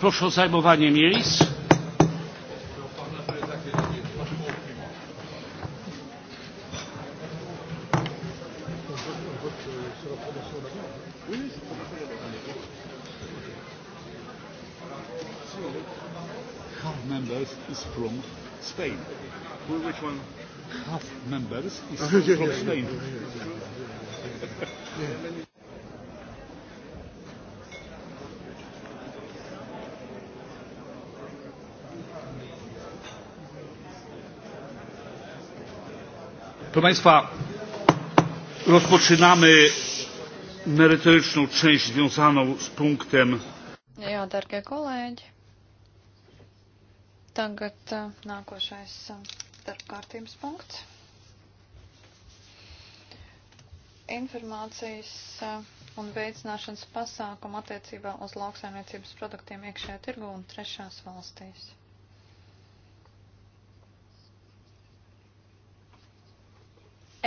Proszę o zajmowanie miejsc. Half members is from Spain. Which one? Half members is from Spain. Proszę Państwa, rozpoczynamy merytoryczną część związaną z punktem. Jā, darbie kolēģi, tagad nākošais darbkārtības punkts. Informācijas un veicināšanas pasākumu attiecībā uz lauksaimniecības produktiem iekšējā tirgu un trešās valstīs.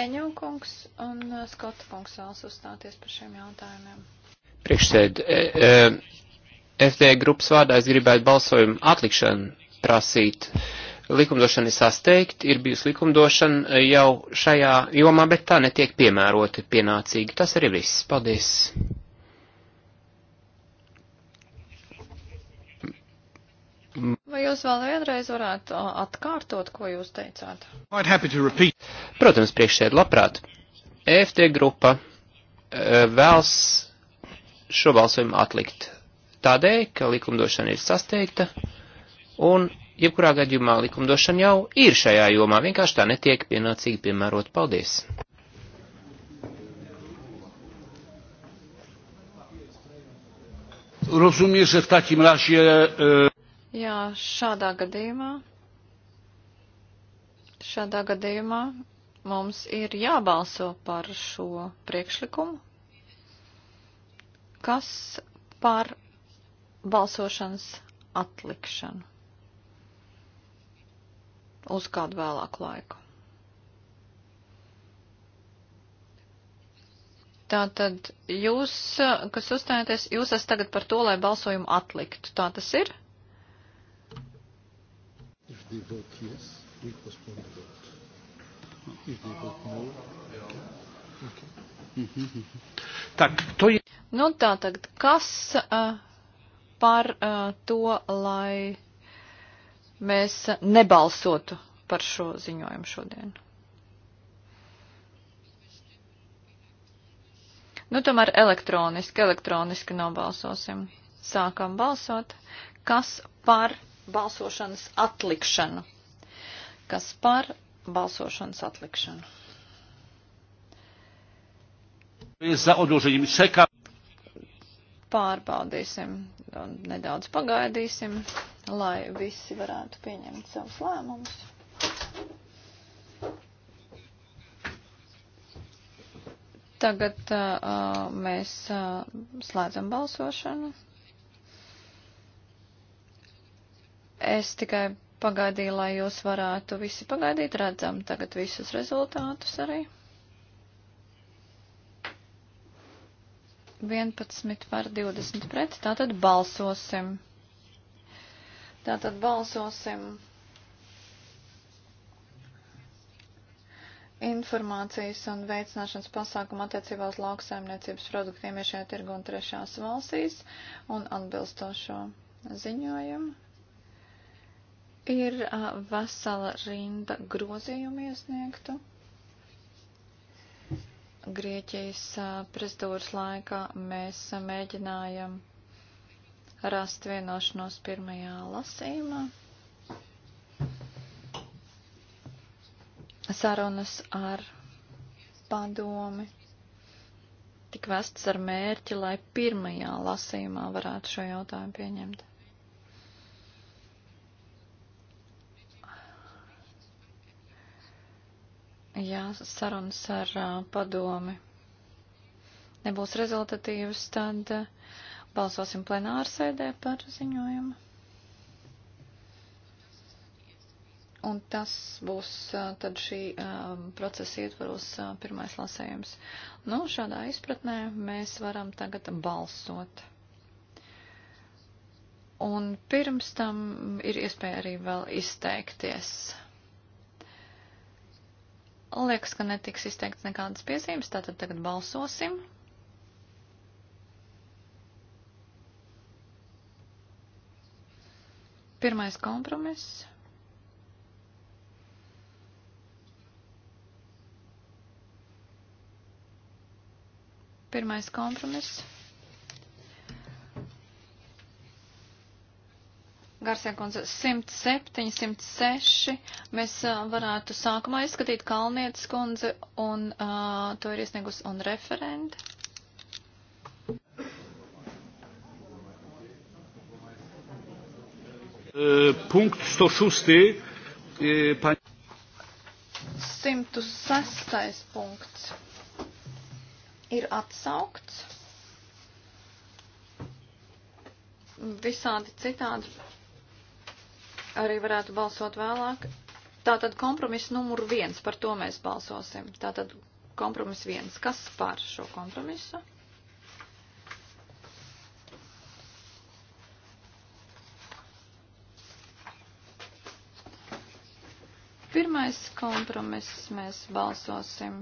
Eņaukungs un uh, Skota kungs vēlas uzstāties par šiem jautājumiem. Priekšsēd, e, e, FD grupas vārdā es gribētu balsojumu atlikšanu prasīt. Likumdošana ir sasteigta, ir bijusi likumdošana e, jau šajā jomā, bet tā netiek piemēroti pienācīgi. Tas arī viss. Paldies! Vai jūs vēl vienreiz varētu atkārtot, ko jūs teicāt? Protams, priekšsēd labprāt. EFT grupa e, vēls šo balsojumu atlikt tādēļ, ka likumdošana ir sasteigta un jebkurā gadījumā likumdošana jau ir šajā jomā, vienkārši tā netiek pienācīgi piemērot. Paldies! Rozumiem, że w takim razie. E... Jā, šādā gadījumā, šādā gadījumā mums ir jābalso par šo priekšlikumu, kas par balsošanas atlikšanu uz kādu vēlāku laiku. Tātad jūs, kas uzstājaties, jūs esat tagad par to, lai balsojumu atliktu. Tā tas ir? If they vote yes, we postpone the vote. If they vote no, okay. Mm -hmm. Tak, to ir. Nu, tā tagad, kas uh, par uh, to, lai mēs uh, nebalsotu par šo ziņojumu šodien? Nu, tomēr elektroniski, elektroniski nobalsosim. Sākam balsot. Kas par balsošanas atlikšanu. Kas par balsošanas atlikšanu? Pārbaudīsim, nedaudz pagaidīsim, lai visi varētu pieņemt savus lēmumus. Tagad uh, mēs uh, slēdzam balsošanu. Es tikai pagaidīju, lai jūs varētu visi pagaidīt, redzam tagad visus rezultātus arī. 11 par 20 pret, tātad balsosim. Tātad balsosim. informācijas un veicināšanas pasākumu attiecībā uz lauksaimniecības produktiem iešajā tirgu un trešās valstīs un atbilstošo ziņojumu. Ir vesela rinda grozījumu iesniegtu. Grieķijas prezidūras laikā mēs mēģinājam rast vienošanos pirmajā lasījumā. Sarunas ar padomi tik vestas ar mērķi, lai pirmajā lasījumā varētu šo jautājumu pieņemt. ja sarunas ar padomi nebūs rezultatīvas, tad balsosim plenārsēdē par ziņojumu. Un tas būs tad šī procesa ietvaros pirmais lasējums. Nu, šādā izpratnē mēs varam tagad balsot. Un pirms tam ir iespēja arī vēl izteikties. Liekas, ka netiks izteikts nekādas piezīmes, tātad tagad balsosim. Pirmais kompromiss. Pirmais kompromiss. Garsiekundze, 107, 106. Mēs varētu sākumā izskatīt Kalnietes kundze, un uh, to ir iesniegus un referenti. Punkt 106. Pa... 106. punkts ir atsaukts. Visādi citādi arī varētu balsot vēlāk. Tātad kompromiss numur viens, par to mēs balsosim. Tātad kompromiss viens. Kas par šo kompromisu? Pirmais kompromiss mēs balsosim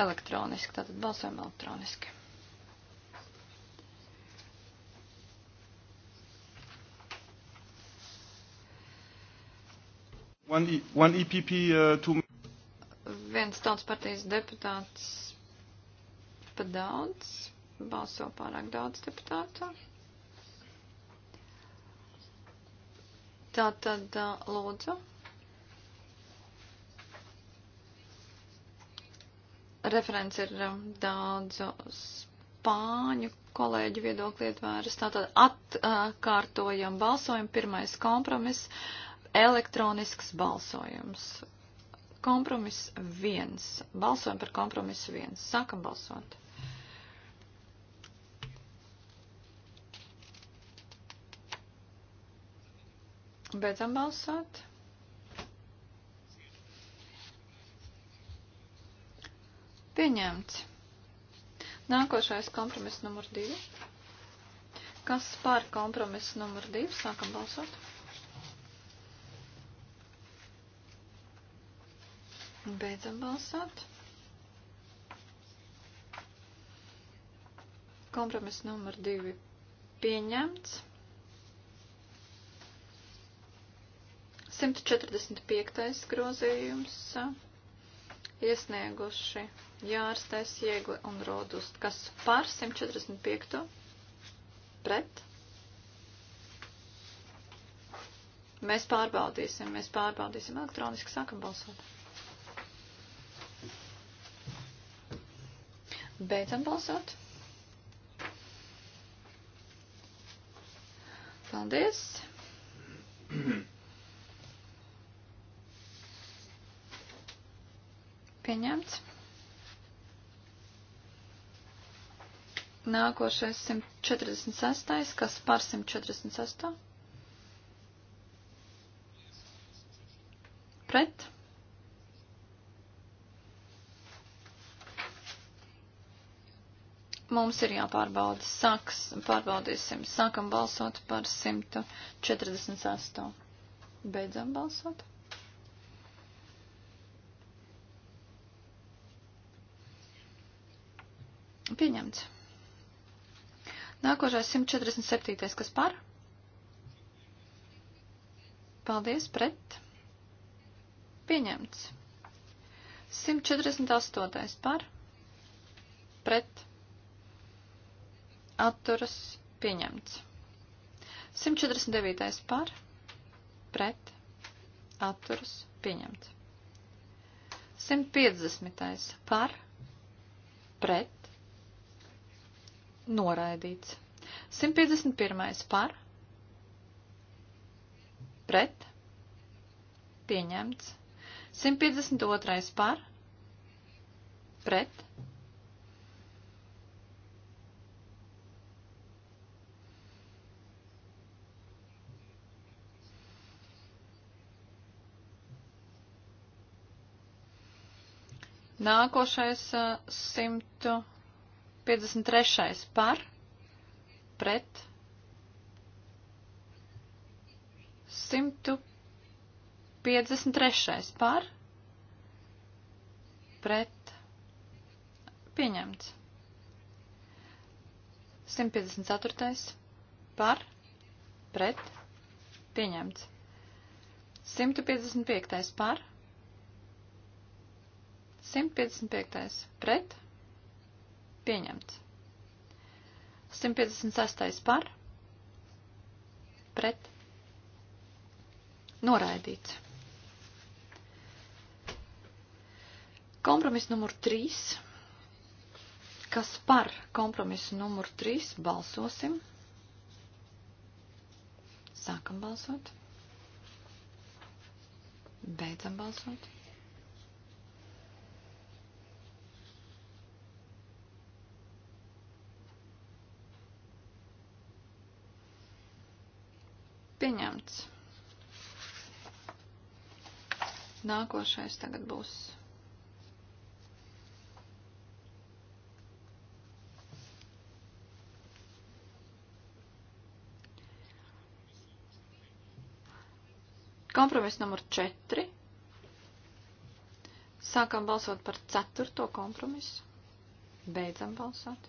elektroniski, tātad balsojam elektroniski. One, e, one EPP, uh, two... Viens tautas partijas deputāts pa daudz, balso pārāk daudz deputātu. Tā tad uh, lūdzu. Referents ir um, daudzu spāņu kolēģu viedokli ietvērs. Tātad atkārtojam balsojumu. Pirmais kompromiss elektronisks balsojums. Kompromiss viens. Balsojam par kompromisu viens. Sākam balsot. Beidzam balsot. Pieņemts. Nākošais kompromiss numur divi. Kas par kompromisu numur divi? Sākam balsot. Beidzam balsot. Kompromiss numur divi pieņemts. 145. grozījums iesnieguši Jārstais Jēgli un Rodust, kas par 145. pret. Mēs pārbaudīsim, mēs pārbaudīsim elektroniski, sākam balsot. Beidzam balsot. Paldies. Pieņemts. Nākošais 146, kas par 148. Pret. Mums ir jāpārbauda saks, pārbaudīsim, sākam balsot par 148. Beidzam balsot. Pieņemts. Nākošais 147. kas par? Paldies, pret. Pieņemts. 148. par? Pret atturas pieņemts. 149. par, pret, atturas pieņemts. 150. par, pret, noraidīts. 151. par, pret, pieņemts. 152. par, pret, Nākošais 153. par, pret, 153. par, pret, pieņemts. 154. par, pret, pieņemts. 155. par, 155. pret. Pieņemts. 156. par. Pret. Noraidīts. Kompromiss numur 3. Kas par kompromisu numur 3 balsosim? Sākam balsot. Beidzam balsot. Pieņemts. Nākošais tagad būs. Kompromiss numur 4. Sākam balsot par ceturto kompromisu. Beidzam balsot.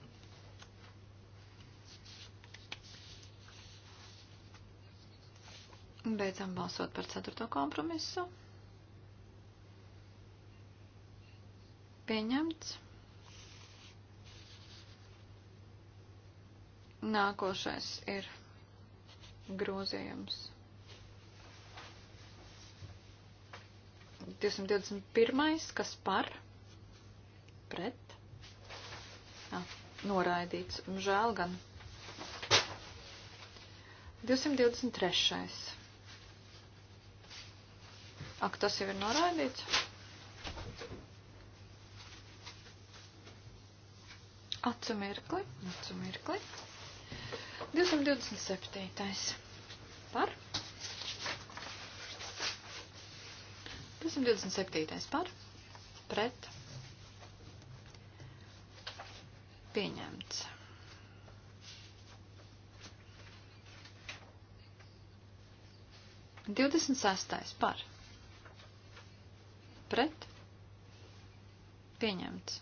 Beidzam balsot par ceturto kompromisu. Pieņemts. Nākošais ir grozījums. 221. kas par, pret, jā, noraidīts, žēl gan. 223. Ak, tas jau ir noraidīts? Atsumirkli, atsumirkli. 227. Par. 227. Par. Pret. Pieņemts. Divdesmit sastais par pret pieņemts.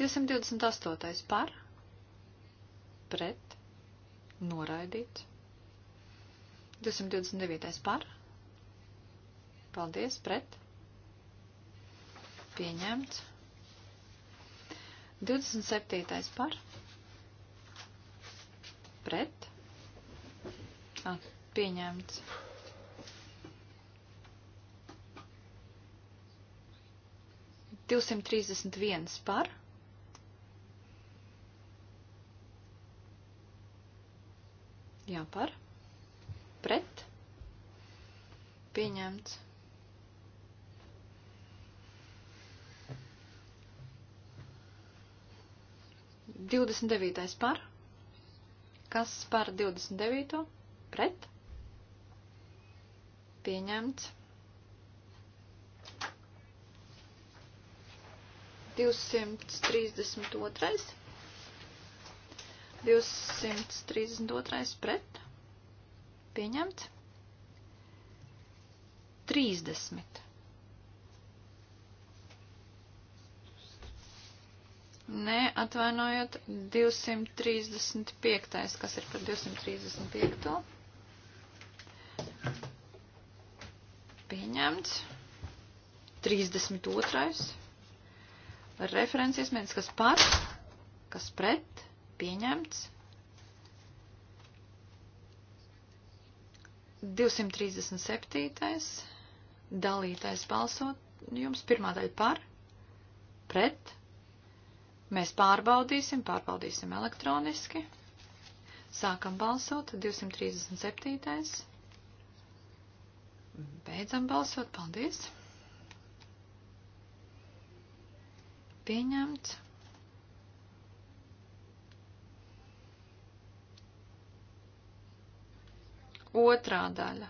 228. par pret noraidīts. 229. par paldies pret pieņemts. 27. par pret. Ah, pieņemts. 231 par. Jā, par. Pret. Pieņemts. Divdesmit devītais par. Kas par 29. pret? Pieņemts. 232. 232 pret. Pieņemts. 30. Nē, atvainojot 235. Kas ir par 235? Pieņemts. 32. Referents iesmēdz, kas par, kas pret, pieņemts. 237. dalītais balsojums, pirmā daļa par, pret. Mēs pārbaudīsim, pārbaudīsim elektroniski. Sākam balsot, 237. Beidzam balsot, paldies! Pieņemts. Otrā daļa.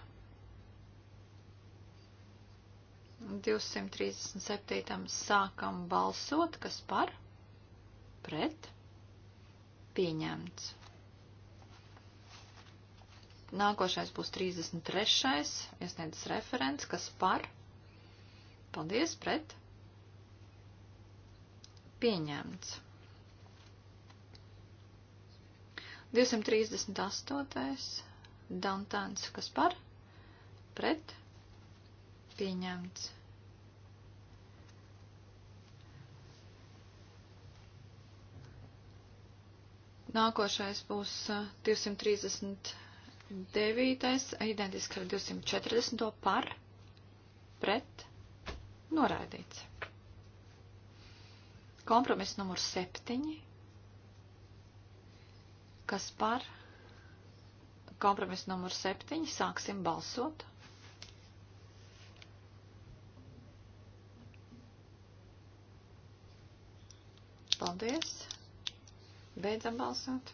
237. sākam balsot, kas par, pret, pieņemts. Nākošais būs 33. iesniedzis referents, kas par, paldies, pret, Pieņemts. 238. Dantāns, kas par, pret, pieņemts. Nākošais būs 239. Uh, identiski ar 240. par, pret, noraidīts. Kompromiss numur septiņi. Kas par? Kompromiss numur septiņi. Sāksim balsot. Paldies. Beidzam balsot.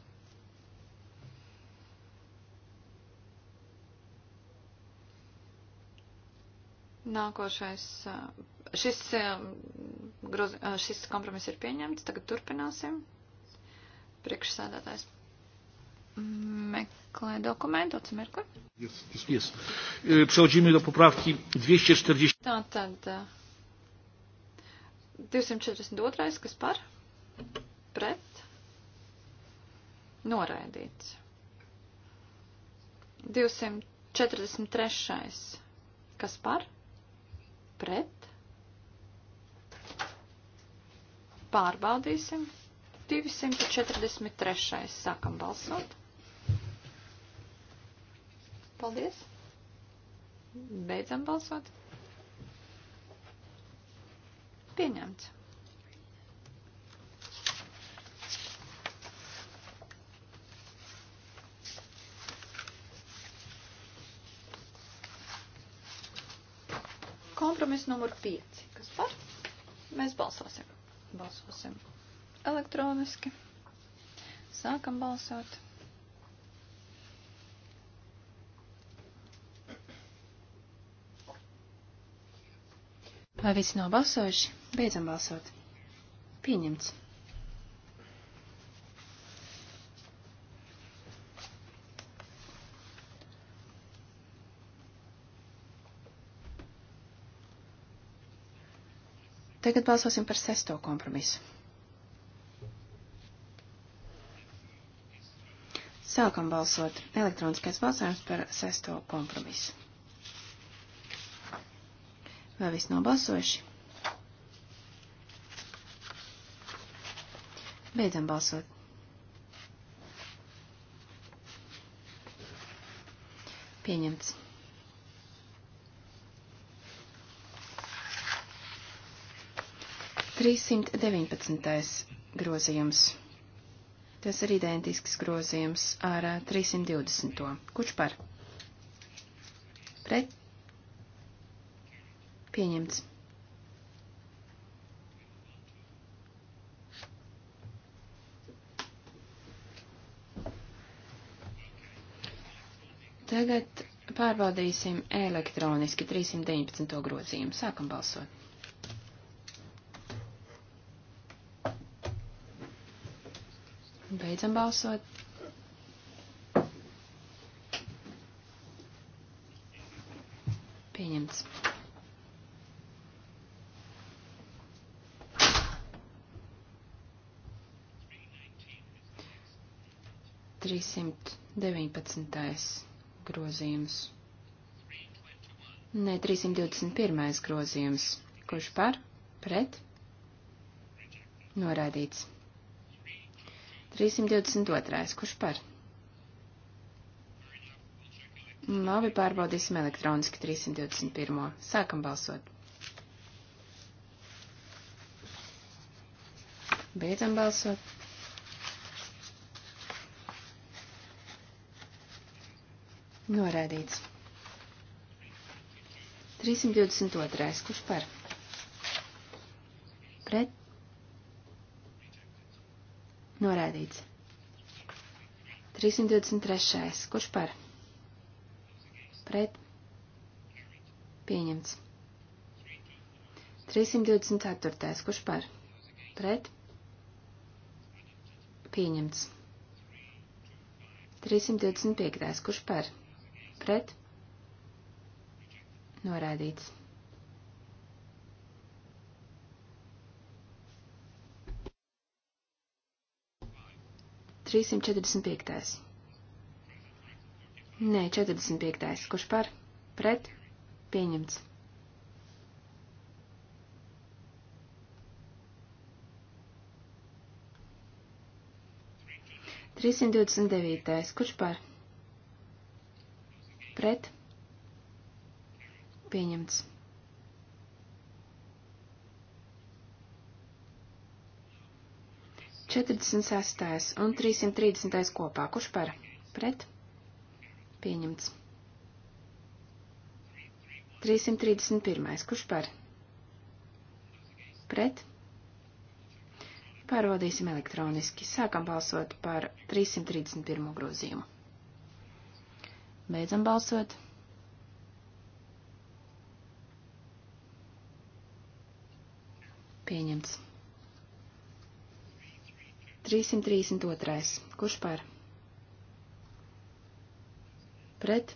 Nākošais uh, Šis, um, groz, uh, šis kompromiss ir pieņemts, tagad turpināsim. Priekšsēdētājs meklē dokumentu, atsimirkli. Yes, yes, yes. E, przechodzimy do poprawki 240. Tātad 242, kas par? Pret? Noraidīts. 243. Kas par? Pret? Pārbaudīsim. 243. Sākam balsot. Paldies. Beidzam balsot. Pieņemts. Kompromiss numur 5. Kas par? Mēs balsosim. Balsosim elektroniski. Sākam balsot. Vai visi nav balsojuši? Beidzam balsot. Pieņemts. Tagad balsosim par sesto kompromisu. Sākam balsot elektroniskais balsojums par sesto kompromisu. Vai viss nobalsojuši? Beidzam balsot. Pieņemts. 319. grozījums. Tas ir identisks grozījums ar 320. Kurš par? Pret? Pieņemts. Tagad pārbaudīsim elektroniski 319. grozījumu. Sākam balsot. Beidzam balsot. Pieņemts. Trīsimt deviņpadsmitais grozījums. Nē, 321. grozījums. Kurš par? Pret? Norādīts. 322. Kurš par? Nu, labi, pārbaudīsim elektroniski 321. Sākam balsot. Beidzam balsot. Norādīts. 322. Kurš par? Pret Norādīts. 323. Kurš par? Pret. Pieņemts. 324. Kurš par? Pret. Pieņemts. 325. Kurš par? Pret. Norādīts. 345. Nē, 45. Kurš par? Pret? Pieņemts. Trīsimt divdesmit devītais. Kurš par? Pret? Pieņemts. 46. un 330. kopā. Kurš par? Pret? Pieņemts. 331. Kurš par? Pret? Pārbaudīsim elektroniski. Sākam balsot par 331. grozījumu. Beidzam balsot. Pieņemts. 332. Kurš par? Pret?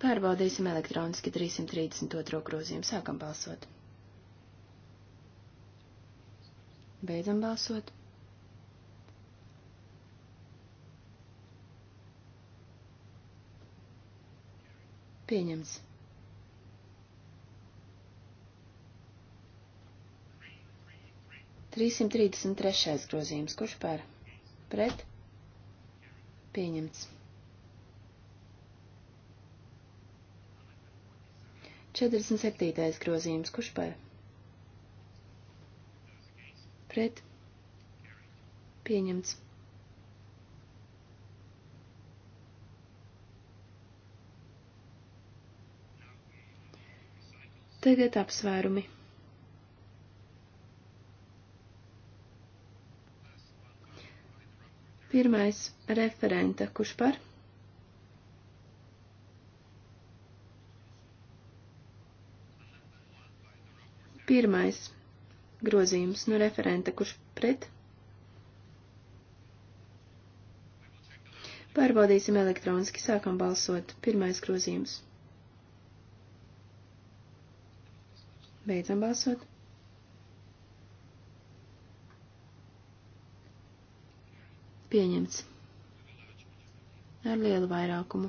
Pārbaudīsim elektroniski 332. grozījumu. Sākam balsot. Beidzam balsot. Pieņemts. 333. grozījums. Kurš par? Pret? Pieņemts. 47. grozījums. Kurš par? Pret? Pieņemts. 9. apsvērumi. Pirmais referenta, kurš par? Pirmais grozījums no referenta, kurš pret? Pārbaudīsim elektroniski, sākam balsot. Pirmais grozījums. Beidzam balsot. Pieņemts. Ar lielu vairākumu.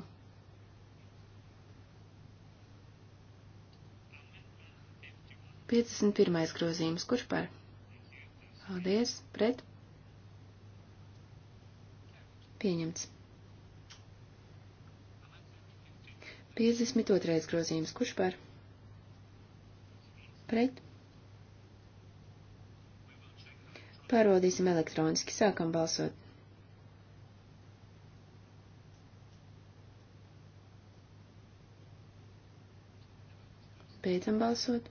Piecdesmit pirmais grozījums. Kurš par? Paldies. Pret? Pieņemts. 52. grozījums. Kurš par? Pret? Pārbaudīsim elektroniski. Sākam balsot. Beidzam balsot.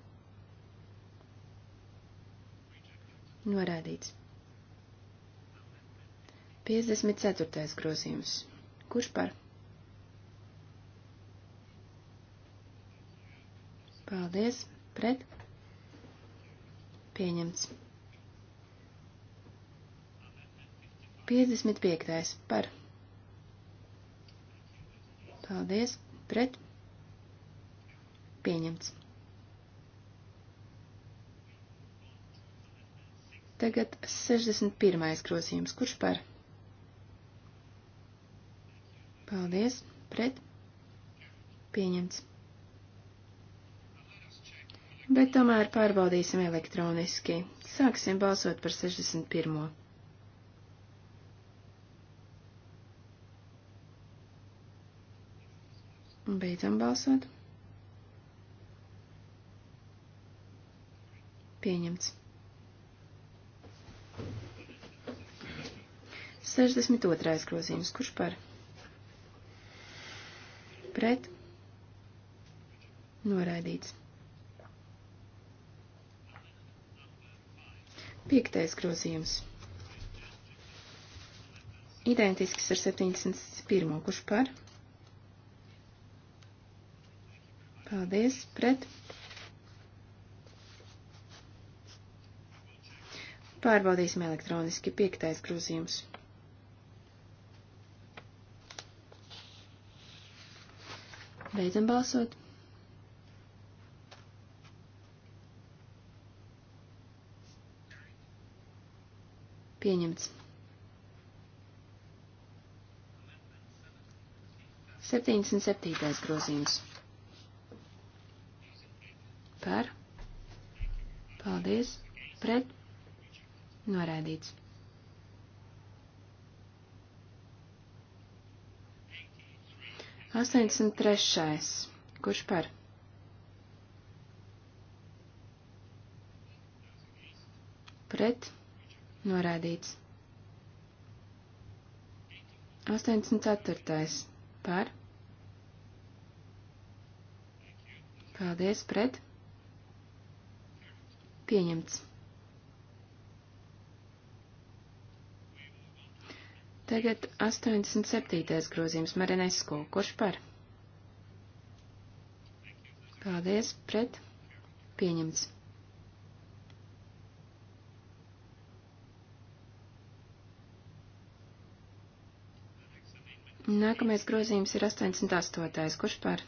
Norādīts. 54. grozījums. Kurš par? Paldies. Pret. Pieņemts. 55. par. Paldies. Pret. Pieņemts. Tagad 61. grozījums. Kurš par? Paldies. Pret. Pieņemts. Bet tomēr pārbaudīsim elektroniski. Sāksim balsot par 61. Beidzam balsot. Pieņemts. 62. grozījums. Kurš par? Pret. Noraidīts. 5. grozījums. Identisks ar 71. Kurš par? Paldies. Pret. Pārbaudīsim elektroniski 5. grozījums. Beidzam balsot. Pieņemts. 77. grozījums. Par. Paldies. Pret. Norādīts. 83. Kurš par? Pret. Norādīts. 84. Par. Paldies, pret. Pieņemts. Tagad 87. grozījums Marinesko. Kurš par? Paldies, pret. Pieņemts. Nākamais grozījums ir 88. Kurš par?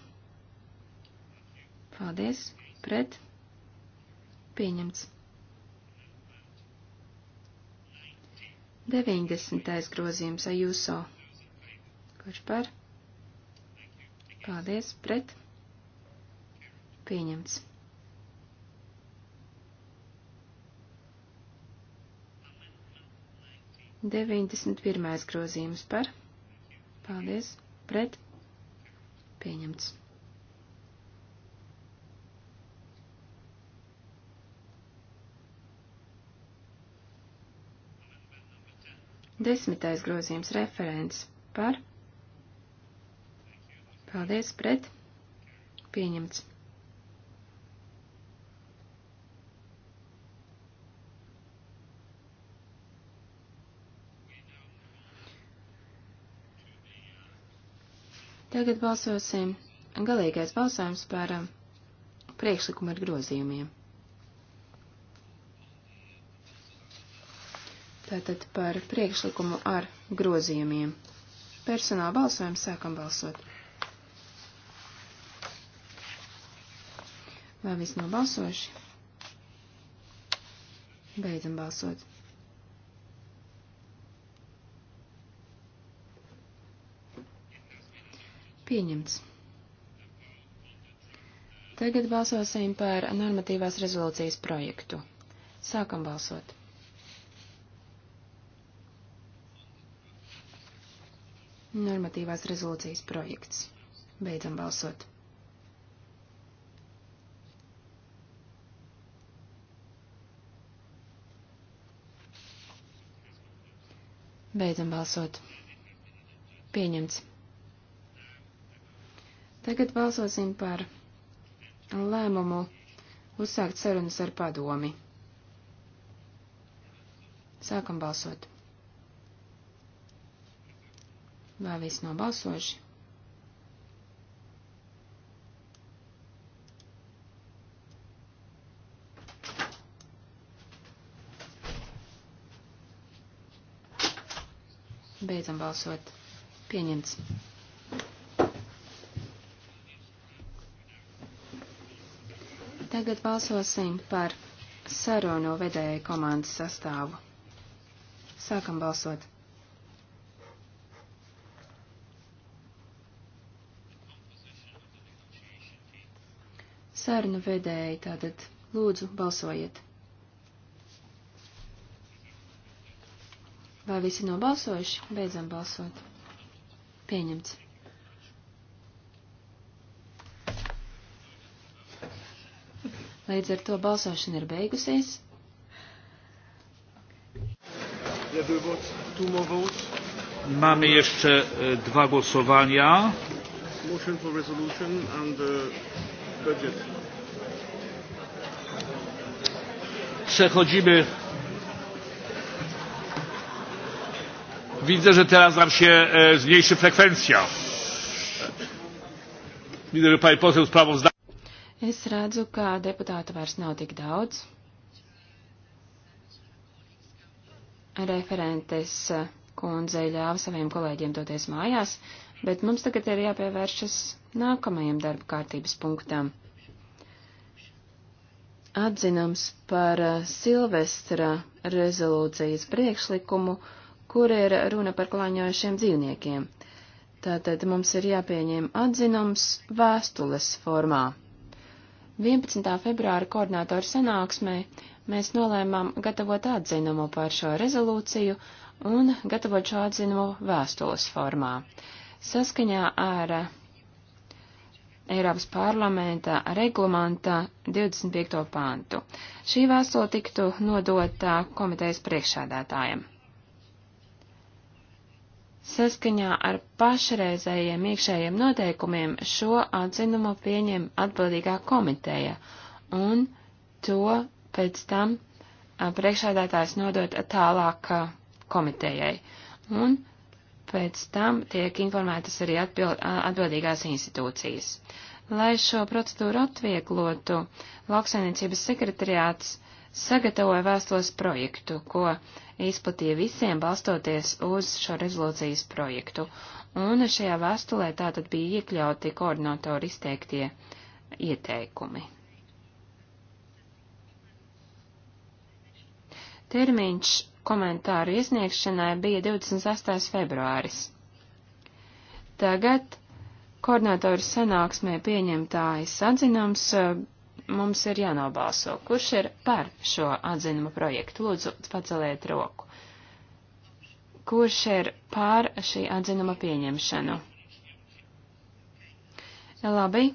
Paldies. Pret. Pieņemts. 90. grozījums Ajuso. Kurš par? Paldies, pret. Pieņemts. Deviņdesmit pirmais grozījums par. Paldies, pret. Pieņemts. Desmitais grozījums referents par. Paldies pret. Pieņemts. Tagad balsosim galīgais balsojums par um, priekšlikumu ar grozījumiem. Tātad par priekšlikumu ar grozījumiem. Personāla balsojumu sākam balsot. Vai viss nav balsojuši? Beidzam balsot. Pieņemts. Tagad balsosim par normatīvās rezolūcijas projektu. Sākam balsot. normatīvās rezolūcijas projekts. Beidzam balsot. Beidzam balsot. Pieņemts. Tagad balsosim par lēmumu uzsākt sarunas ar padomi. Sākam balsot. Vai viss nobalsojuši? Beidzam balsot. Pieņemts. Tagad balsosim par sarunu vedēju komandas sastāvu. Sākam balsot. sarunu vedēji, tātad lūdzu balsojiet. Vai visi nobalsojuši? Beidzam balsot. Pieņemts. Līdz ar to balsošana ir beigusies. Mamy jeszcze e, dwa głosowania. Motion for resolution and uh, Przechodzimy. Widzę, że teraz nam się e, zmniejszy frekwencja. Widzę, że pani poseł sprawozdanie. Es redzu, ka deputātu vairs nav tik daudz. Referentes kundzei ļāva saviem kolēģiem doties mājās, bet mums tagad ir jāpievēršas nākamajam darba kārtības punktam. Atzinams par uh, Silvestra rezolūcijas priekšlikumu, kur ir runa par klāņojušiem dzīvniekiem. Tātad mums ir jāpieņem atzinums vēstules formā. 11. februāra koordinātoru sanāksmē mēs nolēmām gatavot atzinumu par šo rezolūciju un gatavot šo atzinumu vēstules formā. Saskaņā ar Eiropas parlamenta regulamenta 25. pāntu. Šī vēstule tiktu nodota komitejas priekšādātājiem. Saskaņā ar pašreizējiem iekšējiem noteikumiem šo atzinumu pieņem atbildīgā komiteja, un to pēc tam priekšādātājs nodot tālāk komitejai. Un Pēc tam tiek informētas arī atbild, atbildīgās institūcijas. Lai šo procedūru atvieglotu, lauksainiecības sekretariāts sagatavoja vēstules projektu, ko izplatīja visiem balstoties uz šo rezolūcijas projektu, un šajā vēstulē tātad bija iekļauti koordinatori izteiktie ieteikumi. Termiņš komentāru iesniegšanai bija 28. februāris. Tagad koordinatoru sanāksmē pieņemtājs atzinums eh, mums ir jānobalso. Kurš ir par šo atzinumu projektu? Lūdzu, paceliet roku. Kurš ir pār šī atzinuma pieņemšanu? Labi,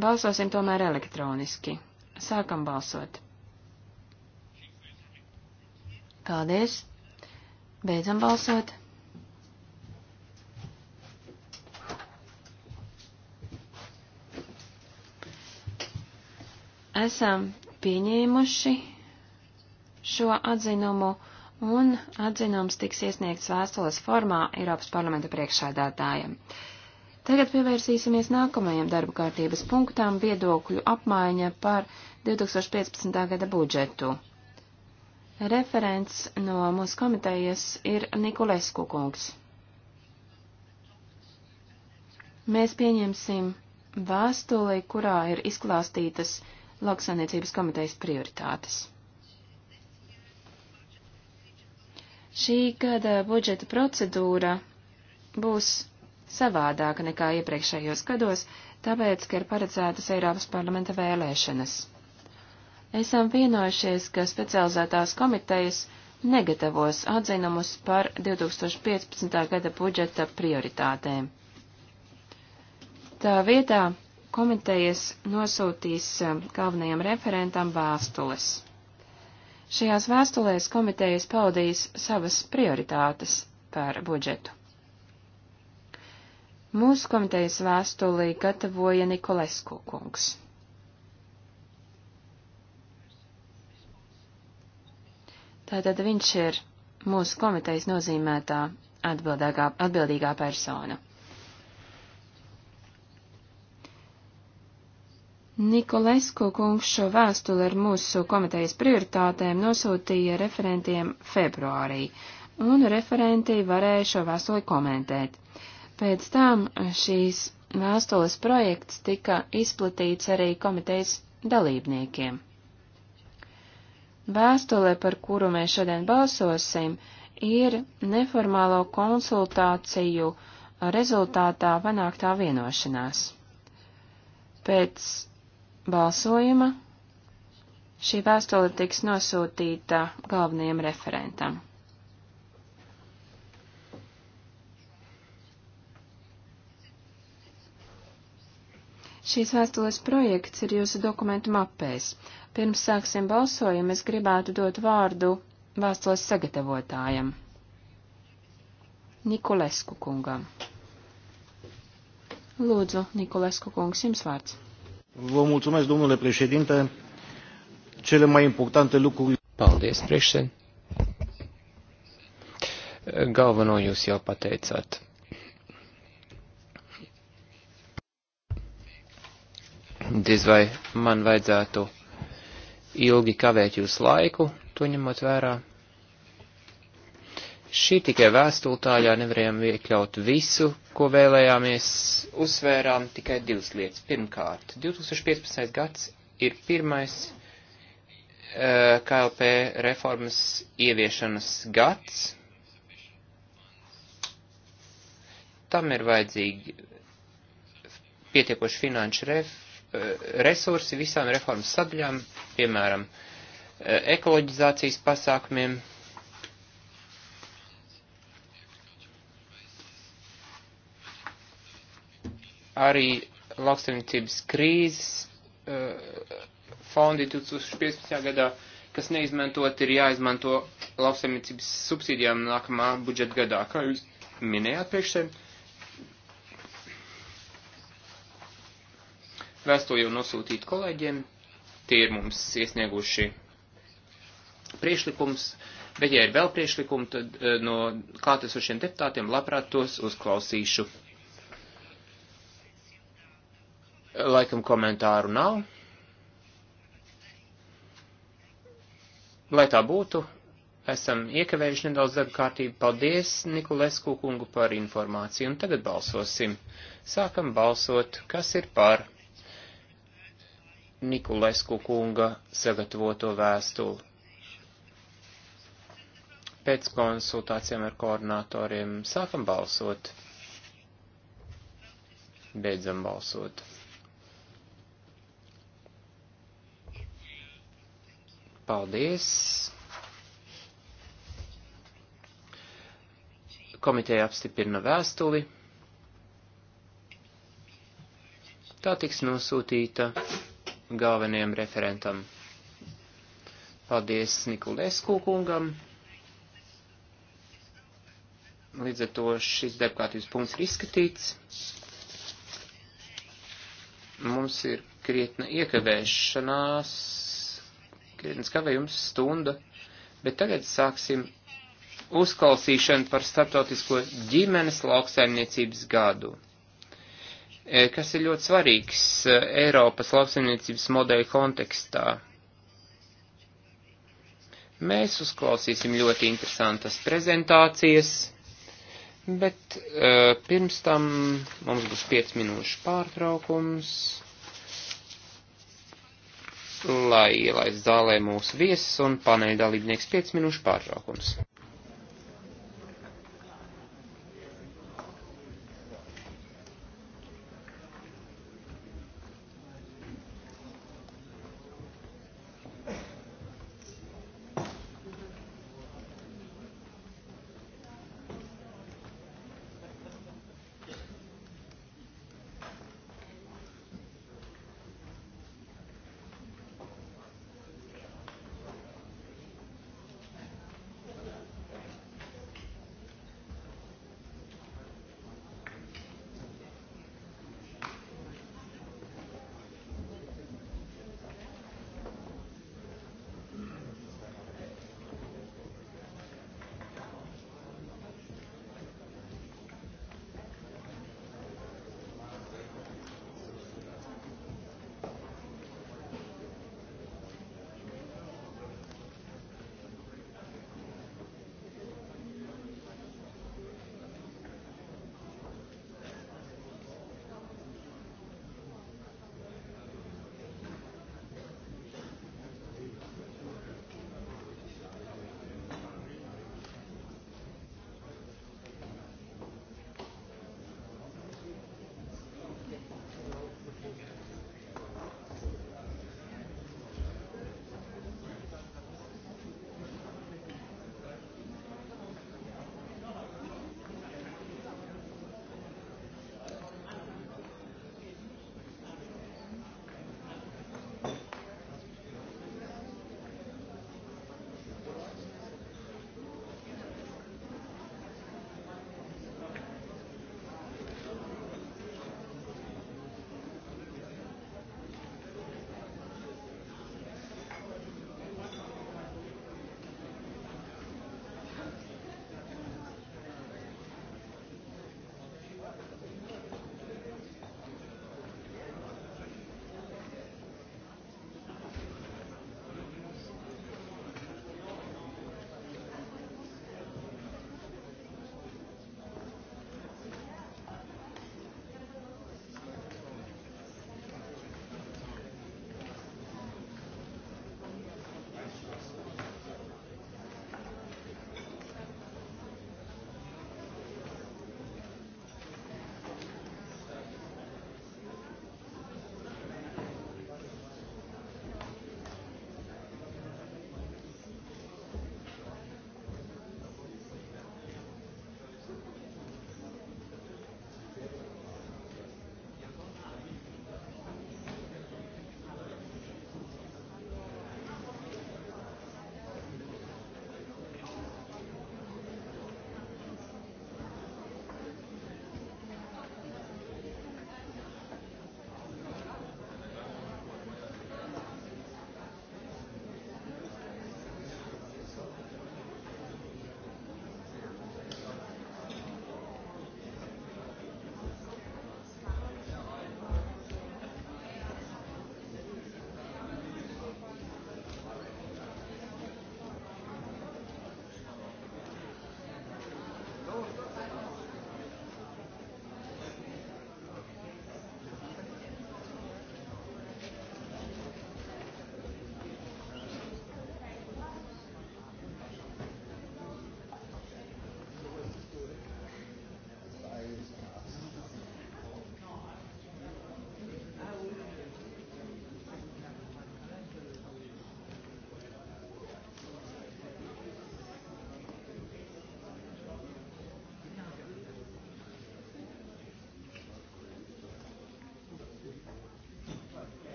balsosim tomēr elektroniski. Sākam balsot. Paldies. Beidzam balsot. Esam pieņēmuši šo atzinumu un atzinums tiks iesniegts vēstules formā Eiropas parlamenta priekšsēdētājiem. Tagad pievērsīsimies nākamajam darba kārtības punktām viedokļu apmaiņa par 2015. gada budžetu. Referents no mūsu komitejas ir Nikolesku kungs. Mēs pieņemsim vēstuli, kurā ir izklāstītas lauksaimniecības komitejas prioritātes. Šī gada budžeta procedūra būs savādāka nekā iepriekšējos gados, tāpēc, ka ir paredzētas Eiropas parlamenta vēlēšanas esam vienojušies, ka specializētās komitejas negatavos atzinumus par 2015. gada budžeta prioritātēm. Tā vietā komitejas nosūtīs um, galvenajam referentam vēstules. Šajās vēstulēs komitejas paudīs savas prioritātes par budžetu. Mūsu komitejas vēstulī gatavoja Nikolesku kungs. Tātad viņš ir mūsu komitejas nozīmētā atbildīgā, atbildīgā persona. Nikolesku kungs šo vēstuli ar mūsu komitejas prioritātēm nosūtīja referentiem februārī, un referenti varēja šo vēstuli komentēt. Pēc tam šīs vēstules projekts tika izplatīts arī komitejas dalībniekiem. Vēstulē, par kuru mēs šodien balsosim, ir neformālo konsultāciju rezultātā panāktā vienošanās. Pēc balsojuma šī vēstule tiks nosūtīta galvenajam referentam. Šīs vēstules projekts ir jūsu dokumentu mapēs. Pirms sāksim balsojumu, es gribētu dot vārdu vēstules sagatavotājam Nikolesku kungam. Lūdzu, Nikolesku kungs, jums vārds. Vă mulțumesc, domnule președinte. Cele mai importante lucruri. Paldies, priekšsēd. Galveno jūs jau pateicāt. Diz vai man vajadzētu ilgi kavēt jūs laiku, to ņemot vērā. Šī tikai vēstultājā nevarējām iekļaut visu, ko vēlējāmies, uzsvērām tikai divas lietas. Pirmkārt, 2015. gads ir pirmais uh, eh, KLP reformas ieviešanas gads. Tam ir vajadzīgi pietiekoši finanšu reformas Eh, resursi visām reformas sadaļām, piemēram, eh, ekoloģizācijas pasākumiem. Arī lauksaimniecības krīzes eh, fondi 2015. gadā, kas neizmantot, ir jāizmanto lauksaimniecības subsīdijām nākamā budžeta gadā, kā jūs minējāt priekš sevi Vēstuli jau nosūtīt kolēģiem, tie ir mums iesnieguši priešlikums, bet ja ir vēl priešlikumi, tad eh, no klātesošiem deputātiem labprāt tos uzklausīšu. Laikam komentāru nav. Lai tā būtu, esam iekavējuši nedaudz darba kārtību. Paldies Nikolesku kungu par informāciju. Un tagad balsosim. Sākam balsot, kas ir par. Nikolesku kunga sagatavoto vēstuli. Pēc konsultācijām ar koordinatoriem sākam balsot. Beidzam balsot. Paldies! komiteja apstiprina vēstuli. Tā tiks nosūtīta galvenajam referentam. Paldies Nikolēsku kungam. Līdz ar to šis deputātības punkts ir izskatīts. Mums ir krietna iekavēšanās, krietnas kavējums stunda, bet tagad sāksim uzklausīšanu par starptautisko ģimenes lauksaimniecības gadu. E, kas ir ļoti svarīgs e, Eiropas lauksaimniecības modeļa kontekstā. Mēs uzklausīsim ļoti interesantas prezentācijas, bet uh, pirms tam mums būs 5 minūšu pārtraukums, lai ielaist zālē mūsu viesus un paneļdalībnieks 5 minūšu pārtraukums.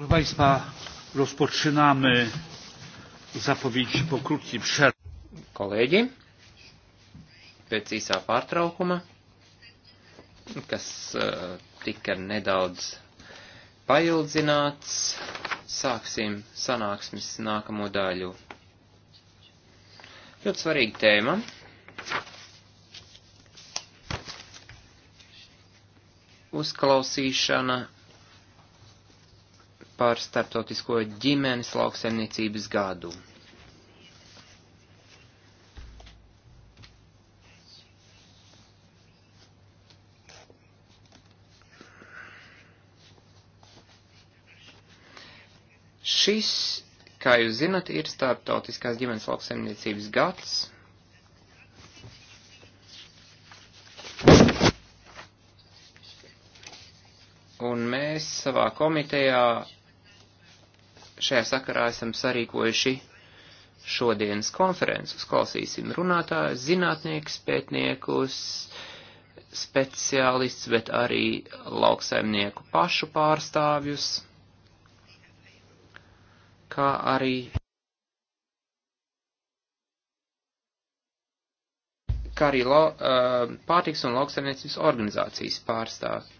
Proszę Państwa, rozpoczynamy zapowiedź po krótkiej przerwie. Kolegi, pēc īsā pārtraukuma, kas uh, tika nedaudz paildzināts, sāksim sanāksmes nākamo daļu. Ļoti svarīga tēma. Uzklausīšana par starptautisko ģimenes lauksaimniecības gadu. Šis, kā jūs zinat, ir starptautiskās ģimenes lauksaimniecības gads. un mēs savā komitejā Šajā sakarā esam sarīkojuši šodienas konferences. Uzklausīsim runātājus, zinātniekus, pētniekus, speciālists, bet arī lauksaimnieku pašu pārstāvjus, kā arī, kā arī lo, uh, pārtiks un lauksaimniecības organizācijas pārstāvjus.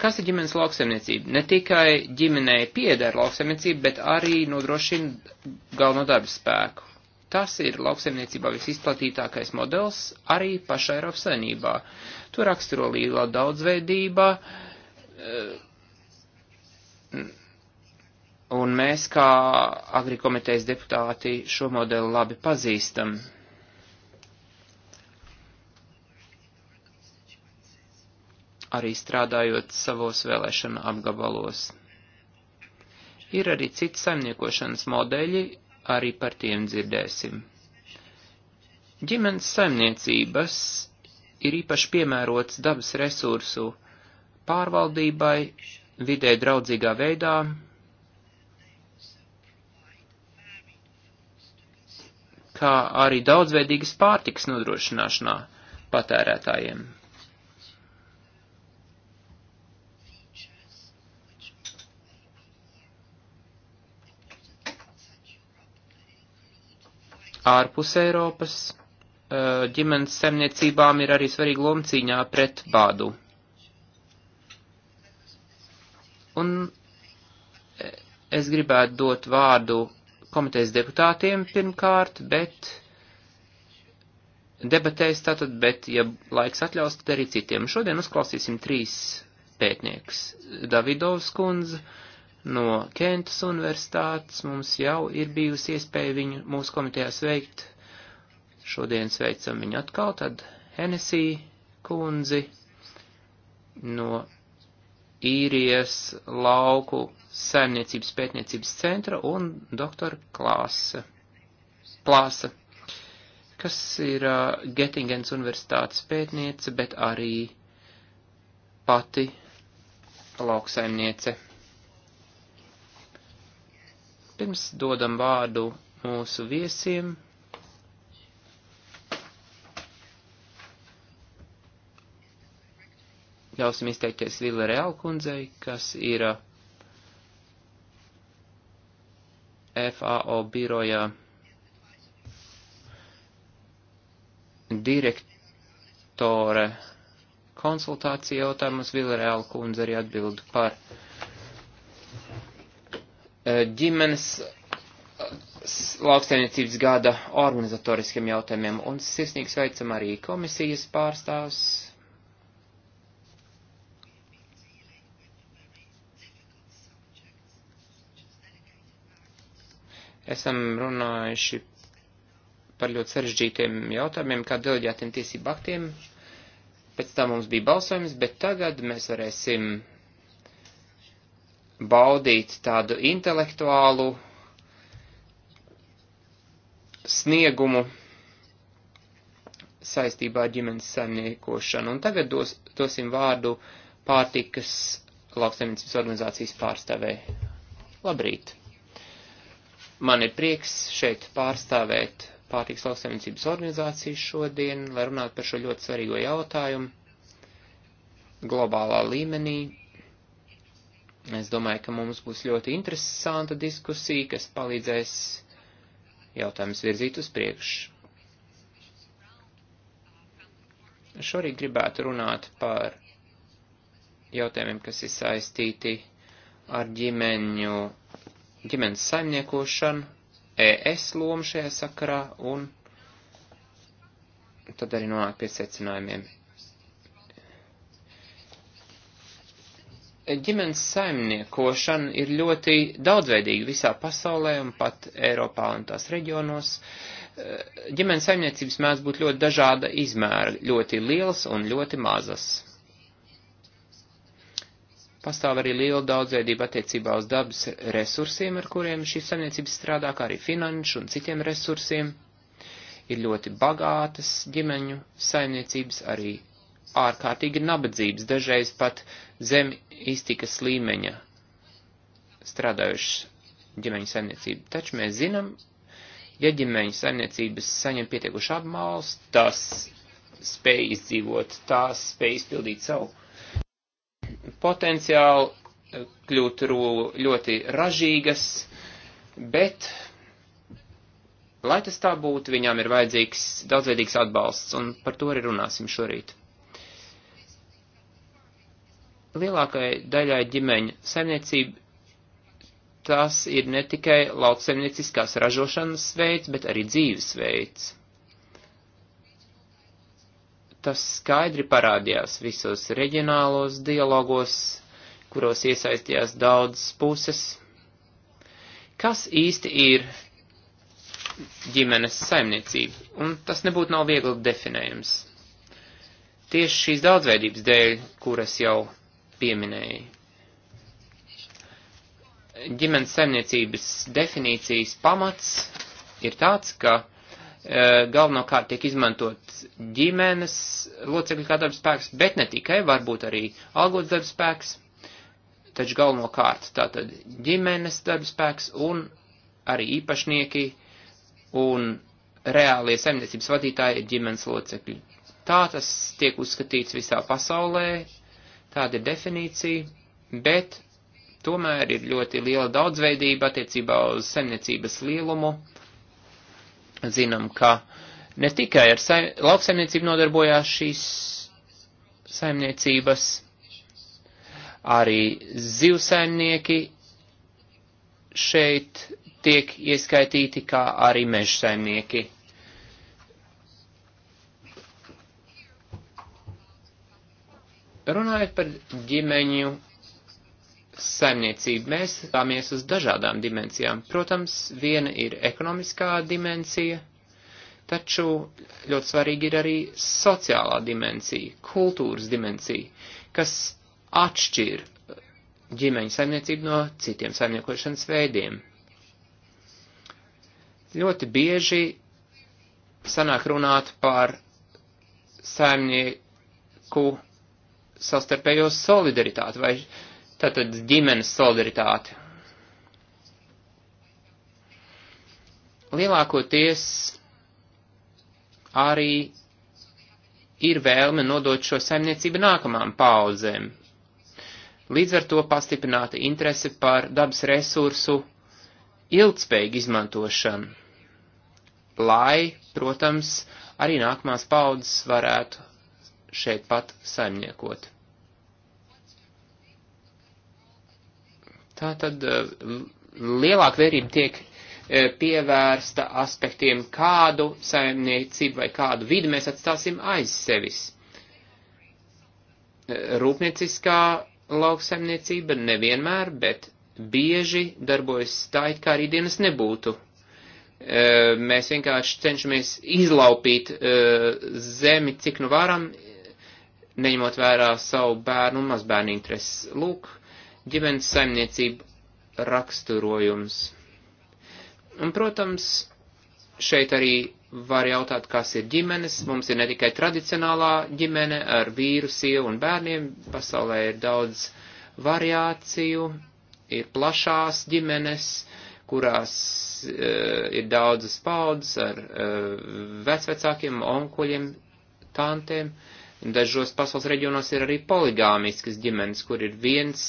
kas ir ģimenes lauksaimniecība? Ne tikai ģimenei pieder lauksaimniecība, bet arī nodrošina galveno darbu spēku. Tas ir lauksaimniecībā visizplatītākais modelis arī pašā Eiropas saimnībā. To raksturo lielā daudzveidībā. Eh, un mēs, kā agrikomitejas deputāti, šo modeli labi pazīstam. arī strādājot savos vēlēšana apgabalos. Ir arī citi saimniekošanas modeļi, arī par tiem dzirdēsim. Ģimenes saimniecības ir īpaši piemērots dabas resursu pārvaldībai, vidē draudzīgā veidā, kā arī daudzveidīgas pārtikas nodrošināšanā patērētājiem. ārpus Eiropas eh, ģimenes saimniecībām ir arī svarīga loma cīņā pret bādu. Un eh, es gribētu dot vārdu komitejas deputātiem pirmkārt, bet debatēs tātad, bet, ja laiks atļaus, tad arī citiem. Šodien uzklausīsim trīs pētnieks. Davidovs kundze, uh, no Kentas universitātes. Mums jau ir bijusi iespēja viņu mūsu komitejā sveikt. Šodien sveicam viņu atkal, tad Henesī kundzi no īrijas lauku saimniecības pētniecības centra un doktora klāsa, plāsa, kas ir uh, Getingens universitātes pētniece, bet arī pati lauksaimniece. Pirms dodam vārdu mūsu viesiem. Ļausim izteikties Vila Realkundzei, kas ir uh, FAO birojā direktore konsultācija jautājumus, Vila Realkundze arī atbild par Eh, ģimenes eh, lauksaimniecības gada organizatoriskiem jautājumiem. Un sirsnīgi sveicam arī komisijas pārstāvs. Esam runājuši par ļoti sarežģītiem jautājumiem, kā deleģētiem tiesību aktiem. Pēc tam mums bija balsojums, bet tagad mēs varēsim baudīt tādu intelektuālu sniegumu saistībā ar ģimenes saimniekošanu. Un tagad dos, dosim vārdu pārtikas lauksaimniecības organizācijas pārstāvē. Labrīt! Man ir prieks šeit pārstāvēt pārtiks lauksaimniecības organizāciju šodien, lai runātu par šo ļoti svarīgo jautājumu globālā līmenī Es domāju, ka mums būs ļoti interesanta diskusija, kas palīdzēs jautājumus virzīt uz priekšu. Šorīt gribētu runāt par jautājumiem, kas ir saistīti ar ģimeņu, ģimenes saimniekošanu, ES lomu šajā sakarā un tad arī nonāk pie secinājumiem ģimenes saimniekošana ir ļoti daudzveidīga visā pasaulē un pat Eiropā un tās reģionos. Eh, ģimenes saimniecības mēdz būt ļoti dažāda izmēra, ļoti liels un ļoti mazas. Pastāv arī liela daudzveidība attiecībā uz dabas resursiem, ar kuriem šīs saimniecības strādā, kā arī finanšu un citiem resursiem. Ir ļoti bagātas ģimeņu saimniecības, arī ārkārtīgi nabadzības, dažreiz pat zem iztikas līmeņa strādājušas ģimeņu saimniecību. Taču mēs zinām, ja ģimeņu saimniecības saņem pietiekuši apmāls, tas spēj izdzīvot, tās spēj izpildīt savu potenciālu, kļūt ļoti ražīgas, bet Lai tas tā būtu, viņām ir vajadzīgs daudzveidīgs atbalsts, un par to arī runāsim šorīt. Lielākai daļai ģimeņu saimniecība tas ir ne tikai lauksaimnieciskās ražošanas veids, bet arī dzīvesveids. Tas skaidri parādījās visos reģionālos dialogos, kuros iesaistījās daudzas puses. Kas īsti ir ģimenes saimniecība? Un tas nebūtu nav viegli definējums. Tieši šīs daudzveidības dēļ, kuras jau pieminēja. Ģimenes saimniecības definīcijas pamats ir tāds, ka e, galvenokārt tiek izmantot ģimenes locekļu kā darbspēks, bet ne tikai, varbūt arī algots darbspēks, taču galvenokārt tātad ģimenes darbspēks un arī īpašnieki un reālie saimniecības vadītāji ir ģimenes locekļi. Tā tas tiek uzskatīts visā pasaulē, Tāda ir definīcija, bet tomēr ir ļoti liela daudzveidība attiecībā uz saimniecības lielumu. Zinām, ka ne tikai ar saim, lauksaimniecību nodarbojās šīs saimniecības, arī zivsaimnieki šeit tiek ieskaitīti, kā arī mežsaimnieki. Runājot par ģimeņu saimniecību, mēs skatāmies uz dažādām dimensijām. Protams, viena ir ekonomiskā dimensija, taču ļoti svarīgi ir arī sociālā dimensija, kultūras dimensija, kas atšķir ģimeņu saimniecību no citiem saimniekošanas veidiem. Ļoti bieži sanāk runāt par saimnieku savstarpējo solidaritāti vai tātad ģimenes solidaritāti. Lielākoties arī ir vēlme nodot šo saimniecību nākamām paudzēm. Līdz ar to pastiprināta interese par dabas resursu ilgspējīgu izmantošanu, lai, protams, arī nākamās paudzes varētu šeit pat saimniekot. Tā tad eh, lielāka vērība tiek eh, pievērsta aspektiem, kādu saimniecību vai kādu vidi mēs atstāsim aiz sevis. Eh, rūpnieciskā lauksaimniecība nevienmēr, bet bieži darbojas tā, it kā arī dienas nebūtu. Mēs vienkārši cenšamies izlaupīt zemi, cik nu varam, neņemot vērā savu bērnu un mazbērnu intereses. Lūk, ģimenes saimniecību raksturojums. Un, protams, šeit arī var jautāt, kas ir ģimenes. Mums ir ne tikai tradicionālā ģimene ar vīru, sievu un bērniem. Pasaulē ir daudz variāciju, ir plašās ģimenes, kurās uh, ir daudzas paudzes ar uh, vecvecākiem, onkuļiem, tantiem. Dažos pasaules reģionos ir arī poligāmiskas ģimenes, kur ir viens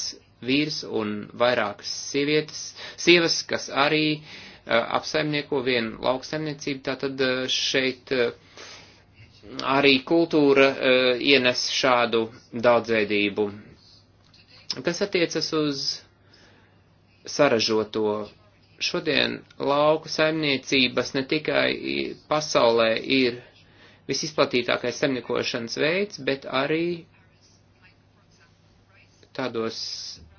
vīrs un vairākas sievietes, sievas, kas arī uh, apsaimnieko vienu lauksaimniecību, tātad uh, šeit uh, arī kultūra uh, ienes šādu daudzveidību. Kas attiecas uz saražoto šodien lauku saimniecības ne tikai pasaulē ir visizplatītākais saimniekošanas veids, bet arī tādos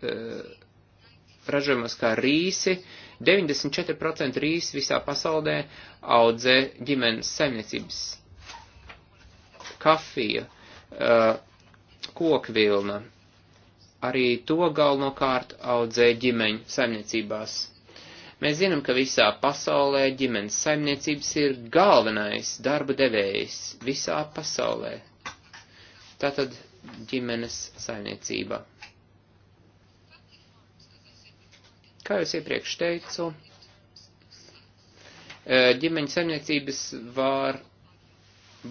uh, ražojumos kā rīsi. 94% rīsi visā pasaulē audzē ģimenes saimniecības. Kafija, uh, kokvilna, arī to galvenokārt audzē ģimeņu saimniecībās. Mēs zinām, ka visā pasaulē ģimenes saimniecības ir galvenais darba devējs visā pasaulē. Tātad ģimenes saimniecība. Kā jau es iepriekš teicu, e, ģimeņa saimniecības var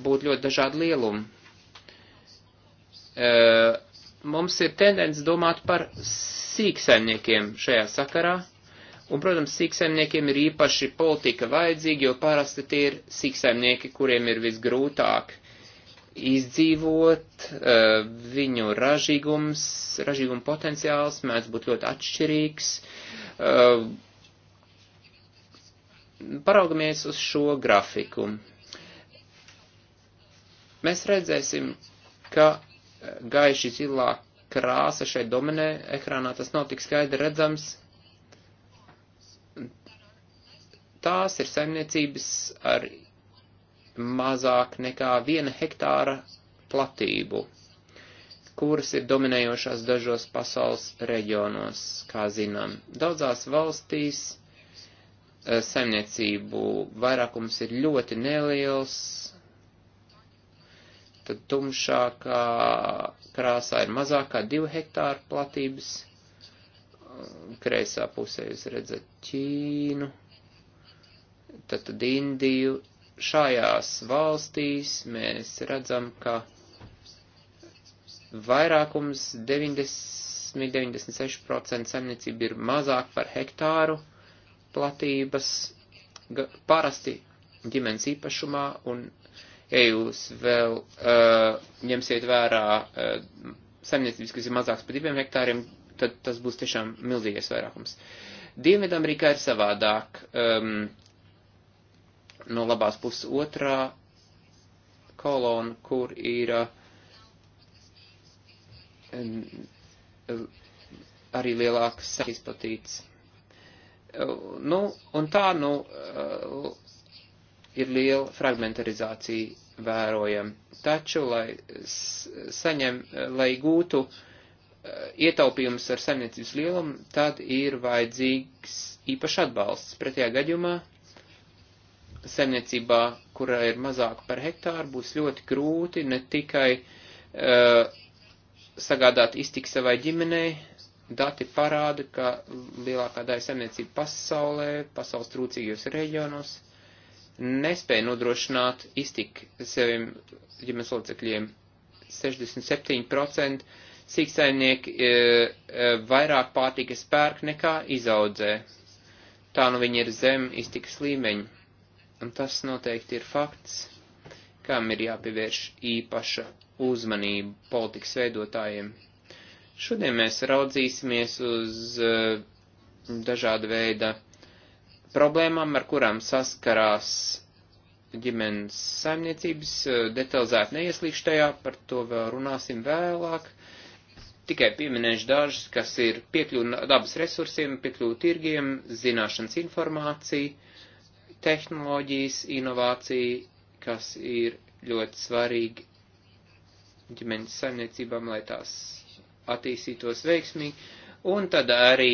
būt ļoti dažādi lielumi. E, mums ir tendence domāt par sīksaimniekiem šajā sakarā, un, protams, sīksaimniekiem ir īpaši politika vajadzīga, jo parasti tie ir sīksaimnieki, kuriem ir visgrūtāk izdzīvot, eh, viņu ražīgums, ražīguma potenciāls mēdz būt ļoti atšķirīgs. Eh, paraugamies uz šo grafiku. Mēs redzēsim, ka gaiši zilā krāsa šeit dominē ekrānā, tas nav tik skaidri redzams. Tās ir saimniecības ar mazāk nekā viena hektāra platību, kuras ir dominējošās dažos pasaules reģionos, kā zinām. Daudzās valstīs eh, saimniecību vairākums ir ļoti neliels, tad tumšākā krāsā ir mazākā divu hektāru platības, kreisā pusē jūs redzat Ķīnu, tad, tad Indiju, šajās valstīs mēs redzam, ka vairākums 90-96% saimniecība ir mazāk par hektāru platības parasti ģimenes īpašumā, un ja jūs vēl uh, ņemsiet vērā uh, saimniecības, kas ir mazāks par diviem hektāriem, tad tas būs tiešām milzīgais vairākums. Dienvidamerikā ir savādāk. Um, no labās puses otrā kolona, kur ir uh, arī lielāks izplatīts. Uh, nu, un tā, nu, uh, ir liela fragmentarizācija vērojama. Taču, lai saņem, lai gūtu ietaupījumus ar saimniecības lielumu, tad ir vajadzīgs īpašs atbalsts. Pretējā gadījumā saimniecībā, kurā ir mazāk par hektāru, būs ļoti grūti ne tikai uh, sagādāt iztiku savai ģimenei, dati parāda, ka lielākā daļa saimniecību pasaulē, pasaules trūcīgajos reģionos, nespēja nodrošināt iztiku saviem ģimenes locekļiem. 67% sīksaimnieki e, e, vairāk pārtikas pērk nekā izaudzē. Tā nu viņi ir zem iztikas līmeņa un tas noteikti ir fakts, kam ir jāpievērš īpaša uzmanība politikas veidotājiem. Šodien mēs raudzīsimies uz uh, dažāda veida problēmām, ar kurām saskarās ģimenes saimniecības, uh, detalizēti neieslīgšu tajā, par to vēl runāsim vēlāk. Tikai pieminēšu dažas, kas ir piekļuva dabas resursiem, piekļuva tirgiem, zināšanas informācija, tehnoloģijas, inovācija, kas ir ļoti svarīgi ģimenes saimniecībām, lai tās attīstītos veiksmīgi, un tad arī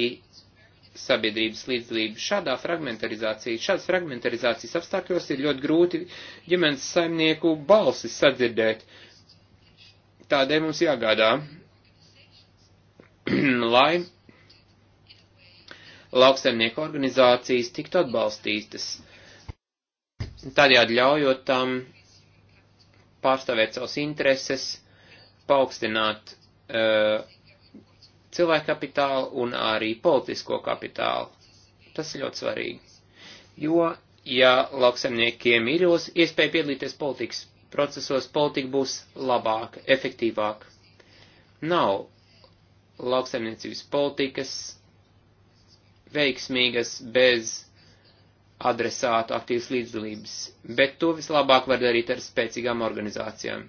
sabiedrības līdzdalība. Šādā fragmentarizācija, šādas fragmentarizācijas apstākļos ir ļoti grūti ģimenes saimnieku balsis sadzirdēt. Tādēļ mums jāgādā, lai lauksaimnieku organizācijas tiktu atbalstītas tādējādi ļaujot tam pārstāvēt savas intereses, paaugstināt uh, cilvēku kapitālu un arī politisko kapitālu. Tas ir ļoti svarīgi. Jo, ja lauksaimniekiem ir jūs iespēja piedalīties politikas procesos, politika būs labāka, efektīvāka. Nav lauksaimniecības politikas veiksmīgas bez adresātu aktīvas līdzdalības, bet to vislabāk var darīt ar spēcīgām organizācijām.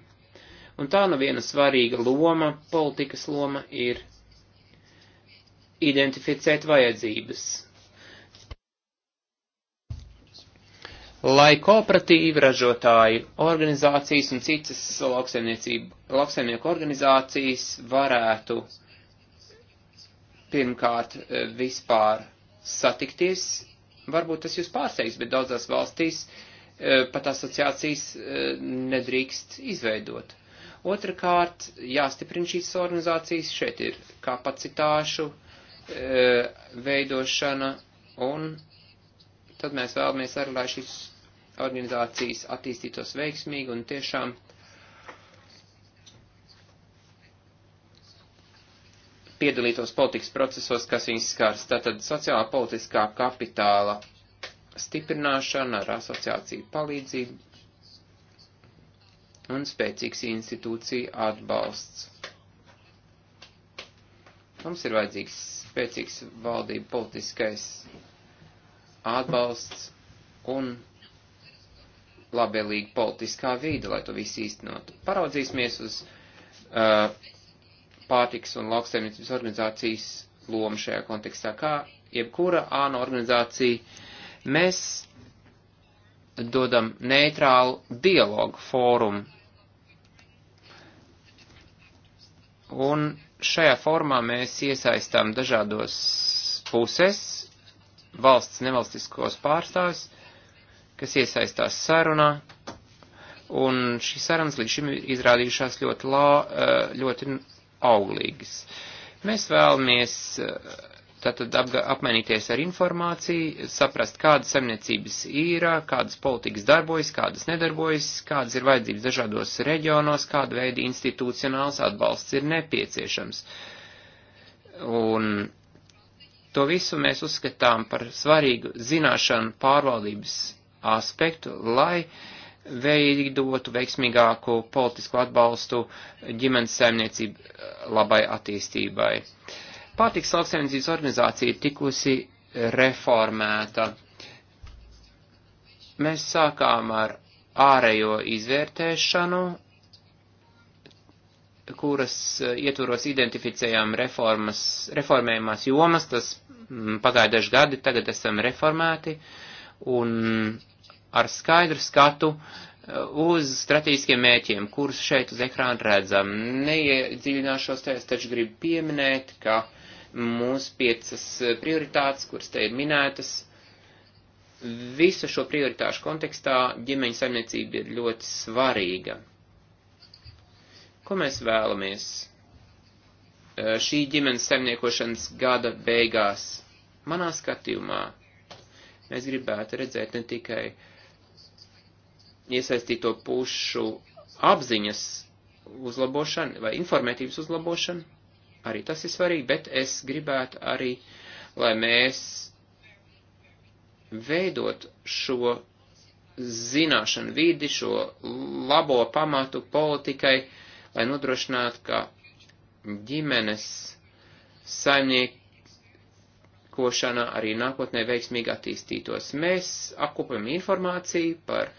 Un tā nu viena svarīga loma, politikas loma, ir identificēt vajadzības. Lai kooperatīvi ražotāji, organizācijas un citas lauksaimnieku organizācijas varētu pirmkārt eh, vispār satikties, Varbūt tas jūs pārsteigts, bet daudzās valstīs e, pat asociācijas e, nedrīkst izveidot. Otrakārt, jāstiprina šīs organizācijas, šeit ir kapacitāšu e, veidošana, un tad mēs vēlamies arī, lai šīs organizācijas attīstītos veiksmīgi un tiešām uh, piedalītos politikas procesos, kas viņus skars. Tātad sociālā politiskā kapitāla stiprināšana ar asociāciju palīdzību un spēcīgs institūcija atbalsts. Mums ir vajadzīgs spēcīgs valdību politiskais atbalsts un labvēlīga politiskā vīde, lai to visu īstenotu. Paraudzīsimies uz uh, pārtiks un lauksaimniecības organizācijas loma šajā kontekstā. Kā jebkura ANO organizācija, mēs dodam neitrālu dialogu fórumu. Un šajā formā mēs iesaistām dažādos puses, valsts nevalstiskos pārstāvis, kas iesaistās sarunā, un šīs sarunas līdz šim ir izrādījušās ļoti, lā, eh, ļoti auglīgas. Mēs vēlamies eh, tātad apmainīties ar informāciju, saprast, kādas saimniecības ir, kādas politikas darbojas, kādas nedarbojas, kādas ir vajadzības dažādos reģionos, kāda veida institucionāls atbalsts ir nepieciešams. Un to visu mēs uzskatām par svarīgu zināšanu pārvaldības aspektu, lai uh, veidotu veiksmīgāku politisku atbalstu ģimenes saimniecību labai attīstībai. Pārtiks lauksaimniecības organizācija ir tikusi reformēta. Mēs sākām ar ārējo izvērtēšanu, kuras eh, ietvaros identificējām reformas, reformējumās jomas, tas mm, pagāja daži gadi, tagad esam reformēti, un ar skaidru skatu eh, uz stratīskiem mēķiem, kurus šeit uz ekrāna redzam. Neiedziļināšos tajās, taču gribu pieminēt, ka mūsu piecas eh, prioritātes, kuras te ir minētas, visu šo prioritāšu kontekstā ģimeņa saimniecība ir ļoti svarīga. Ko mēs vēlamies eh, šī ģimenes saimniekošanas gada beigās? Manā skatījumā mēs gribētu redzēt ne tikai uh, iesaistīto pušu apziņas uzlabošana vai informētības uzlabošana, arī tas ir svarīgi, bet es gribētu arī, lai mēs veidot šo zināšanu vidi, šo labo pamatu politikai, lai nodrošinātu, ka ģimenes saimniekošana arī nākotnē veiksmīgi attīstītos. Mēs akupam informāciju par uh,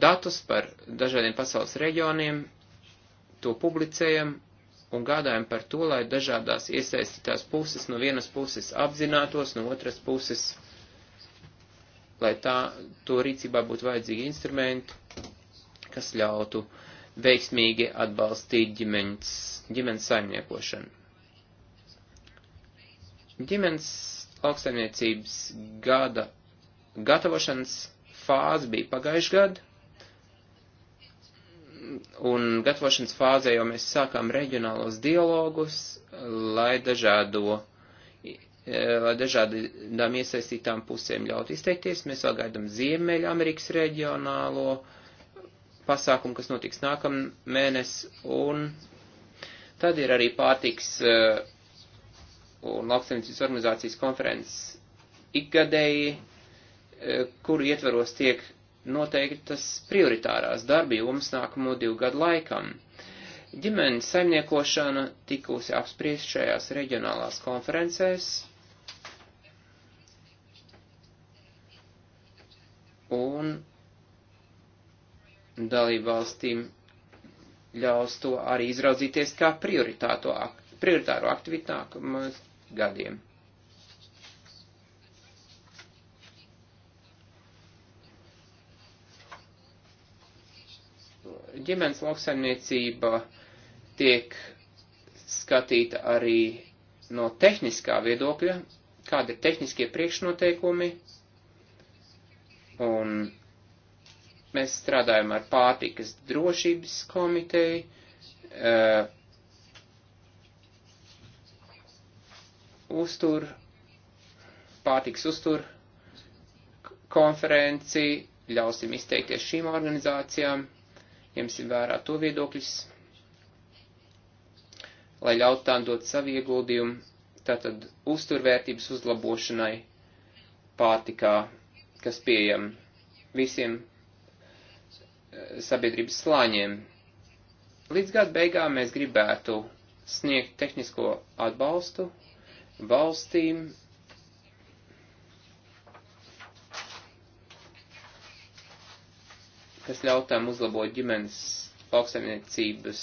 datus par dažādiem pasaules reģioniem, to publicējam un gādājam par to, lai dažādās iesaistītās puses no vienas puses apzinātos, no otras puses, lai tā, to rīcībā būtu vajadzīgi instrumenti, kas ļautu veiksmīgi atbalstīt ģimenes, ģimenes saimniekošanu. Ģimenes lauksaimniecības gada gatavošanas fāze bija pagājuši gadu, un gatavošanas fāzē jau mēs sākām reģionālos dialogus, lai dažādo e, lai dažādām iesaistītām pusēm ļaut izteikties. Mēs vēl gaidām Ziemeļa Amerikas reģionālo pasākumu, kas notiks nākamēnes, un tad ir arī pārtiks e, un lauksaimniecības organizācijas konferences ikgadēji kuru ietveros tiek noteiktas prioritārās darba jomas nākamo divu gadu laikam. Ģimenes saimniekošana tikusi apspriest šajās reģionālās konferencēs. Un dalībvalstīm ļaus to arī izraudzīties kā prioritāro aktivitāku gadiem. ģimenes lauksaimniecība tiek skatīta arī no tehniskā viedokļa, kādi ir tehniskie priekšnoteikumi, un mēs strādājam ar pārtikas drošības komiteju, uh, uztur, pārtiks uztur konferenci, ļausim izteikties šīm organizācijām ņemsim vērā to viedokļus, lai ļautu tām dot savu ieguldījumu, tātad uzturvērtības uzlabošanai pārtikā, kas pieejam visiem eh, sabiedrības slāņiem. Līdz gada beigām mēs gribētu sniegt tehnisko atbalstu valstīm kas ļautām uzlabot ģimenes lauksaimniecības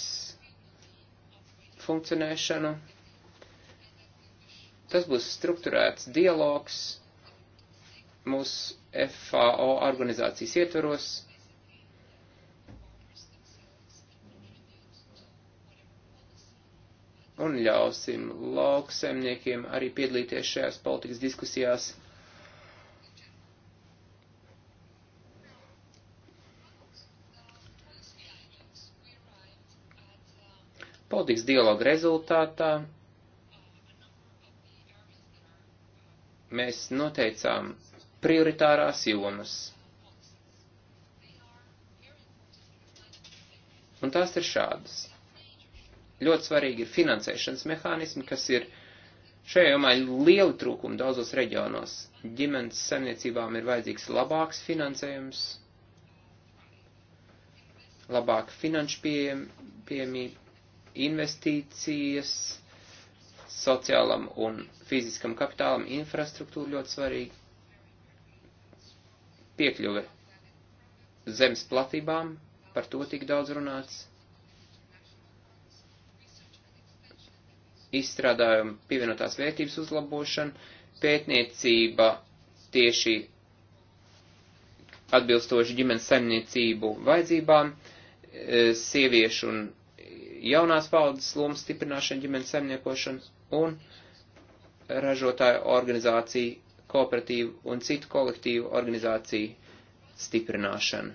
funkcionēšanu. Tas būs strukturēts dialogs mūsu FAO organizācijas ietvaros. Un ļausim lauksaimniekiem arī piedalīties šajās politikas diskusijās. Politikas dialoga rezultātā mēs noteicām prioritārās jomas. Un tās ir šādas. Ļoti svarīgi ir finansēšanas mehānismi, kas ir šajā jomā lieli trūkumi daudzos reģionos. Ģimenes saimniecībām ir vajadzīgs labāks finansējums, labāka finanšu pieejamība, investīcijas sociālam un fiziskam kapitālam, infrastruktūra ļoti svarīga, piekļuve zemes platībām, par to tik daudz runāts, izstrādājuma pievienotās vērtības uzlabošana, pētniecība tieši atbilstoši ģimenes saimniecību vajadzībām, e, sieviešu un jaunās paudzes lomas stiprināšana ģimenes saimniekošana un ražotāju organizāciju, kooperatīvu un citu kolektīvu organizāciju stiprināšana.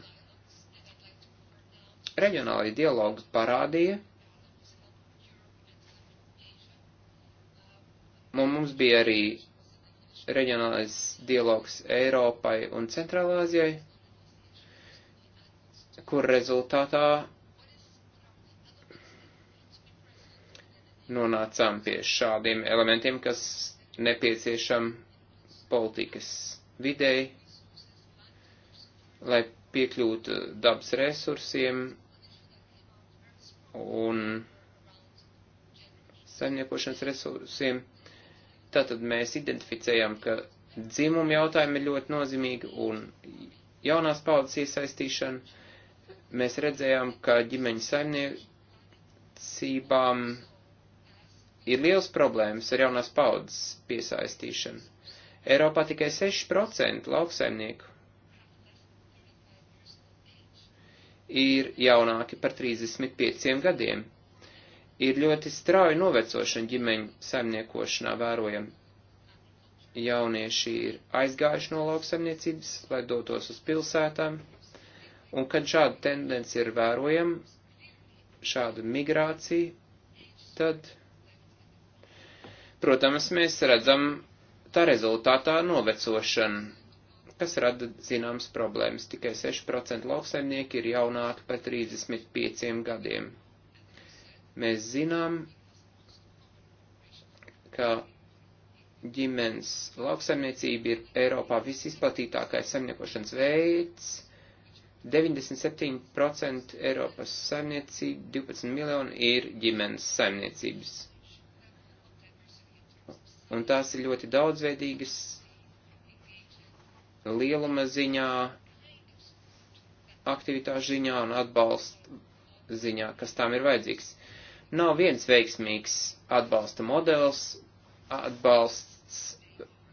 Reģionālajie dialogi parādīja, un mums bija arī reģionālais dialogs Eiropai un Centrālāzijai, kur rezultātā nonācām pie šādiem elementiem, kas nepieciešam politikas videi, lai piekļūtu dabas resursiem un saimniekošanas resursiem. Tātad mēs identificējam, ka dzimumu jautājumi ir ļoti nozīmīgi un jaunās paudzes iesaistīšana. Mēs redzējām, ka ģimeņu saimniecībām ir liels problēmas ar jaunās paudzes piesaistīšanu. Eiropā tikai 6% lauksaimnieku ir jaunāki par 35 gadiem. Ir ļoti strauji novecošana ģimeņu saimniekošanā vērojama. Jaunieši ir aizgājuši no lauksaimniecības, lai dotos uz pilsētām, un kad šāda tendence ir vērojama, šāda migrācija, tad Protams, mēs redzam tā rezultātā novecošanu, kas rada zināmas problēmas. Tikai 6% lauksaimnieki ir jaunāki par 35 gadiem. Mēs zinām, ka ģimenes lauksaimniecība ir Eiropā visizplatītākais saimniekošanas veids. 97% Eiropas saimniecība, 12 miljoni ir ģimenes saimniecības un tās ir ļoti daudzveidīgas lieluma ziņā, aktivitāšu ziņā un atbalsta ziņā, kas tām ir vajadzīgs. Nav viens veiksmīgs atbalsta modelis, atbalsts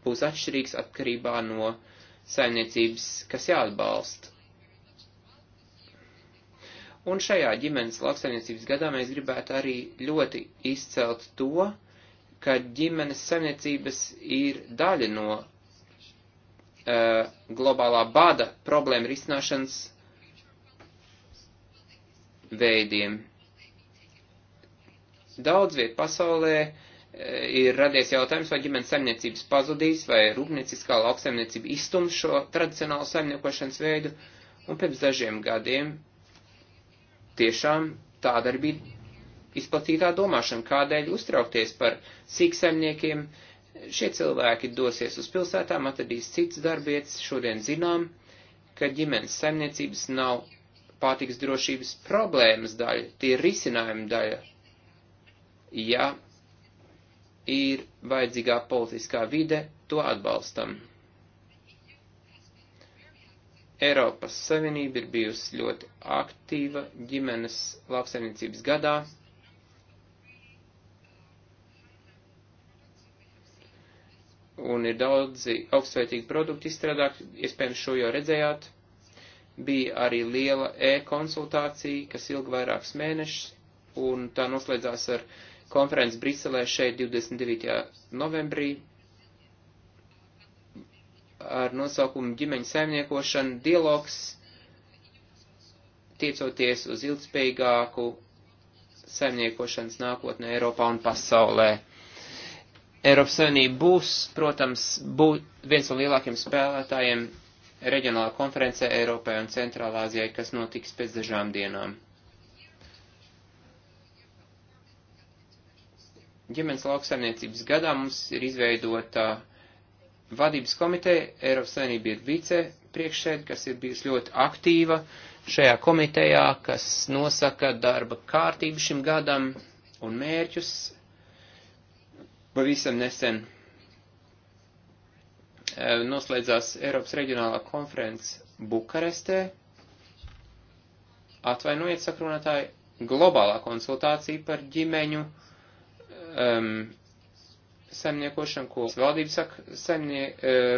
būs atšķirīgs atkarībā no saimniecības, kas jāatbalsta. Un šajā ģimenes lauksaimniecības gadā mēs gribētu arī ļoti izcelt to, uh, ka ģimenes saimniecības ir daļa no uh, globālā bada problēma risināšanas veidiem. Daudz viet pasaulē e, ir radies jautājums, vai ģimenes saimniecības pazudīs, vai rūpnieciskā lauksaimniecība izstums šo tradicionālu saimniekošanas veidu, un pirms dažiem gadiem tiešām tā darbība izplatītā domāšana, kādēļ uztraukties par sīksaimniekiem. Šie cilvēki dosies uz pilsētām, atradīs cits darbietis, šodien zinām, ka ģimenes saimniecības nav pārtiks drošības problēmas daļa, tie ir risinājuma daļa. Ja ir vajadzīgā politiskā vide, to atbalstam. Eiropas Savienība ir bijusi ļoti aktīva ģimenes lauksaimniecības gadā. un ir daudzi augstsvērtīgi produkti izstrādāti, iespējams šo jau redzējāt. Bija arī liela e-konsultācija, kas ilga vairākus mēnešus, un tā noslēdzās ar konferenci Briselē šeit 29. novembrī ar nosaukumu ģimeņu saimniekošana dialogs, tiecoties uz ilgspējīgāku saimniekošanas nākotnē Eiropā un pasaulē. Eiropas Savienība būs, protams, būt viens no lielākiem spēlētājiem reģionālā konferencē Eiropai un Centrālā Azijai, kas notiks pēc dažām dienām. Ģimenes lauksaimniecības gadā mums ir izveidota vadības komiteja, Eiropas Savienība ir vice priekšsēd, kas ir bijusi ļoti aktīva šajā komitejā, kas nosaka darba kārtību šim gadam un mērķus Pavisam nesen e, noslēdzās Eiropas reģionālā konference Bukarestē. Atvainojiet, sakrunātāji, globālā konsultācija par ģimeņu um, saimniekošanu, ko valdības saka, saimnie, e,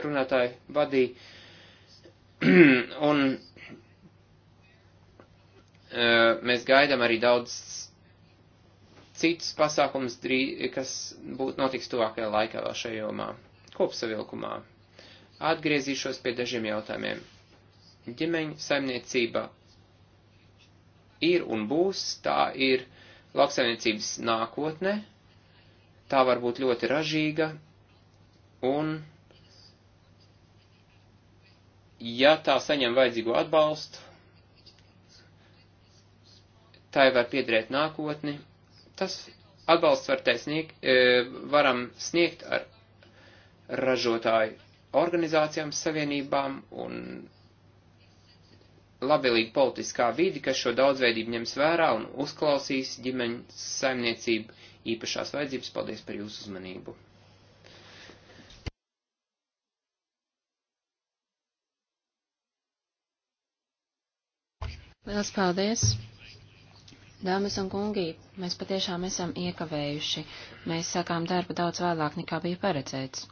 runātāji vadīja. un uh, mēs gaidām arī daudz cits pasākums, drī, kas būtu notiks tuvākajā laikā vēl šajā jomā, kopsavilkumā. Atgriezīšos pie dažiem jautājumiem. Ģimeņa saimniecība ir un būs, tā ir lauksaimniecības nākotne, tā var būt ļoti ražīga, un ja tā saņem vajadzīgo atbalstu, tai var piedrēt nākotni, Tas atbalsts var sniegt, e, varam sniegt ar ražotāju organizācijām, savienībām un labvēlīgu politiskā vidi, kas šo daudzveidību ņems vērā un uzklausīs ģimeņu saimniecību īpašās vajadzības. Paldies par jūsu uzmanību! Liels paldies! Dāmas un kungi, mēs patiešām esam iekavējuši. Mēs sākām darbu daudz vēlāk, nekā bija paredzēts.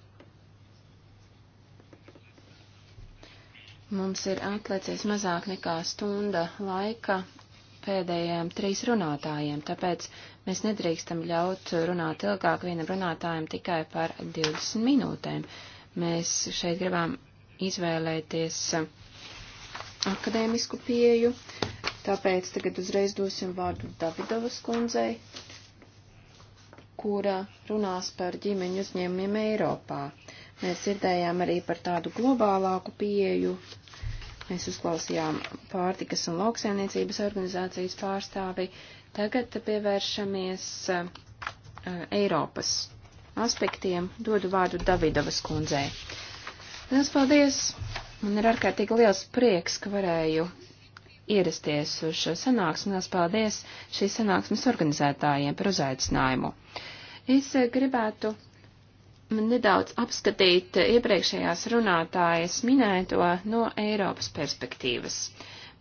Mums ir atlicies mazāk nekā stunda laika pēdējiem trīs runātājiem, tāpēc mēs nedrīkstam ļaut runāt ilgāk vienam runātājam tikai par 20 minūtēm. Mēs šeit gribam izvēlēties akadēmisku pieju, uh, Tāpēc tagad uzreiz dosim vārdu Davidovas kundzei, kura runās par ģimeņu uzņēmumiem Eiropā. Mēs dzirdējām arī par tādu globālāku pieeju. Mēs uzklausījām pārtikas un lauksaimniecības organizācijas pārstāvi. Tagad pievēršamies uh, Eiropas aspektiem. Dodu vārdu Davidovas kundzei. Liels paldies! Man ir ārkārtīgi liels prieks, ka varēju ierasties uz šo sanāksmi. Lielas paldies šīs sanāksmes organizētājiem par uzaicinājumu. Es eh, gribētu nedaudz apskatīt eh, iepriekšējās runātājas minēto no Eiropas perspektīvas.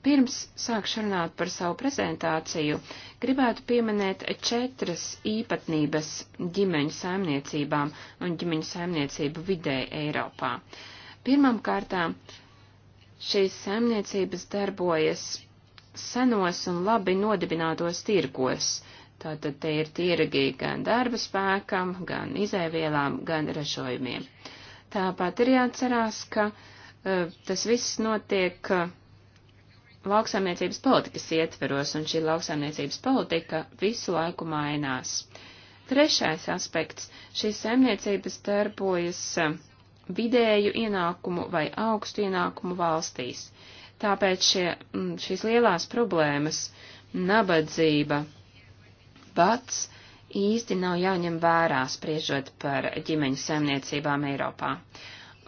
Pirms sākšu runāt par savu prezentāciju, gribētu pieminēt četras īpatnības ģimeņu saimniecībām un ģimeņu saimniecību vidē Eiropā. Pirmām kārtām šīs saimniecības darbojas senos un labi nodibinātos tirgos. Tātad te ir tirgi gan darba spēkam, gan izēvielām, gan ražojumiem. Tāpat ir jāatcerās, ka uh, tas viss notiek uh, lauksaimniecības politikas ietveros, un šī lauksaimniecības politika visu laiku mainās. Trešais aspekts - šīs saimniecības darbojas uh, vidēju ienākumu vai augstu ienākumu valstīs. Tāpēc šie, šīs lielās problēmas, nabadzība, pats īsti nav jāņem vērā, spriežot par ģimeņu saimniecībām Eiropā.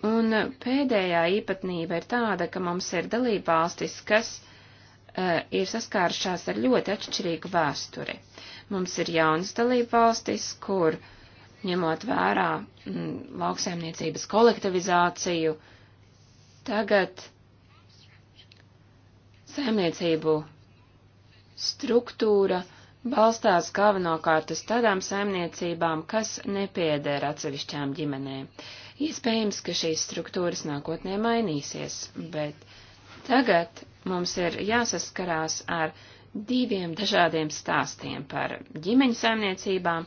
Un pēdējā īpatnība ir tāda, ka mums ir dalība valstis, kas uh, ir saskārušās ar ļoti atšķirīgu vēsturi. Mums ir jaunas dalība valstis, kur uh, ņemot vērā m, mm, lauksaimniecības kolektivizāciju, tagad saimniecību struktūra balstās galvenokārt uz tādām saimniecībām, kas nepiedēra atsevišķām ģimenēm. Iespējams, ka šīs struktūras nākotnē mainīsies, bet tagad mums ir jāsaskarās ar diviem dažādiem stāstiem par ģimeņu saimniecībām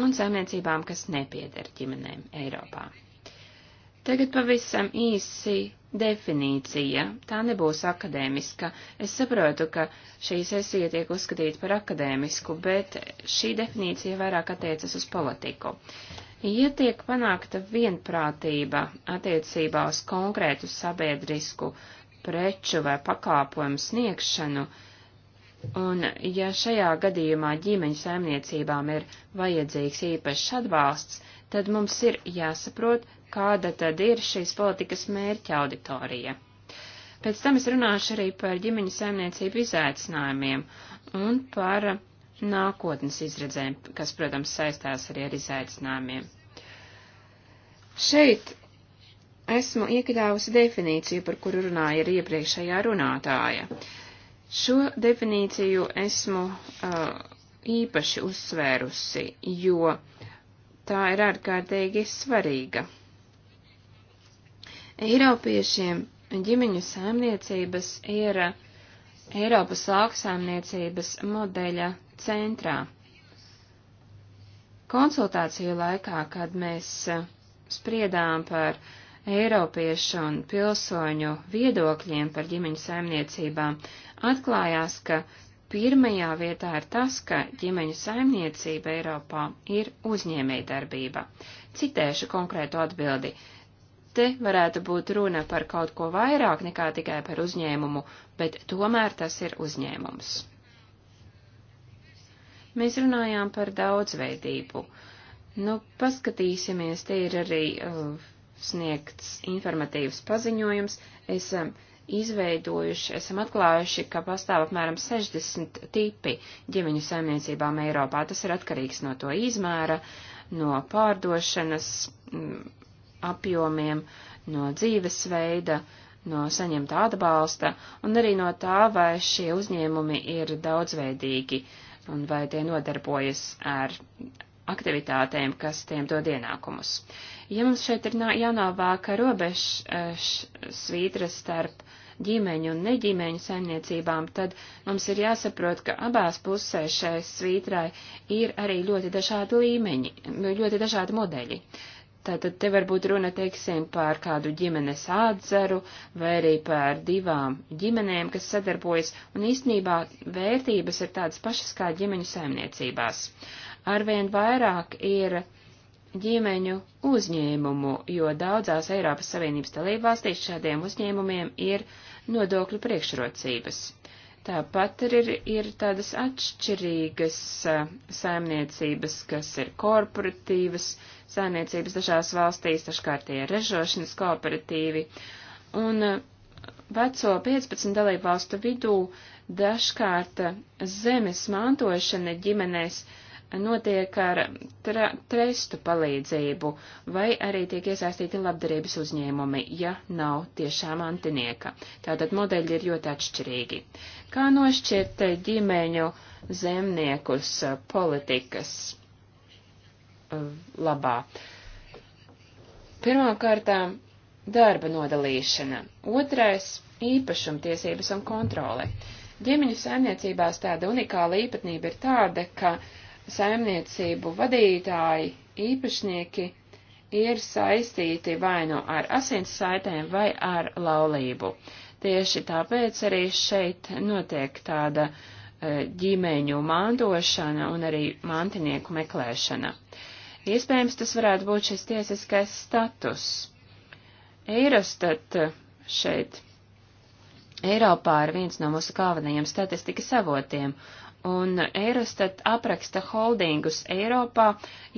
un saimniecībām, kas nepieder ģimenēm Eiropā. Tagad pavisam īsi definīcija. Tā nebūs akadēmiska. Es saprotu, ka šī sesija tiek uzskatīta par akadēmisku, bet šī definīcija vairāk attiecas uz politiku. Ja tiek panākta vienprātība attiecībā uz konkrētu sabiedrisku preču vai pakāpojumu sniegšanu, uh, Un ja šajā gadījumā ģimeņu saimniecībām ir vajadzīgs īpašs atbalsts, tad mums ir jāsaprot, kāda tad ir šīs politikas mērķa auditorija. Pēc tam es runāšu arī par ģimeņu saimniecību izaicinājumiem un par nākotnes izredzēm, kas, protams, saistās arī ar izaicinājumiem. Šeit esmu iekļāvusi definīciju, par kuru runāja arī iepriekšējā runātāja. Uh, Šo definīciju esmu uh, īpaši uzsvērusi, jo tā ir ārkārtīgi svarīga. Eiropiešiem ģimeņu saimniecības ir Eiropas lauksaimniecības modeļa centrā. Konsultāciju laikā, kad mēs uh, spriedām par uh, Eiropiešu un pilsoņu viedokļiem par ģimeņu saimniecībām, atklājās, ka pirmajā vietā ir tas, ka ģimeņu saimniecība Eiropā ir uzņēmējdarbība. Citēšu konkrētu atbildi. Te varētu būt runa par kaut ko vairāk nekā tikai par uzņēmumu, bet tomēr tas ir uzņēmums. Mēs runājām par daudzveidību. Nu, paskatīsimies, te ir arī uh, sniegts informatīvs paziņojums, esam izveidojuši, esam atklājuši, ka pastāv apmēram 60 tipi ģimeņu saimniecībām Eiropā. Tas ir atkarīgs no to izmēra, no pārdošanas m, mm, apjomiem, no dzīvesveida, no saņemta atbalsta un arī no tā, vai šie uzņēmumi ir daudzveidīgi un vai tie nodarbojas ar aktivitātēm, kas tiem dod ienākumus. Ja mums šeit ir jānovāk robežs e, svītras starp ģimeņu un neģimeņu saimniecībām, tad mums ir jāsaprot, ka abās pusēs šai svītrai ir arī ļoti dažādi līmeņi, ļoti dažādi modeļi. Tātad te var būt runa, teiksim, par kādu ģimenes atzaru vai arī par divām ģimenēm, kas sadarbojas, un īstenībā vērtības ir tādas pašas kā ģimeņu saimniecībās. Arvien vairāk ir uh, ģimeņu uzņēmumu, jo daudzās Eiropas Savienības dalībvalstīs šādiem uzņēmumiem ir nodokļu priekšrocības. Tāpat ir, ir tādas atšķirīgas saimniecības, kas ir korporatīvas, saimniecības dažās valstīs, dažkārt tie ir ražošanas kooperatīvi, un veco 15 dalībvalstu vidū dažkārt zemes mantošana ģimenēs uh, notiek ar tra, trestu palīdzību, vai arī tiek iesaistīti labdarības uzņēmumi, ja nav tiešām antinieka. Tātad modeļi ir ļoti atšķirīgi. Kā nošķirt ģimeņu zemniekus politikas uh, labā? Pirmkārtām darba nodalīšana, otrais - īpašumtiesības un kontrole. Ģimeņu saimniecībās tāda unikāla īpatnība ir tāda, ka uh, saimniecību vadītāji, īpašnieki ir saistīti vai nu ar asins saitēm vai ar laulību. Tieši tāpēc arī šeit notiek tāda e, ģimeņu mantošana un arī mantinieku meklēšana. Iespējams, tas varētu būt šis tiesiskais status. Eirostat šeit Eiropā ir viens no mūsu galvenajiem statistikas avotiem, un Eirostat apraksta holdingus Eiropā,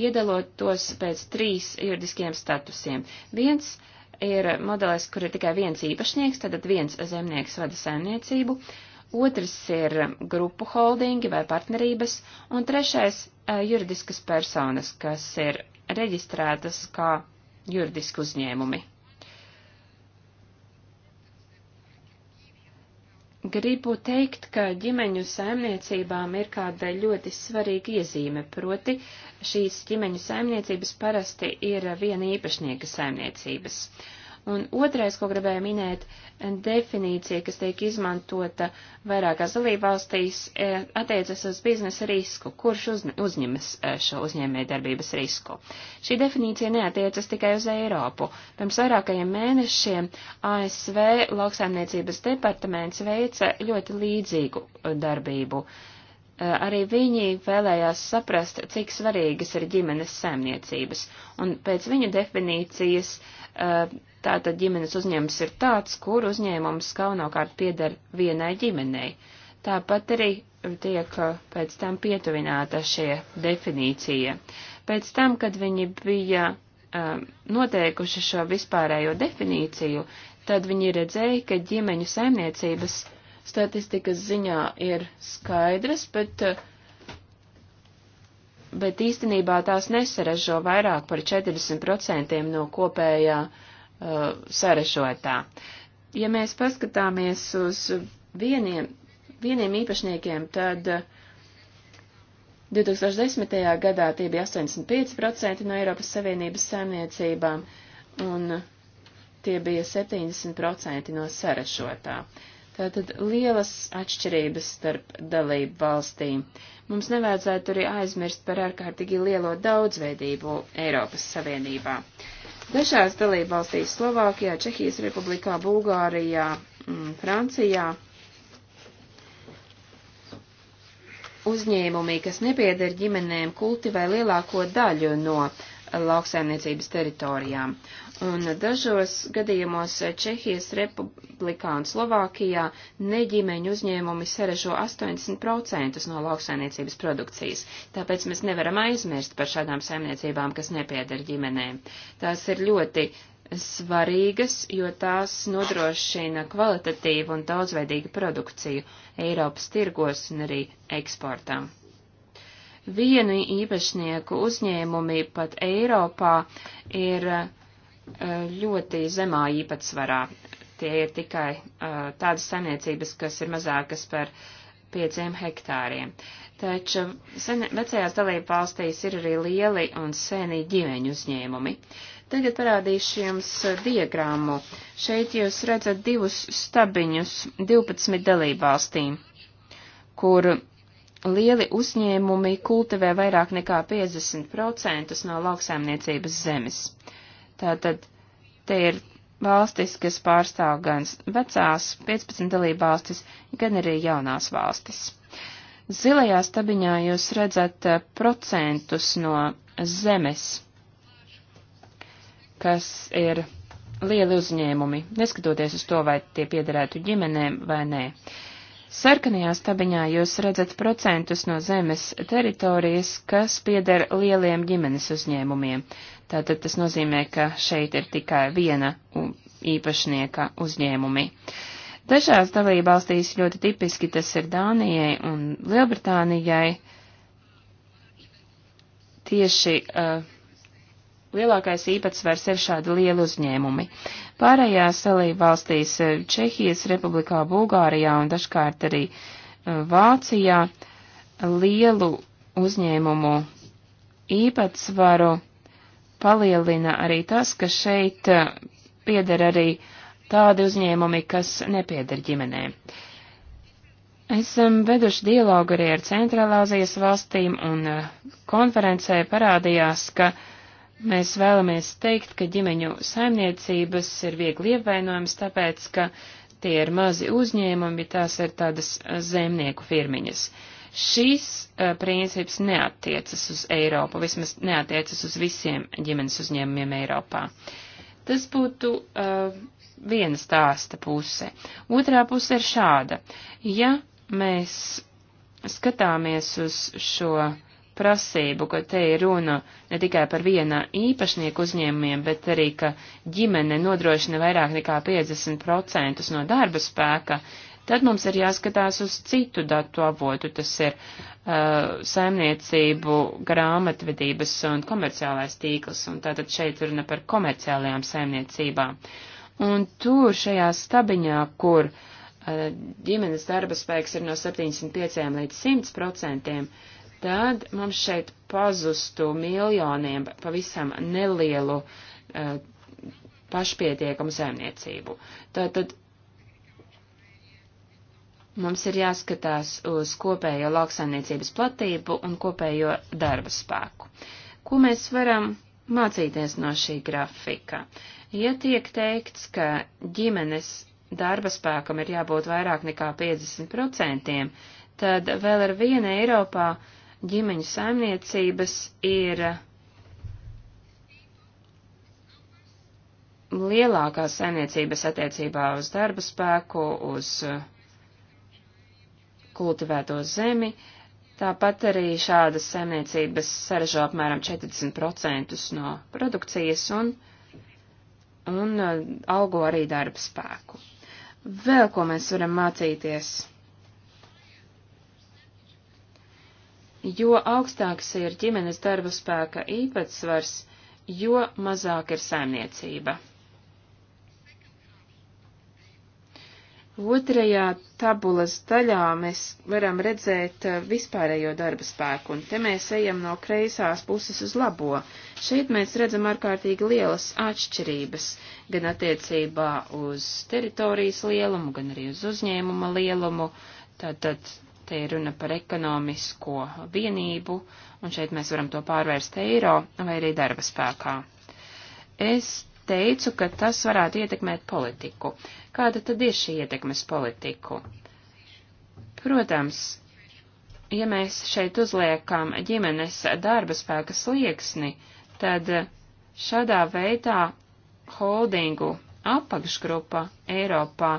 iedalot tos pēc trīs juridiskiem statusiem. Viens ir modelis, kur ir tikai viens īpašnieks, tātad viens zemnieks vada saimniecību, otrs ir grupu holdingi vai partnerības, un trešais eh, juridiskas personas, kas ir reģistrētas kā juridiski uzņēmumi. Gribu teikt, ka ģimeņu saimniecībām ir kāda ļoti svarīga iezīme, proti šīs ģimeņu saimniecības parasti ir viena īpašnieka saimniecības. Uh, Un otrais, ko gribēju minēt, definīcija, kas tiek izmantota vairākās dalībvalstīs, e, attiecas uz biznesa risku, kurš uzņemas e, šo uzņēmēju darbības risku. Šī definīcija neatiecas tikai uz Eiropu. Pirms vairākajiem mēnešiem ASV lauksaimniecības departaments veica ļoti līdzīgu e, darbību. Uh, Eh, arī viņi vēlējās saprast, cik svarīgas ir ģimenes saimniecības. Un pēc viņa definīcijas eh, tātad ģimenes uzņēmums ir tāds, kur uzņēmums galvenokārt pieder vienai ģimenei. Tāpat arī tiek eh, pēc tam pietuvināta šie definīcija. Pēc tam, kad viņi bija noteikuši šo vispārējo definīciju, tad viņi redzēja, ka ģimeņu saimniecības statistikas ziņā ir skaidras, bet, bet īstenībā tās nesarežo vairāk par 40% no kopējā uh, sarežotā. Ja mēs paskatāmies uz vieniem, vieniem īpašniekiem, tad uh, 2010. gadā tie bija 85% no Eiropas Savienības saimniecībām un tie bija 70% no sarešotā. Uh, Tātad lielas atšķirības starp dalību valstīm. Mums nevajadzētu arī aizmirst par ārkārtīgi lielo daudzveidību Eiropas Savienībā. Dažās dalību valstīs - Slovākijā, Čehijas republikā, Bulgārijā, m, mm, Francijā - uzņēmumi, kas nepieder ģimenēm, kultivē lielāko daļu no lauksaimniecības teritorijām. Un dažos gadījumos Čehijas republikā un Slovākijā neģimeņu uzņēmumi saražo 80% no lauksaimniecības produkcijas, tāpēc mēs nevaram aizmirst par šādām saimniecībām, kas nepieder ģimenēm. Tās ir ļoti svarīgas, jo tās nodrošina kvalitatīvu un daudzveidīgu produkciju Eiropas tirgos un arī eksportām vienu īpašnieku uzņēmumi pat Eiropā ir eh, ļoti zemā īpatsvarā. Tie ir tikai eh, tādas saimniecības, kas ir mazākas par pieciem hektāriem. Taču sen, vecajās dalību valstīs ir arī lieli un seni ģimeņu uzņēmumi. Tagad parādīšu jums eh, diagrammu. Šeit jūs redzat divus stabiņus 12 dalībvalstīm, kur lieli uzņēmumi kultivē vairāk nekā 50% no lauksaimniecības zemes. Tātad te ir valstis, kas pārstāv gan vecās 15 dalība valstis, gan arī jaunās valstis. Zilajā stabiņā jūs redzat eh, procentus no zemes, kas ir lieli uzņēmumi, neskatoties uz to, vai tie piederētu ģimenēm vai nē. Uh, Sarkanajā stabiņā jūs redzat procentus no zemes teritorijas, kas pieder lieliem ģimenes uzņēmumiem. Tātad tas nozīmē, ka šeit ir tikai viena īpašnieka uzņēmumi. Dažās dalībvalstīs ļoti tipiski tas ir Dānijai un Lielbritānijai. Tieši uh, Lielākais īpatsvars ir šādi lieli uzņēmumi. Pārējās salība valstīs e, Čehijas republikā, Bulgārijā un dažkārt arī e, Vācijā lielu uzņēmumu īpatsvaru palielina arī tas, ka šeit e, pieder arī tādi uzņēmumi, kas nepieder ģimenēm. Esam veduši dialogu arī ar Centrālāzijas valstīm, un konferencē parādījās, ka uh, Mēs vēlamies teikt, ka ģimeņu saimniecības ir viegli ievainojams, tāpēc, ka tie ir mazi uzņēmumi, tās ir tādas eh, zemnieku firmiņas. Šīs uh, eh, princips neatiecas uz Eiropu, vismaz neatiecas uz visiem ģimenes uzņēmumiem Eiropā. Tas būtu uh, viena stāsta puse. Otrā puse ir šāda. Ja mēs skatāmies uz šo uh, prasību, ka te ir runa ne tikai par vienā īpašnieku uzņēmumiem, bet arī, ka ģimene nodrošina vairāk nekā 50% no darba spēka, tad mums ir jāskatās uz citu datu avotu, tas ir uh, saimniecību, grāmatvedības un komerciālais tīkls, un tātad šeit runa par komerciālajām saimniecībām. Un tur šajā stabiņā, kur uh, ģimenes darba spēks ir no 75 līdz 100 procentiem, uh, tad mums šeit pazustu miljoniem pavisam nelielu uh, pašpietiekamu saimniecību. Tātad mums ir jāskatās uz kopējo lauksaimniecības platību un kopējo darba spēku. Ko mēs varam mācīties no šī grafika? Ja tiek teikts, ka ģimenes darba spēkam ir jābūt vairāk nekā 50%, tad vēl ar vienu Eiropā uh, ģimeņu saimniecības ir lielākās saimniecības attiecībā uz darba spēku, uz eh, kultivēto zemi. Tāpat arī šādas saimniecības saražo apmēram 40% no produkcijas un, un eh, algo arī darba spēku. Vēl ko mēs varam mācīties? Jo augstāks ir ģimenes darba spēka īpatsvars, jo mazāk ir saimniecība. Otrajā tabulas daļā mēs varam redzēt eh, vispārējo darba spēku, un te mēs ejam no kreisās puses uz labo. Šeit mēs redzam ārkārtīgi lielas atšķirības, gan attiecībā uz teritorijas lielumu, gan arī uz uzņēmuma lielumu, tātad Te ir runa par ekonomisko vienību, un šeit mēs varam to pārvērst eiro vai arī darba spēkā. Es teicu, ka tas varētu ietekmēt politiku. Kāda tad ir šī ietekmes politiku? Protams, ja mēs šeit uzliekam ģimenes darba spēka slieksni, tad šādā veidā holdingu apakšgrupa Eiropā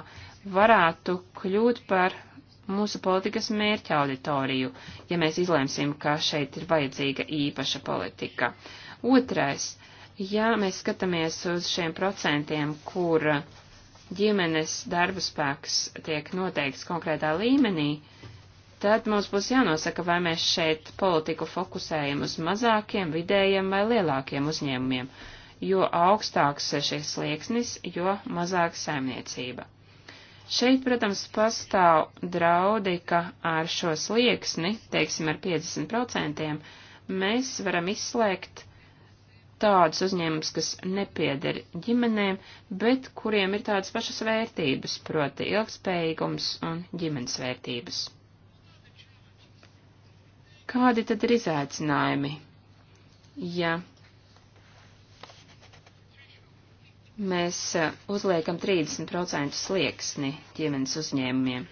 varētu kļūt par mūsu politikas mērķa auditoriju, ja mēs izlēmsim, ka šeit ir vajadzīga īpaša politika. Otrais, ja mēs skatāmies uz šiem procentiem, kur ģimenes darba spēks tiek noteikts konkrētā līmenī, tad mums būs jānosaka, vai mēs šeit politiku fokusējam uz mazākiem, vidējiem vai lielākiem uzņēmumiem, jo augstāks šis slieksnis, jo mazāk saimniecība. Šeit, protams, pastāv draudi, ka ar šo slieksni, teiksim ar 50%, mēs varam izslēgt tādus uzņēmumus, kas nepieder ģimenēm, bet kuriem ir tādas pašas vērtības, proti ilgspējīgums un ģimenes vērtības. Kādi tad ir izaicinājumi? Ja mēs e, uzliekam 30% slieksni ģimenes uzņēmumiem.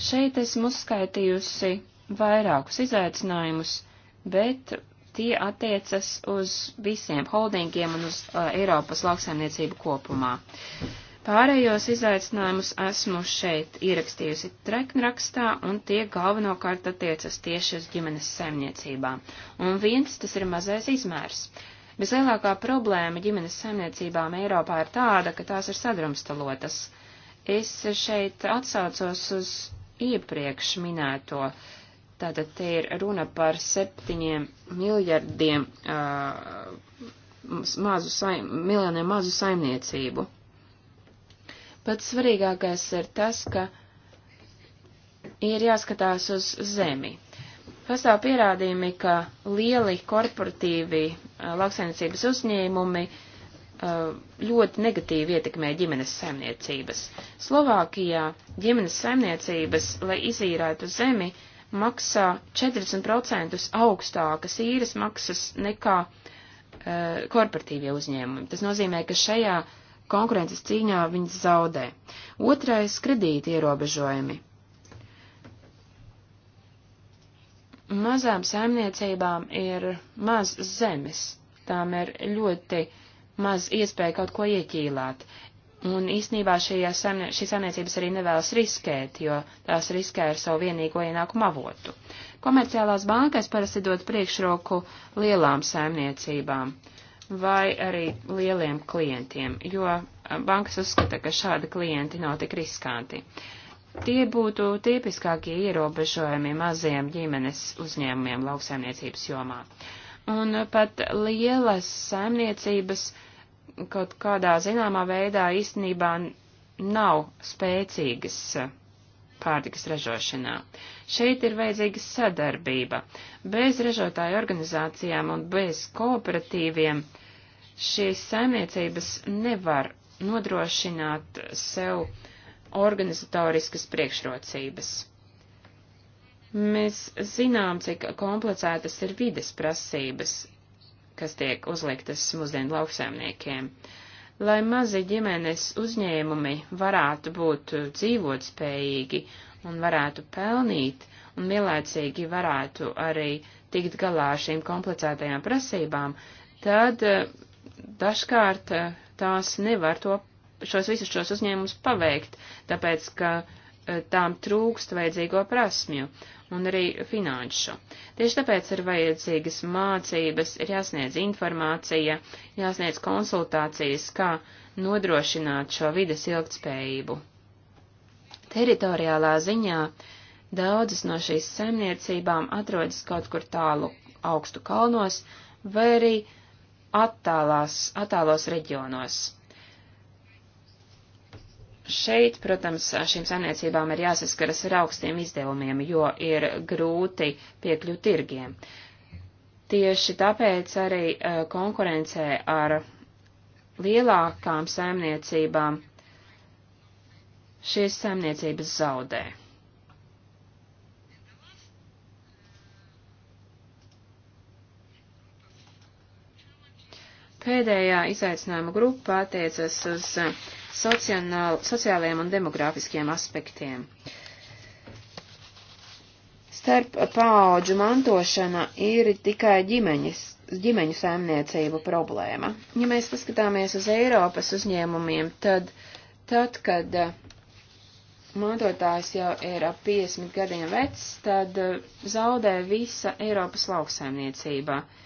Šeit esmu uzskaitījusi vairākus izaicinājumus, bet tie attiecas uz visiem holdingiem un uz uh, Eiropas lauksaimniecību kopumā. Pārējos izaicinājumus esmu šeit ierakstījusi treknrakstā, un tie galvenokārt attiecas tieši uz ģimenes saimniecībām. Un viens tas ir mazais izmērs. Uh, Vislielākā problēma ģimenes saimniecībām Eiropā ir tāda, ka tās ir sadrumstalotas. Es šeit atsaucos uz iepriekš minēto. Tātad te ir runa par septiņiem miljardiem uh, mazu saim, miljoniem mazu saimniecību. Pats svarīgākais ir tas, ka ir jāskatās uz zemi. Pastāv pierādījumi, ka lieli korporatīvi lauksainicības uzņēmumi ļoti negatīvi ietekmē ģimenes saimniecības. Slovākijā ģimenes saimniecības, lai izīrētu zemi, maksā 40% augstākas īres maksas nekā uh, korporatīvie uzņēmumi. Tas nozīmē, ka šajā konkurences cīņā viņas zaudē. Otrais - kredīti ierobežojumi. Mazām saimniecībām ir maz zemes, tām ir ļoti maz iespēja kaut ko ieķīlāt. Un īsnībā šīs saimniecības arī nevēlas riskēt, jo tās riskē ar savu vienīgo ienākumu avotu. Komerciālās bankas parasti dod priekšroku lielām saimniecībām vai arī lieliem klientiem, jo bankas uzskata, ka šādi klienti nav tik riskanti. Uh, Tie būtu tipiskākie ierobežojumi maziem ģimenes uzņēmumiem lauksaimniecības jomā. Un pat lielas saimniecības kaut kādā zināmā veidā īstenībā nav spēcīgas pārtikas ražošanā. Šeit ir vajadzīga sadarbība. Bez ražotāju organizācijām un bez kooperatīviem šīs saimniecības nevar nodrošināt sev uh, organizatoriskas priekšrocības. Mēs zinām, cik komplicētas ir vides prasības, kas tiek uzliktas mūsdienu lauksaimniekiem. Lai mazi ģimenes uzņēmumi varētu būt dzīvotspējīgi un varētu pelnīt, un vienlaicīgi varētu arī tikt galā ar šīm komplicētajām prasībām, tad eh, dažkārt eh, tās nevar to šos visus šos uzņēmumus paveikt, tāpēc, ka e, tām trūkst vajadzīgo prasmju un arī finanšu. Tieši tāpēc ir vajadzīgas mācības, ir jāsniedz informācija, jāsniedz konsultācijas, kā nodrošināt šo vides ilgtspējību. Teritoriālā ziņā daudzas no šīs saimniecībām atrodas kaut kur tālu augstu kalnos vai arī attālās, attālos reģionos. Šeit, protams, šīm saimniecībām ir jāsaskaras ar augstiem izdevumiem, jo ir grūti piekļūt tirgiem. Tieši tāpēc arī eh, konkurencē ar lielākām saimniecībām šīs saimniecības zaudē. Pēdējā izaicinājuma grupa attiecas uz uh, sociālajiem un demogrāfiskiem aspektiem. Starp paauģu mantošana ir tikai ģimeņas, ģimeņu saimniecību problēma. Ja mēs paskatāmies uz Eiropas uzņēmumiem, tad, tad kad eh, mantotājs jau ir ap 50 gadiem vecs, tad eh, zaudē visa Eiropas lauksaimniecība. Uh,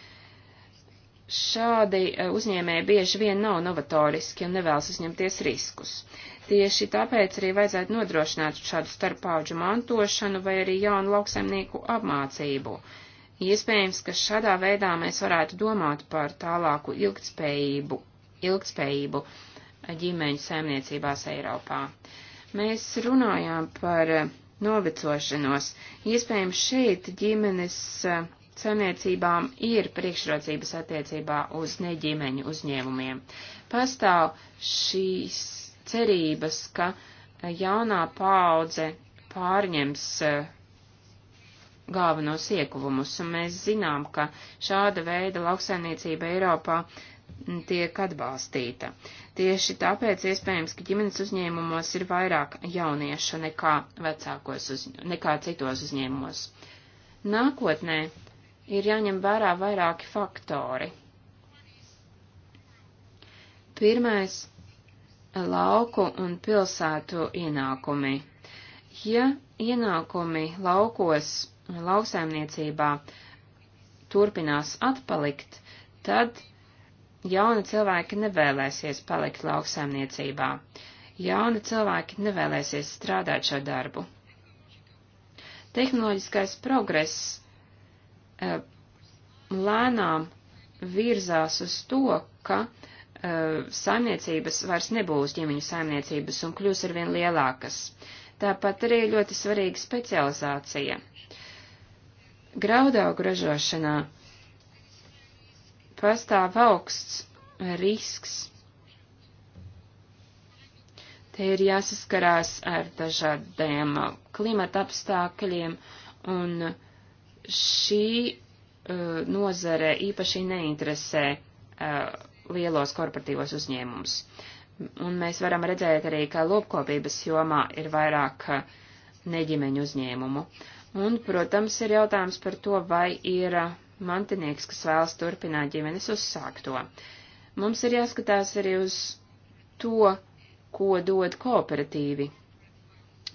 Šādi eh, uzņēmēji bieži vien nav novatoriski un nevēlas uzņemties riskus. Tieši tāpēc arī vajadzētu nodrošināt šādu starppauģu mantošanu vai arī jaunu lauksaimnieku apmācību. Iespējams, ka šādā veidā mēs varētu domāt par tālāku ilgtspējību, ilgtspējību ģimeņu saimniecībās Eiropā. Mēs runājām par eh, novecošanos. Iespējams, šeit ģimenes eh, saimniecībām ir priekšrocības attiecībā uz neģimeņu uzņēmumiem. Pastāv šīs cerības, ka jaunā paudze pārņems eh, galvenos iekuvumus, un mēs zinām, ka šāda veida lauksaimniecība Eiropā mm, tiek atbalstīta. Tieši tāpēc iespējams, ka ģimenes uzņēmumos ir vairāk jauniešu nekā vecākos uz, nekā citos uzņēmumos. Nākotnē ir jāņem vērā vairāki faktori. Pirmais - lauku un pilsētu ienākumi. Ja ienākumi laukos lauksaimniecībā turpinās atpalikt, tad jauni cilvēki nevēlēsies palikt lauksaimniecībā. Jauni cilvēki nevēlēsies strādāt šo darbu. Tehnoloģiskais progress Uh, lēnām virzās uz to, ka uh, saimniecības vairs nebūs ģimeņu saimniecības un kļūs arvien lielākas. Tāpat arī ļoti svarīga specializācija. Graudaugu ražošanā pastāv augsts risks. Te ir jāsaskarās ar dažādiem uh, klimata apstākļiem un uh, šī uh, nozare īpaši neinteresē uh, lielos korporatīvos uzņēmumus. Un mēs varam redzēt arī, ka lopkopības jomā ir vairāk uh, neģimeņu uzņēmumu. Un, protams, ir jautājums par to, vai ir uh, mantinieks, kas vēlas turpināt ģimenes uzsākto. Mums ir jāskatās arī uz to, ko dod kooperatīvi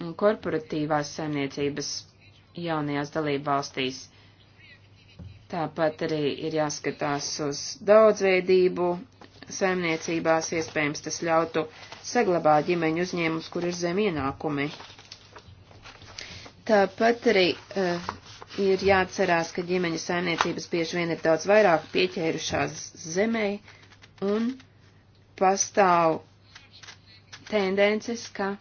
un korporatīvās saimniecības jaunajās dalībvalstīs. Tāpat arī ir jāskatās uz daudzveidību saimniecībās, iespējams tas ļautu saglabāt ģimeņu uzņēmumus, kur ir zem ienākumi. Tāpat arī uh, ir jāatcerās, ka ģimeņa saimniecības bieži vien ir daudz vairāk pieķērušās zemē un pastāv tendences, ka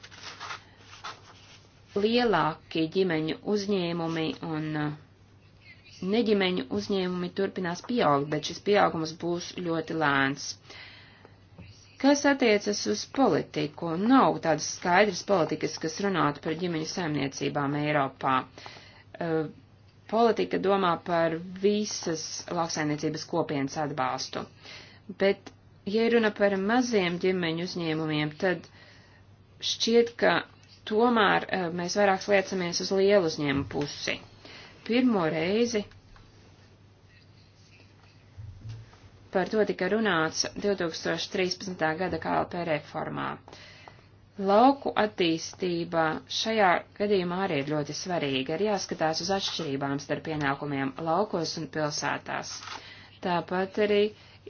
lielākie ģimeņu uzņēmumi un uh, neģimeņu uzņēmumi turpinās pieaugt, bet šis pieaugums būs ļoti lēns. Kas attiecas uz politiku, nav tādas skaidras politikas, kas runātu par ģimeņu saimniecībām Eiropā. Uh, politika domā par visas lauksaimniecības kopienas atbalstu, bet, ja runa par maziem ģimeņu uzņēmumiem, tad šķiet, ka tomēr eh, mēs vairāk sliecamies uz lielu uzņēmu pusi. Pirmo reizi par to tika runāts 2013. gada KLP reformā. Lauku attīstība šajā gadījumā arī ir ļoti svarīga, ir jāskatās uz atšķirībām starp ienākumiem laukos un pilsētās. Tāpat arī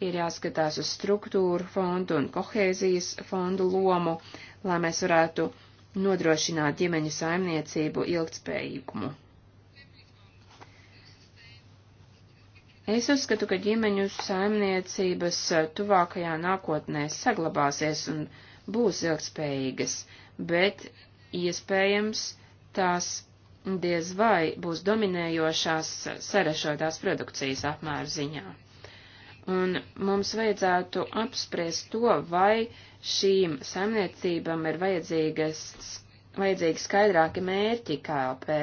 ir jāskatās uz struktūru fondu un kohēzijas fondu lomu, lai mēs varētu nodrošināt ģimeņu saimniecību ilgtspējīgumu. Es uzskatu, ka ģimeņu saimniecības tuvākajā nākotnē saglabāsies un būs ilgspējīgas, bet iespējams tās diez vai būs dominējošās sarešotās produkcijas apmēru ziņā un mums vajadzētu apspriest to, vai šīm saimniecībām ir vajadzīgas vajadzīgi skaidrāki mērķi KLP,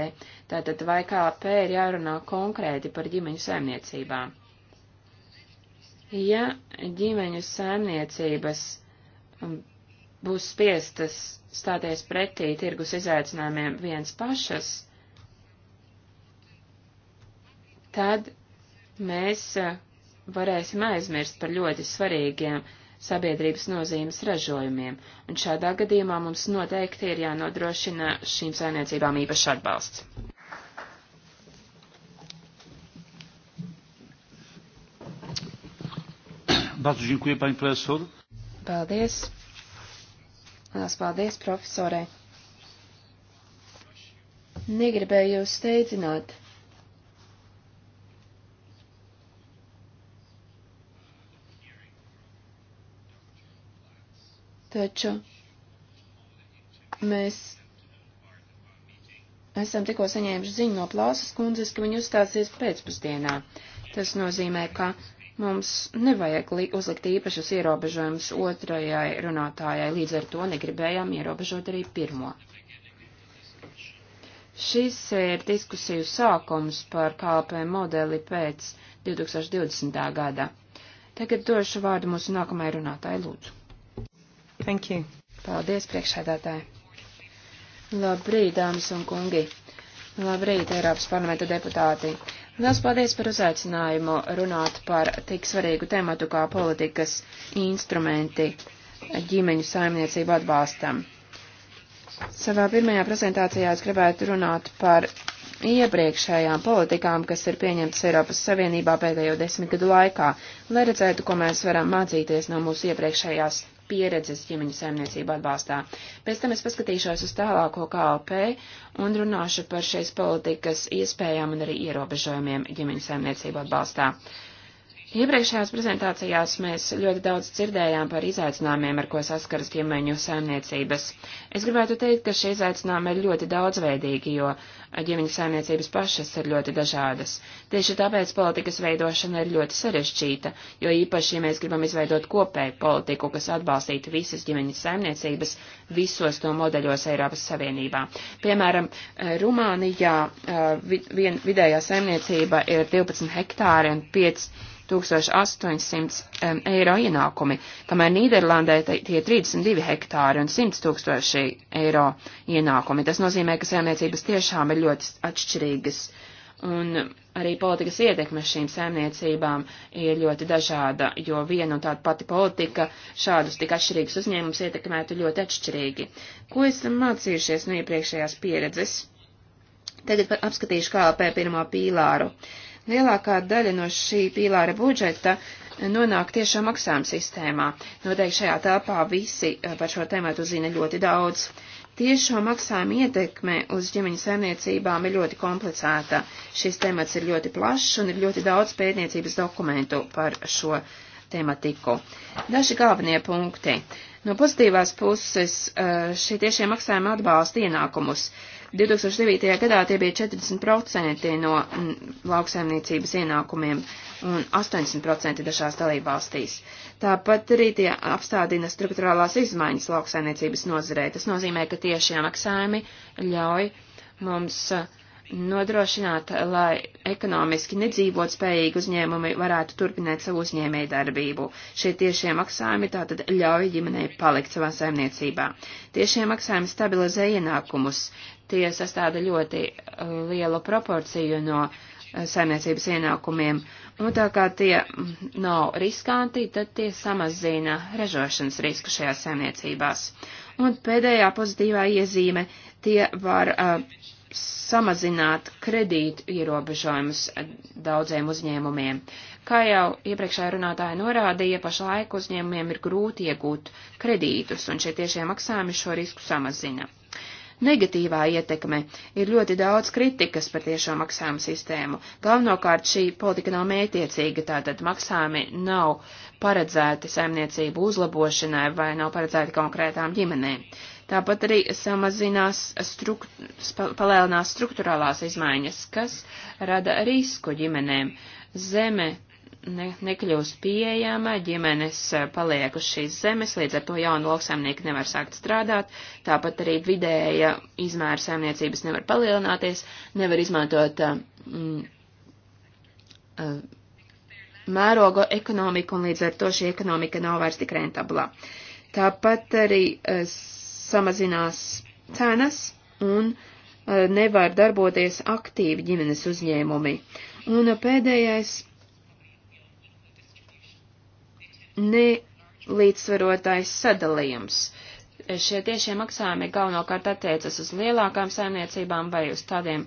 tātad vai KLP ir jārunā konkrēti par ģimeņu saimniecībām. Ja ģimeņu saimniecības um, būs spiestas stāties pretī tirgus izaicinājumiem viens pašas, tad mēs uh, varēsim aizmirst par ļoti svarīgiem sabiedrības nozīmes ražojumiem, un šādā gadījumā mums noteikti ir jānodrošina šīm saimniecībām īpašs atbalsts. Bardzo dziękuję, pani profesor. Paldies. Lās paldies, profesorē. Negribēju jūs steidzināt. Taču mēs esam tikko saņēmuši ziņu no plāsas kundzes, ka viņa uzstāsies pēcpusdienā. Tas nozīmē, ka mums nevajag uzlikt īpašus ierobežojumus otrajai runātājai, līdz ar to negribējām ierobežot arī pirmo. Šis ir diskusiju sākums par KLP modeli pēc 2020. gada. Tagad došu vārdu mūsu nākamajai runātājai lūdzu. Thank you. Paldies, priekšsēdētāji. Labrīt, dāmas un kungi. Labrīt, Eiropas parlamenta deputāti. Liels paldies par uzaicinājumu runāt par tik svarīgu tematu kā politikas instrumenti ģimeņu saimniecību atbalstam. Savā pirmajā prezentācijā es gribētu runāt par iepriekšējām politikām, kas ir pieņemtas Eiropas Savienībā pēdējo desmit gadu laikā, lai redzētu, ko mēs varam mācīties no mūsu iepriekšējās pieredzes ģimeņu saimniecību atbalstā. Pēc tam es paskatīšos uz tālāko KLP un runāšu par šīs politikas iespējām un arī ierobežojumiem ģimeņu saimniecību atbalstā. Uh, Iepriekšējās prezentācijās mēs ļoti daudz dzirdējām par izaicinājumiem, ar ko saskaras ģimeņu saimniecības. Es gribētu teikt, ka šie izaicinājumi ir ļoti daudzveidīgi, jo ģimeņu saimniecības pašas ir ļoti dažādas. Tieši tāpēc politikas veidošana ir ļoti sarežģīta, jo īpaši, ja mēs gribam izveidot kopēju politiku, kas atbalstītu visas ģimeņu saimniecības visos to modeļos Eiropas Savienībā. Piemēram, Rumānijā eh, vien, vidējā saimniecība ir 12 hektāri un 5 1800 eiro ienākumi, kamēr Nīderlandē tie ir 32 hektāri un 100 tūkstoši eiro ienākumi. Tas nozīmē, ka saimniecības tiešām ir ļoti atšķirīgas. Un arī politikas ietekme šīm saimniecībām ir ļoti dažāda, jo viena un tāda pati politika šādus tik atšķirīgus uzņēmumus ietekmētu ļoti atšķirīgi. Ko esam mācījušies no iepriekšējās pieredzes? Tagad apskatīšu KLP pirmā pīlāru. Uh, Lielākā daļa no šī pīlāra budžeta nonāk tiešām maksājuma sistēmā. Noteikti šajā telpā visi eh, par šo tēmētu zina ļoti daudz. Tiešo maksājumu ietekme uz ģimeņu saimniecībām ir ļoti komplicēta. Šis temats ir ļoti plašs un ir ļoti daudz pētniecības dokumentu par šo tematiku. Daži galvenie punkti. No pozitīvās puses eh, šie tiešie maksājumi atbalsta ienākumus. Uh, 2009. gadā tie bija 40% no mm, lauksaimniecības ienākumiem un 80% dažās dalībvalstīs. Tāpat arī tie apstādina struktūrālās izmaiņas lauksaimniecības nozarē. Tas nozīmē, ka tiešie maksājumi ļauj mums uh, nodrošināt, lai ekonomiski nedzīvot spējīgi uzņēmumi varētu turpināt savu uzņēmēju darbību. Šie tiešie maksājumi tātad ļauj ģimenei palikt savā saimniecībā. Tiešie maksājumi stabilizē ienākumus. Tie sastāda ļoti uh, lielu proporciju no uh, saimniecības ienākumiem. Un tā kā tie mm, nav riskanti, tad tie samazina ražošanas risku šajās saimniecībās. Un pēdējā pozitīvā iezīme - tie var uh, samazināt kredītu ierobežojumus daudziem uzņēmumiem. Kā jau iepriekšējā runātāja norādīja, pašlaik uzņēmumiem ir grūti iegūt kredītus, un šie tiešie maksājumi šo risku samazina. Negatīvā ietekme ir ļoti daudz kritikas par tiešo maksājumu sistēmu. Galvenokārt šī politika nav mētiecīga, tātad maksājumi nav paredzēti saimniecību uzlabošanai vai nav paredzēti konkrētām ģimenēm. Tāpat arī samazinās, struk, palēlinās struktūrālās izmaiņas, kas rada risku ģimenēm. Zeme ne, nekļūst pieejama, ģimenes paliek uz šīs zemes, līdz ar to jaunu lauksaimnieku nevar sākt strādāt, tāpat arī vidēja izmēra saimniecības nevar palielināties, nevar izmantot uh, mm, uh, mērogo ekonomiku, un līdz ar to šī ekonomika nav vairs tik rentablā. Tāpat arī uh, samazinās cenas un eh, nevar darboties aktīvi ģimenes uzņēmumi. Un eh, pēdējais nelīdzsvarotais sadalījums. Šie tiešie maksājumi galvenokārt attiecas uz lielākām saimniecībām vai uz tādiem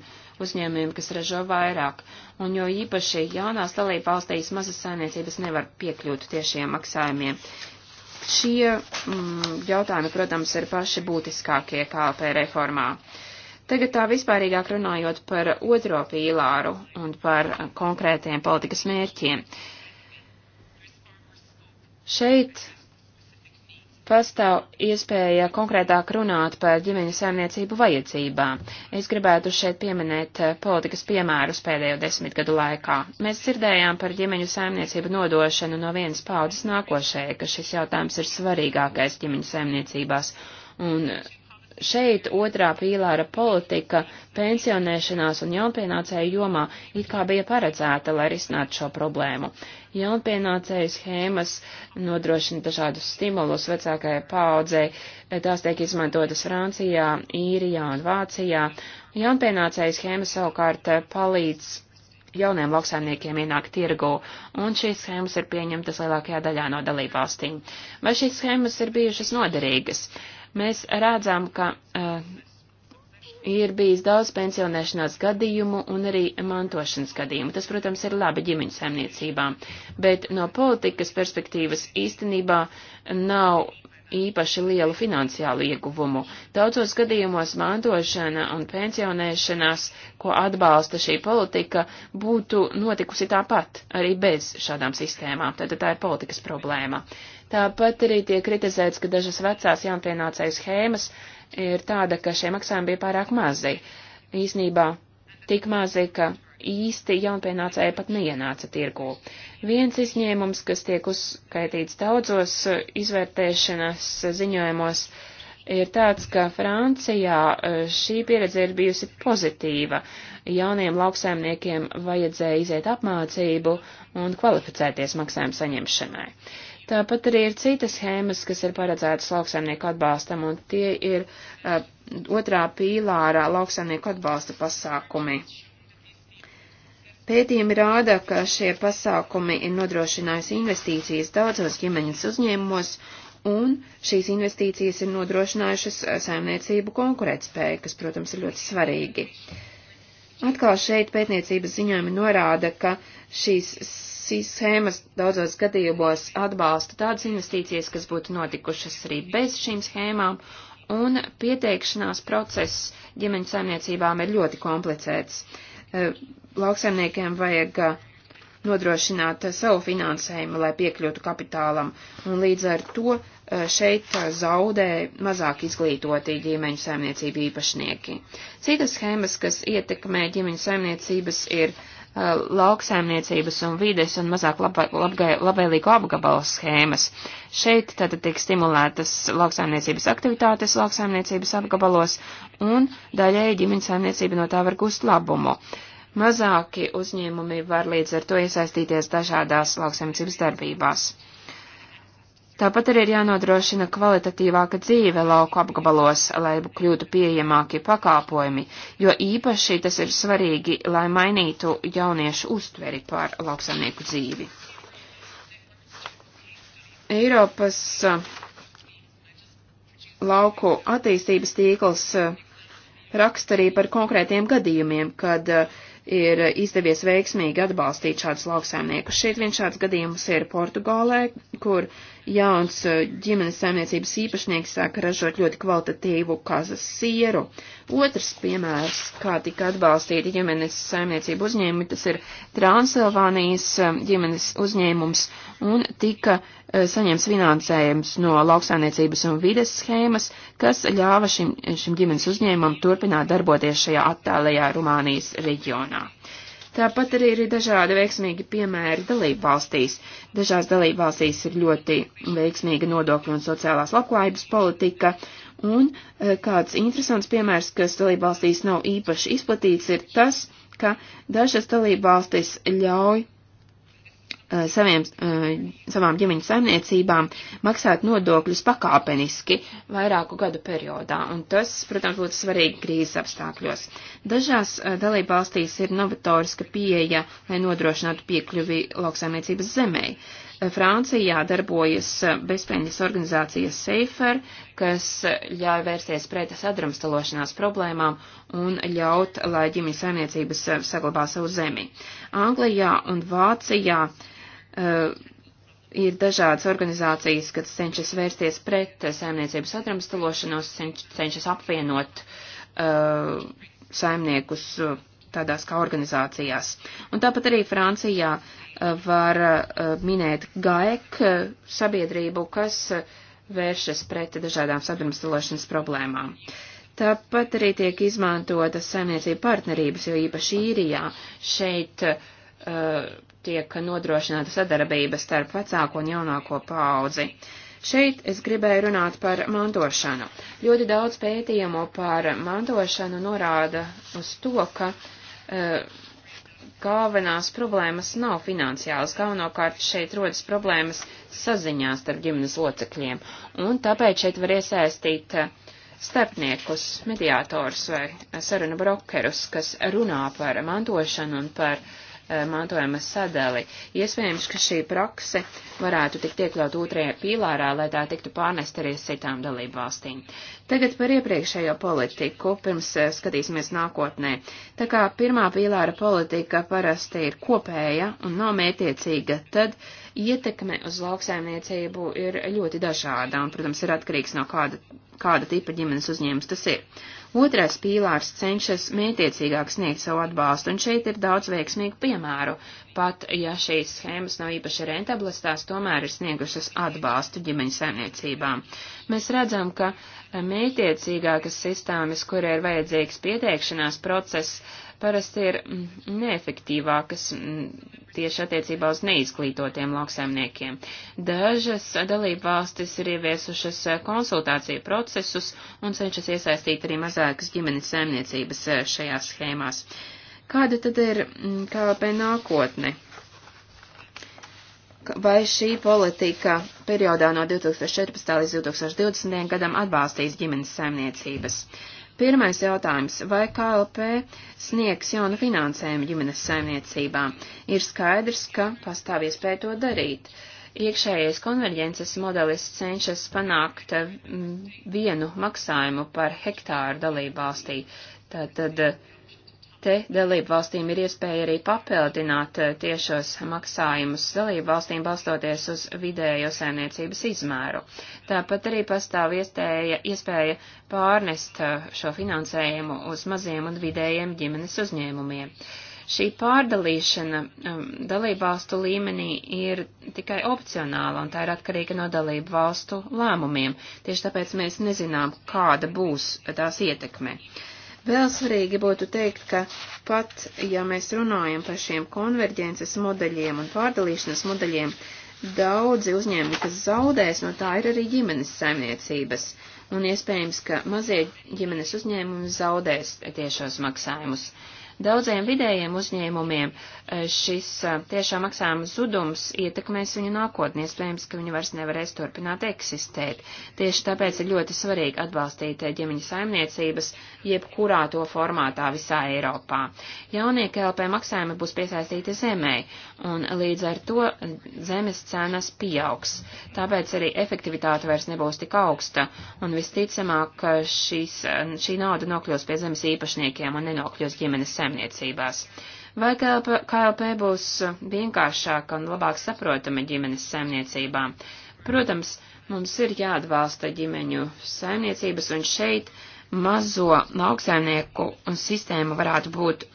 uzņēmumiem, kas ražo vairāk, un jo īpaši jaunās dalība valstīs mazas saimniecības nevar piekļūt tiešiem maksājumiem. Šie mm, jautājumi, protams, ir paši būtiskākie KLP reformā. Tagad tā vispārīgāk runājot par otro pīlāru un par konkrētiem politikas mērķiem. Šeit pastāv iespēja konkrētāk runāt par ģimeņu saimniecību vajadzībām. Es gribētu šeit pieminēt eh, politikas piemērus pēdējo desmitgadu laikā. Mēs dzirdējām par ģimeņu saimniecību nodošanu no vienas paudzes nākošajai, ka šis jautājums ir svarīgākais ģimeņu saimniecībās, un šeit otrā pīlāra politika pensionēšanās un jaunpienācēju jomā it kā bija paredzēta, lai risinātu šo problēmu. Jaunpienācēju schēmas nodrošina dažādus stimulus vecākajai paaudzei, tās tiek izmantotas Francijā, Īrijā un Vācijā. Jaunpienācēju schēma savukārt palīdz jauniem lauksaimniekiem ienāk tirgu, un šīs schēmas ir pieņemtas lielākajā daļā no dalībvalstīm. Vai šīs schēmas ir bijušas noderīgas? Mēs redzam, ka eh, ir bijis daudz pensionēšanās gadījumu un arī mantošanas gadījumu. Tas, protams, ir labi ģimeņu saimniecībām, bet no politikas perspektīvas īstenībā nav īpaši lielu finansiālu ieguvumu. Daudzos gadījumos mantošana un pensionēšanās, ko atbalsta šī politika, būtu notikusi tāpat arī bez šādām sistēmām. Tātad tā ir politikas problēma. Tāpat arī tiek kritizēts, ka dažas vecās jaunpienācēju schēmas ir tāda, ka šie maksājumi bija pārāk mazi. Īsnībā tik mazi, ka īsti jaunpienācēji pat neienāca tirgū. Viens izņēmums, kas tiek uzskaitīts daudzos izvērtēšanas ziņojumos, ir tāds, ka Francijā e, šī pieredze ir bijusi pozitīva. Jauniem lauksaimniekiem vajadzēja iziet apmācību un kvalificēties maksājumu saņemšanai. Uh, Tāpat arī ir citas schēmas, kas ir paredzētas lauksaimnieku atbalstam, un tie ir uh, otrā pīlārā lauksaimnieku atbalsta pasākumi. Pētījumi rāda, ka šie pasākumi ir nodrošinājusi investīcijas daudzos ģimeņas uzņēmumos, un šīs investīcijas ir nodrošinājušas saimniecību konkurētspēju, kas, protams, ir ļoti svarīgi. Atkal šeit pētniecības ziņojumi norāda, ka šīs šīs schēmas daudzos gadījumos atbalsta tādas investīcijas, kas būtu notikušas arī bez šīm schēmām, un pieteikšanās process ģimeņu saimniecībām ir ļoti komplicēts. E, Lauksaimniekiem vajag e, nodrošināt savu finansējumu, lai piekļūtu kapitālam, un līdz ar to e, šeit zaudē mazāk izglītotī ģimeņu saimniecību īpašnieki. Citas schēmas, kas ietekmē ģimeņu saimniecības, ir uh, Uh, lauksaimniecības un vides un mazāk laba, labgai, labvēlīgu apgabalu schēmas. Šeit tātad tiek stimulētas lauksaimniecības aktivitātes lauksaimniecības apgabalos un daļēji ģimenes saimniecība no tā var gūst labumu. Mazāki uzņēmumi var līdz ar to iesaistīties dažādās lauksaimniecības darbībās. Tāpat arī ir jānodrošina kvalitatīvāka dzīve lauku apgabalos, lai kļūtu pieejamāki pakāpojumi, jo īpaši tas ir svarīgi, lai mainītu jauniešu uztveri par lauksaimnieku dzīvi. Eiropas lauku attīstības tīkls raksta arī par konkrētiem gadījumiem, kad uh, ir izdevies veiksmīgi atbalstīt šādus lauksaimniekus. Šeit viens šāds gadījums ir Portugālē, kur jauns eh, ģimenes saimniecības īpašnieks sāka ražot ļoti kvalitatīvu kazas sieru. Otrs piemērs, kā tika atbalstīta ģimenes saimniecība uzņēmumi, tas ir Transilvānijas eh, ģimenes uzņēmums un tika uh, Eh, saņems finansējums no lauksainiecības un vides schēmas, kas ļāva šim, šim ģimenes uzņēmumam turpināt darboties šajā attālajā Rumānijas reģionā. Tāpat arī ir dažādi veiksmīgi piemēri dalību valstīs. Dažās dalību valstīs ir ļoti veiksmīga nodokļu un sociālās labklājības politika, un eh, kāds interesants piemērs, kas dalību valstīs nav īpaši izplatīts, ir tas, ka dažas dalību valstis ļauj Eh, saviem, eh, savām ģimeņu saimniecībām maksāt nodokļus pakāpeniski vairāku gadu periodā, un tas, protams, būtu svarīgi krīzes apstākļos. Dažās eh, dalībvalstīs ir novatoriska pieeja, lai nodrošinātu piekļuvi lauksaimniecības zemei. Francijā darbojas bezpēļņas organizācija Safer, kas ļauj vērsties pret sadrumstalošanās problēmām un ļaut, lai ģimeņu saimniecības saglabā savu zemi. Anglijā un Vācijā uh, uh, ir dažādas organizācijas, kas cenšas vērsties pret saimniecības atramstalošanos, cenšas apvienot uh, saimniekus uh, tādās kā organizācijās. Un tāpat arī Francijā uh, var uh, minēt GAEK uh, sabiedrību, kas uh, vēršas pret dažādām sadrumstalošanas problēmām. Tāpat arī tiek izmantotas saimniecība partnerības, jo īpaši īrijā šeit uh, tiek nodrošināta sadarbība starp vecāko un jaunāko paudzi. Šeit es gribēju runāt par mantošanu. Ļoti daudz pētījumu par mantošanu norāda uz to, ka e, galvenās problēmas nav finansiālas. Galvenokārt šeit rodas problēmas saziņā starp ģimenes locekļiem, un tāpēc šeit var iesaistīt eh, starpniekus, mediātors vai saruna brokerus, kas runā par mantošanu un par uh, E, mantojuma sadali. Iespējams, ka šī prakse varētu tikt iekļaut otrajā pīlārā, lai tā tiktu pārnest arī citām dalību valstīm. Tagad par iepriekšējo politiku, pirms e, skatīsimies nākotnē. Tā kā pirmā pīlāra politika parasti ir kopēja un nav mētiecīga, tad ietekme uz lauksaimniecību ir ļoti dažāda un, protams, ir atkarīgs no kāda, kāda tipa ģimenes uzņēmums tas ir. Otrais pīlārs cenšas mētiecīgāk sniegt savu atbalstu, un šeit ir daudz veiksmīgu piemēru. Pat ja šīs schēmas nav īpaši rentablas, tās tomēr ir sniegušas atbalstu ģimeņu saimniecībām. Mēs redzam, ka mētiecīgākas sistēmas, kur ir vajadzīgs pieteikšanās process, parasti ir mm, neefektīvākas mm, tieši attiecībā uz neizglītotiem lauksaimniekiem. Dažas dalība valstis ir ieviesušas eh, konsultāciju procesus un cenšas iesaistīt arī mazākas ģimenes saimniecības eh, šajās schēmās. Kāda tad ir mm, KLP nākotne? vai šī politika periodā no 2014. līdz 2020. gadam atbalstīs ģimenes saimniecības. Pirmais jautājums - vai KLP sniegs jaunu finansējumu ģimenes saimniecībām? Ir skaidrs, ka pastāv iespēja to darīt. Iekšējais konverģences modelis cenšas panākt mm, vienu maksājumu par hektāru dalībvalstī. Tātad Te dalību valstīm ir iespēja arī papildināt eh, tiešos maksājumus dalību valstīm balstoties uz vidējo saimniecības izmēru. Tāpat arī pastāv iestēja, iespēja pārnest eh, šo finansējumu uz maziem un vidējiem ģimenes uzņēmumiem. Šī pārdalīšana um, dalību valstu līmenī ir tikai opcionāla un tā ir atkarīga no dalību valstu lēmumiem. Tieši tāpēc mēs nezinām, kāda būs tās ietekme. Uh, Vēl svarīgi būtu teikt, ka pat, ja mēs runājam par šiem konverģences modeļiem un pārdalīšanas modeļiem, daudzi uzņēmumi, kas zaudēs no tā, ir arī ģimenes saimniecības, un iespējams, ka mazie ģimenes uzņēmumi zaudēs tiešos maksājumus. Uh, Daudziem vidējiem uzņēmumiem e, šis e, tiešā maksājuma zudums ietekmēs viņu nākotnē, iespējams, ka viņi vairs nevarēs turpināt eksistēt. Tieši tāpēc ir ļoti svarīgi atbalstīt e, ģimeņa saimniecības, jebkurā to formātā visā Eiropā. Jaunie KLP maksājumi būs piesaistīti zemē, un līdz ar to zemes cenas pieaugs. Tāpēc arī efektivitāte vairs nebūs tik augsta, un visticamāk, šīs, šī nauda nokļūs pie zemes īpašniekiem un nenokļūs ģimenes saimniecības saimniecībās. Vai KLP būs vienkāršāka un labāk saprotama ģimenes saimniecībām? Protams, mums ir jāatbalsta ģimeņu saimniecības, un šeit mazo lauksaimnieku sistēma varētu būt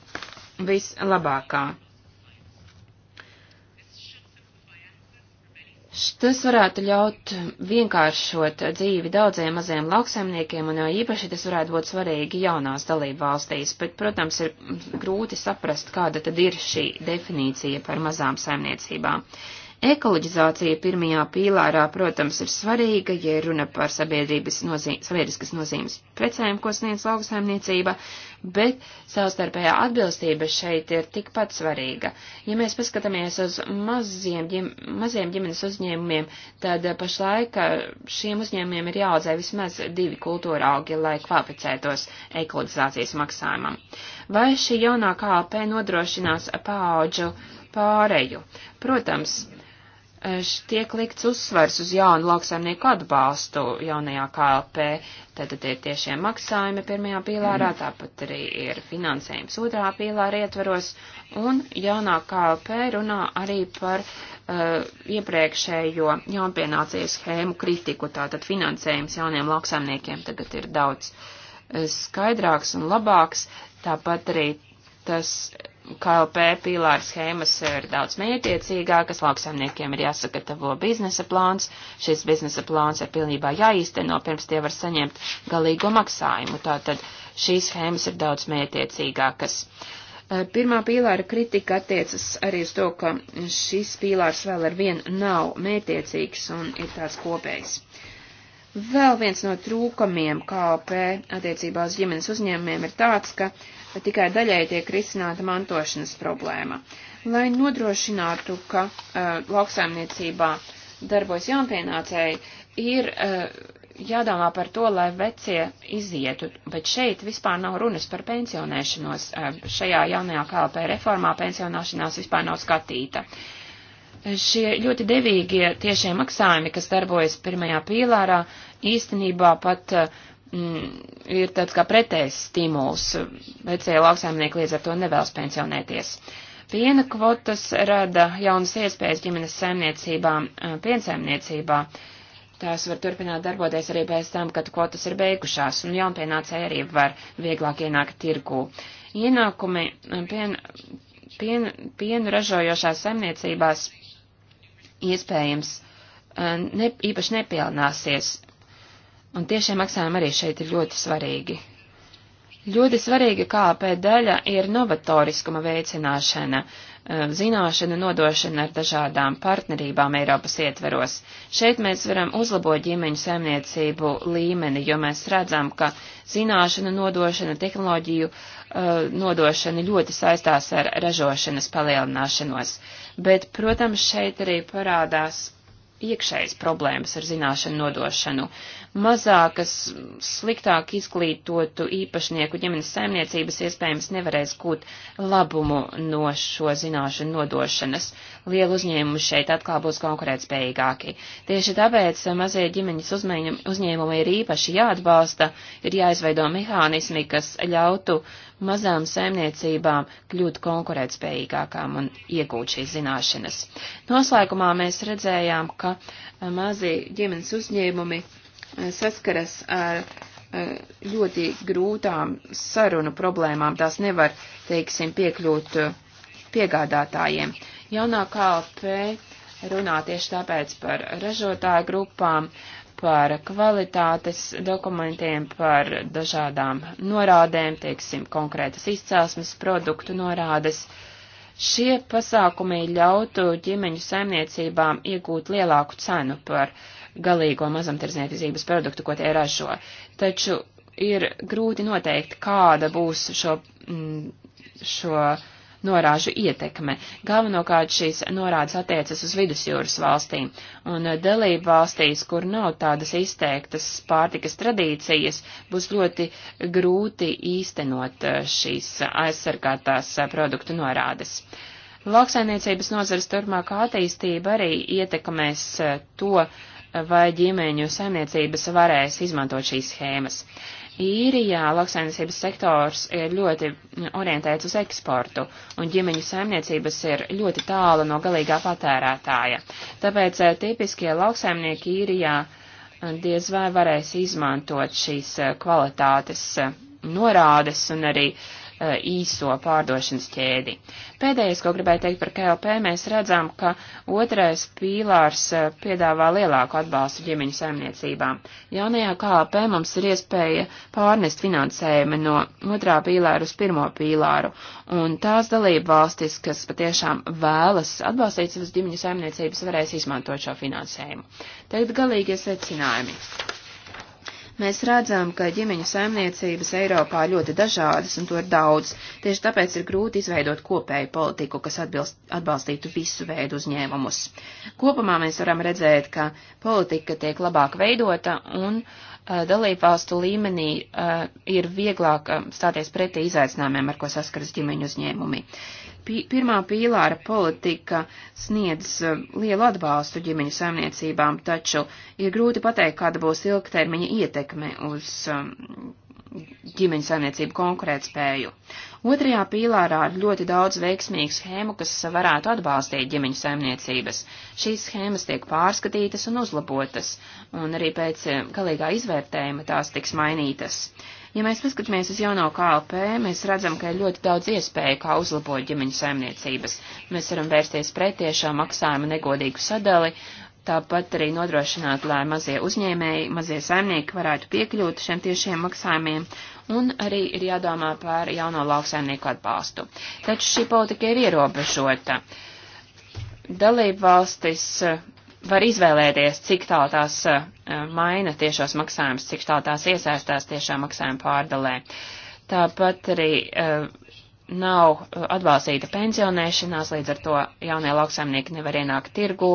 vislabākā. Tas varētu ļaut vienkāršot dzīvi daudziem maziem lauksaimniekiem, un jau īpaši tas varētu būt svarīgi jaunās dalību valstīs, bet, protams, ir grūti saprast, kāda tad ir šī definīcija par mazām saimniecībām. Ekoloģizācija pirmajā pīlārā, protams, ir svarīga, ja runa par sabiedrības nozī sabiedriskas nozīmes precēm, ko sniedz lauksaimniecība, bet savstarpējā atbilstība šeit ir tikpat svarīga. Ja mēs paskatāmies uz maziem, ģim, maziem ģimenes uzņēmumiem, tad eh, pašlaik eh, šiem uzņēmumiem ir jāaudzē vismaz divi kultūra augi, lai kvalificētos ekologizācijas maksājumam. Vai šī jaunā KLP nodrošinās paauģu pāreju? Protams, tiek likts uzsvars uz jaunu lauksaimnieku atbalstu jaunajā KLP. Tātad ir tiešie maksājumi pirmajā pīlārā, mhm. tāpat arī ir finansējums otrā pīlāra ietveros, un jaunā KLP runā arī par uh, iepriekšējo jaunpienācīju schēmu kritiku, tātad finansējums jauniem lauksaimniekiem tagad ir daudz skaidrāks un labāks, tāpat arī tas KLP pīlāra schēmas ir daudz mētiecīgākas, lauksaimniekiem ir jāsagatavo biznesa plāns, šis biznesa plāns ir pilnībā jāīsteno, pirms tie var saņemt galīgo maksājumu, tātad šīs schēmas ir daudz mētiecīgākas. Pirmā pīlāra kritika attiecas arī uz to, ka šis pīlārs vēl ar vienu nav mētiecīgs un ir tās kopējs. Vēl viens no trūkumiem KLP attiecībā uz ģimenes uzņēmumiem ir tāds, ka uh, bet tikai daļai tiek risināta mantošanas problēma. Lai nodrošinātu, ka uh, lauksaimniecībā darbojas jaunpienācēji, ir uh, jādomā par to, lai vecie izietu, bet šeit vispār nav runas par pensionēšanos. Uh, šajā jaunajā KLP reformā pensionāšanās vispār nav skatīta. Šie ļoti devīgie tiešie maksājumi, kas darbojas pirmajā pīlārā, īstenībā pat uh, mm, ir tāds kā pretējs stimuls. Vecie lauksaimnieki līdz ar to nevēlas pensionēties. Piena kvotas rada jaunas iespējas ģimenes saimniecībām, eh, piensaimniecībā. Tās var turpināt darboties arī pēc tam, kad kvotas ir beigušās, un jaunpienācēji arī var vieglāk ienākt tirgū. Ienākumi eh, pien, pien, pienu ražojošās saimniecībās iespējams eh, ne, īpaši nepilnāsies, Un tiešie maksājumi arī šeit ir ļoti svarīgi. Ļoti svarīga KP daļa ir novatoriskuma veicināšana, eh, zināšanu nodošana ar dažādām partnerībām Eiropas ietveros. Šeit mēs varam uzlabot ģimeņu saimniecību līmeni, jo mēs redzam, ka zināšanu nodošana, tehnoloģiju eh, nodošana ļoti saistās ar ražošanas palielināšanos. Bet, protams, šeit arī parādās iekšējas problēmas ar zināšanu nodošanu mazākas, sliktāk izglītotu īpašnieku ģimenes saimniecības iespējams nevarēs gūt labumu no šo zināšanu nodošanas. Lielu uzņēmumu šeit atkal būs konkurētspējīgāki. Tieši tāpēc mazie ģimeņas uzņēmumi ir īpaši jāatbalsta, ir jāizveido mehānismi, kas ļautu mazām saimniecībām kļūt konkurētspējīgākām un iegūt šīs zināšanas. Noslēgumā mēs redzējām, ka mazie ģimenes uzņēmumi saskaras ar eh, ļoti grūtām sarunu problēmām. Tās nevar, teiksim, piekļūt eh, piegādātājiem. Jaunā KLP runā tieši tāpēc par ražotāju grupām, par kvalitātes dokumentiem, par dažādām norādēm, teiksim, konkrētas izcelsmes produktu norādes. Šie pasākumi ļautu ģimeņu saimniecībām iegūt lielāku cenu par uh, galīgo mazumtirdzniecības produktu, ko tie ražo. Taču ir grūti noteikt, kāda būs šo, mm, šo norāžu ietekme. Galvenokārt šīs norādes attiecas uz vidusjūras valstīm, un dalību valstīs, kur nav tādas izteiktas pārtikas tradīcijas, būs ļoti grūti īstenot eh, šīs aizsargātās eh, produktu norādes. Lauksainiecības nozars turpmākā attīstība arī ietekmēs eh, to, uh, vai ģimeņu saimniecības varēs izmantot šīs schēmas. Īrijā lauksaimniecības sektors ir ļoti orientēts uz eksportu, un ģimeņu saimniecības ir ļoti tālu no galīgā patērētāja. Tāpēc eh, tipiskie lauksaimnieki īrijā eh, diez vai varēs izmantot šīs eh, kvalitātes norādes un arī uh, īso pārdošanas ķēdi. Pēdējais, ko gribēju teikt par KLP, mēs redzam, ka otrais pīlārs piedāvā lielāku atbalstu ģimeņu saimniecībām. Jaunajā KLP mums ir iespēja pārnest finansējumu no otrā pīlāra uz pirmo pīlāru, un tās dalība valstis, kas patiešām vēlas atbalstīt savas ģimeņu saimniecības, varēs izmantot šo finansējumu. Tagad galīgie secinājumi. Mēs redzam, ka ģimeņu saimniecības Eiropā ļoti dažādas un to ir daudz, tieši tāpēc ir grūti izveidot kopēju politiku, kas atbilst, atbalstītu visu veidu uzņēmumus. Kopumā mēs varam redzēt, ka politika tiek labāk veidota un uh, dalībvalstu līmenī uh, ir vieglāk uh, stāties pretī izaicinājumiem, ar ko saskaras ģimeņu uzņēmumi. Uh, pirmā pīlāra politika sniedz eh, lielu atbalstu ģimeņu saimniecībām, taču ir grūti pateikt, kāda būs ilgtermiņa ietekme uz ehm, ģimeņu saimniecību konkurētspēju. Otrajā pīlārā ir ļoti daudz veiksmīgu schēmu, kas varētu atbalstīt ģimeņu saimniecības. Šīs schēmas tiek pārskatītas un uzlabotas, un arī pēc eh, galīgā izvērtējuma tās tiks mainītas. Uh, Ja mēs paskatāmies uz jauno KLP, mēs redzam, ka ir ļoti daudz iespēju, kā uzlabot ģimeņu saimniecības. Mēs varam vērsties pret tiešām maksājumu negodīgu sadali, tāpat arī nodrošināt, lai mazie uzņēmēji, mazie saimnieki varētu piekļūt šiem tiešiem maksājumiem, un arī ir jādomā par jauno lauksaimnieku atbalstu. Taču šī politika ir ierobežota. Dalība valstis var izvēlēties, cik tālu tās uh, maina tiešos maksājumus, cik tālu tās iesaistās tiešā maksājuma pārdalē. Tāpat arī uh, nav eh, atbalstīta pensionēšanās, līdz ar to jaunie lauksaimnieki nevar ienākt tirgū.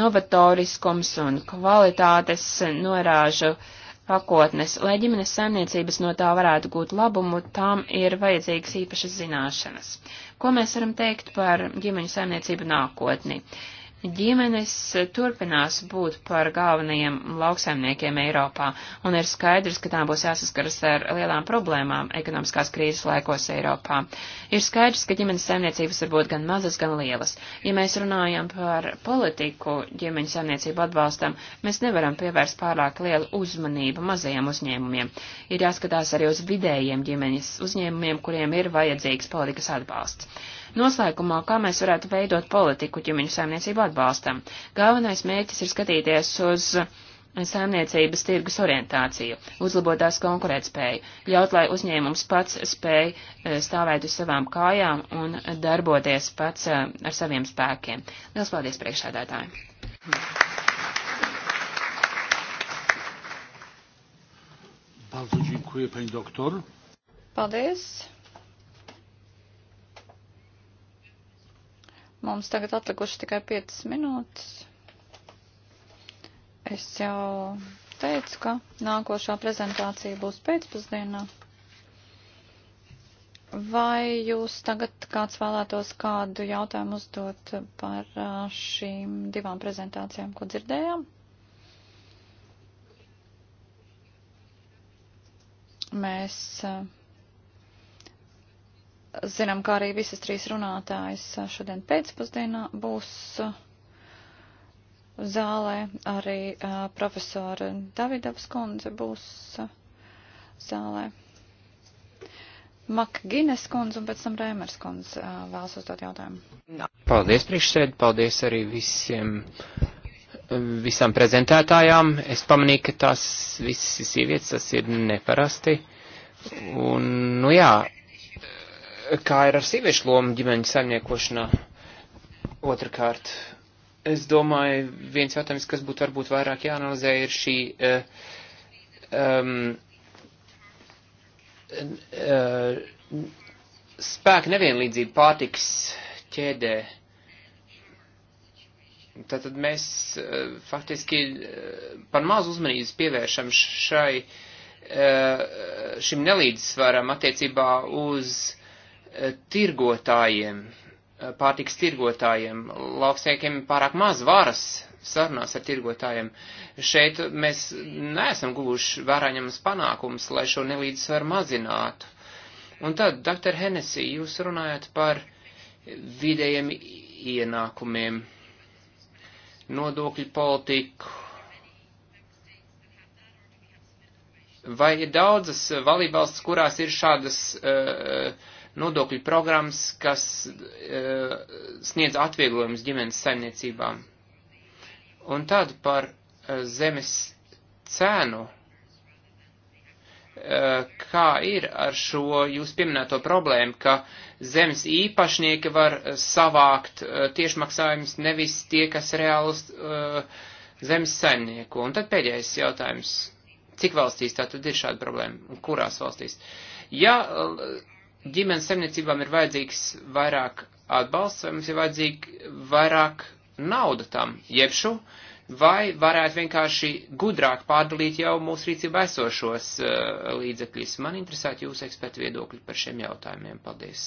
Novatoriskums un kvalitātes norāžu pakotnes, lai ģimenes saimniecības no tā varētu gūt labumu, tām ir vajadzīgas īpašas zināšanas. Ko mēs varam teikt par ģimeņu saimniecību nākotni? Uh, Ģimenes turpinās būt par galvenajiem lauksaimniekiem Eiropā, un ir skaidrs, ka tām būs jāsaskaras ar lielām problēmām ekonomiskās krīzes laikos Eiropā. Ir skaidrs, ka ģimenes saimniecības var būt gan mazas, gan lielas. Ja mēs runājam par politiku ģimeņu saimniecību atbalstam, mēs nevaram pievērst pārāk lielu uzmanību mazajiem uzņēmumiem. Ir jāskatās arī uz vidējiem ģimeņas uzņēmumiem, kuriem ir vajadzīgs politikas atbalsts. Noslēgumā, kā mēs varētu veidot politiku ģimeņu saimniecību atbalstam. Galvenais mērķis ir skatīties uz saimniecības tirgus orientāciju, uzlabot tās konkurētspēju, ļaut, lai uzņēmums pats spēj e, stāvēt uz savām kājām un darboties pats e, ar saviem spēkiem. Lielas paldies priekšādātāji! Bardzo dziękuję pani doktor. Paldies. Mums tagad atlikuši tikai 5 minūtes. Es jau teicu, ka nākošā prezentācija būs pēcpusdienā. Vai jūs tagad kāds vēlētos kādu jautājumu uzdot par šīm divām prezentācijām, ko dzirdējām? Mēs uh, zinām, kā arī visas trīs runātājas šodien pēcpusdienā būs uh, zālē. Arī uh, profesora Davidavs kundze būs uh, zālē. Makgines kundze un pēc tam Rēmers kundze vēlas uzdot jautājumu. Paldies priekšsēd, paldies arī visiem, visām prezentētājām. Es pamanīju, ka tās visas sievietes, tas ir neparasti. Un, nu jā, kā ir ar sieviešu lomu ģimeņu saimniekošanā. Otrakārt, es domāju, viens jautājums, kas būtu varbūt vairāk jāanalizē, ir šī uh, um, uh, spēka nevienlīdzība pārtiks ķēdē. Tātad mēs uh, faktiski uh, par maz uzmanības pievēršam šai, uh, šim nelīdzsvaram attiecībā uz uh, tirgotājiem, pārtiks tirgotājiem. Lauksēkiem ir pārāk maz varas sarunās ar tirgotājiem. Šeit mēs neesam guvuši vērāņams panākums, lai šo nelīdzsvaru mazinātu. Un tad, dr. Hennessy, jūs runājat par vidējiem ienākumiem, nodokļu politiku. Vai ir daudzas valībvalstis, kurās ir šādas uh, nodokļu programmas, kas uh, sniedz atvieglojumus ģimenes saimniecībām. Un tad par uh, zemes cēnu, uh, kā ir ar šo jūs pieminēto problēmu, ka zemes īpašnieki var savākt uh, tiešmaksājumus nevis tie, kas reāli uh, zemes saimnieku. Un tad pēdējais jautājums. Cik valstīs tā tad ir šāda problēma un kurās valstīs? Ja uh, ģimenes saimniecībām ir vajadzīgs vairāk atbalsts, vai mums ir vajadzīgi vairāk nauda tam, jebšu, vai varētu vienkārši gudrāk pārdalīt jau mūsu rīcībā esošos uh, līdzekļus. Man interesētu jūsu ekspertu viedokļi par šiem jautājumiem. Paldies!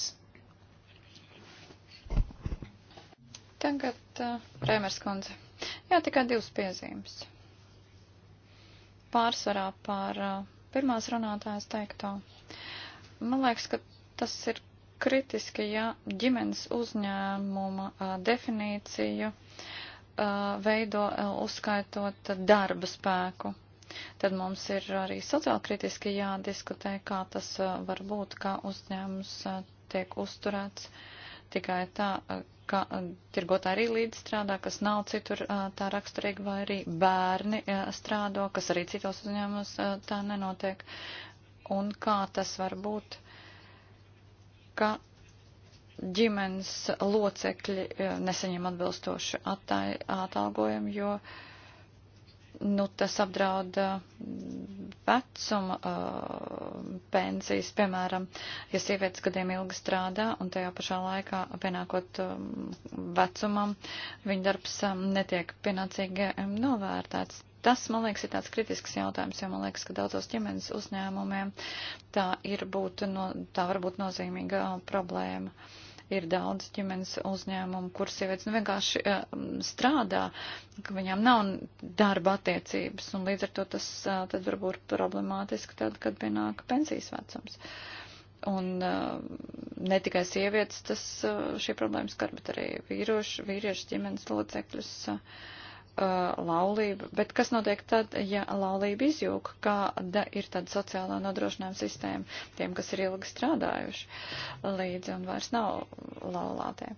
Tagad uh, Rēmers kundze. Jā, tikai divas piezīmes. Pārsvarā par uh, pirmās runātājas teikto. Man liekas, ka Tas ir kritiski, ja ģimenes uzņēmuma a, definīciju a, veido a, uzskaitot darba spēku. Tad mums ir arī sociāli kritiski jādiskutē, kā tas var būt, kā uzņēmums tiek uzturēts tikai tā, ka tirgotā arī līdzstrādā, kas nav citur tā raksturīga, vai arī bērni strādo, kas arī citos uzņēmumos tā nenotiek. Un kā tas var būt? ka ģimenes locekļi e, nesaņem atbilstošu atalgojumu, jo nu, tas apdraud vecuma e, pensijas, piemēram, ja sievietes gadiem ilgi strādā un tajā pašā laikā pienākot e, vecumam, viņa darbs netiek pienācīgi novērtēts. Tas, man liekas, ir tāds kritisks jautājums, jo man liekas, ka daudzos ģimenes uzņēmumiem tā ir būtu, no, tā var būt nozīmīga uh, problēma. Ir daudz ģimenes uzņēmumu, kur sievietes nu, vienkārši uh, strādā, ka viņām nav darba attiecības, un līdz ar to tas uh, tad var būt problemātiski tad, kad pienāk pensijas vecums. Un uh, ne tikai sievietes, tas uh, šī problēma skar, bet arī vīroši, vīriešu ģimenes locekļus. Uh, Uh, laulību, bet kas notiek tad, ja laulība izjūg, kāda ir tad sociālā nodrošinājuma sistēma tiem, kas ir ilgi strādājuši līdzi un vairs nav laulātie.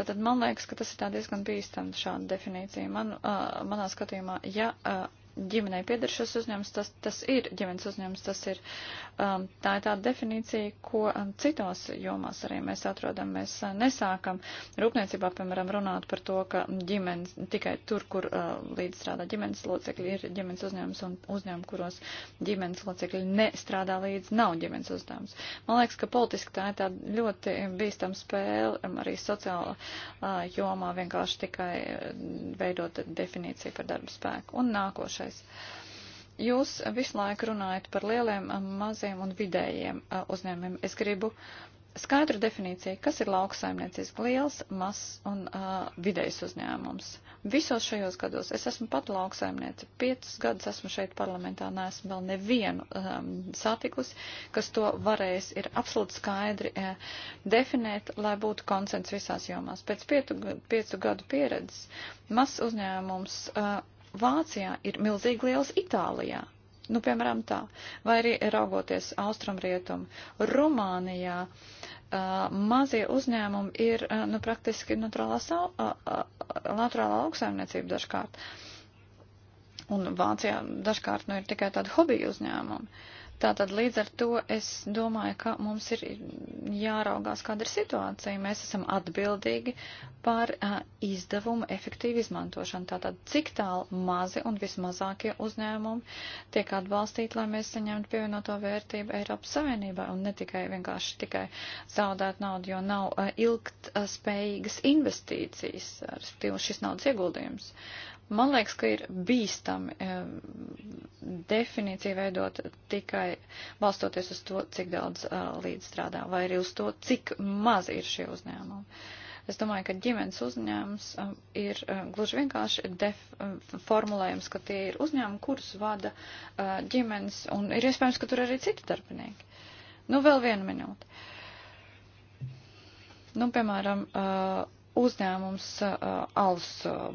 Tātad man liekas, ka tas ir tā diezgan bīstams šāda definīcija. Man, uh, manā skatījumā, ja uh, ģimenei pieder šis uzņēmums, tas, tas ir ģimenes uzņēmums, tas ir, um, tā ir tāda definīcija, ko um, citos jomās arī mēs atrodam. Mēs uh, nesākam rūpniecībā, piemēram, runāt par to, ka ģimenes, tikai tur, kur uh, līdzstrādā ģimenes locekļi, ir ģimenes uzņēmums un uzņēmumi, kuros ģimenes locekļi nestrādā līdz, nav ģimenes uzņēmums. Man liekas, ka politiski tā ir tāda ļoti bīstama spēle, um, arī sociāla uh, jomā vienkārši tikai uh, veidot definīciju par darba spēku. Un nākošais nākošais. Jūs visu laiku runājat par lieliem, maziem un vidējiem uzņēmumiem. Es gribu skaidru definīciju, kas ir lauksaimniecība - liels, mazs un uh, vidējs uzņēmums. Visos šajos gados es esmu pat lauksaimniece. Piecus gadus esmu šeit parlamentā, neesmu vēl nevienu um, satikusi, kas to varēs ir absolūti skaidri uh, definēt, lai būtu konsens visās jomās. Pēc pietu, piecu gadu pieredzes mazs uzņēmums. Uh, Vācijā ir milzīgi liels Itālijā. Nu, piemēram, tā. Vai arī raugoties austrumrietumu. Rumānijā uh, mazie uzņēmumi ir, uh, nu, praktiski naturālā, sau, uh, uh, naturālā augstsaimniecība dažkārt. Un Vācijā dažkārt, nu, ir tikai tādi hobiju uzņēmumi. Uh, Tātad līdz ar to es domāju, ka mums ir jāraugās, kāda ir situācija. Mēs esam atbildīgi par uh, izdevumu efektīvu izmantošanu. Tātad cik tālu mazi un vismazākie uzņēmumi tiek atbalstīti, lai mēs saņemtu pievienoto vērtību Eiropas Savienībā un ne tikai vienkārši tikai zaudēt naudu, jo nav uh, ilgtspējīgas uh, investīcijas, respektīvi šis naudas ieguldījums. Man liekas, ka ir bīstami um, eh, definīcija veidot tikai balstoties uz to, cik daudz uh, eh, līdzstrādā, vai arī uz to, cik maz ir šie uzņēmumi. Es domāju, ka ģimenes uzņēmums um, ir uh, gluži vienkārši def, um, formulējums, ka tie ir uzņēmumi, kurus vada uh, ģimenes, un ir iespējams, ka tur arī citi darbinieki. Nu, vēl vienu minūti. Nu, piemēram, uh, uzņēmums alus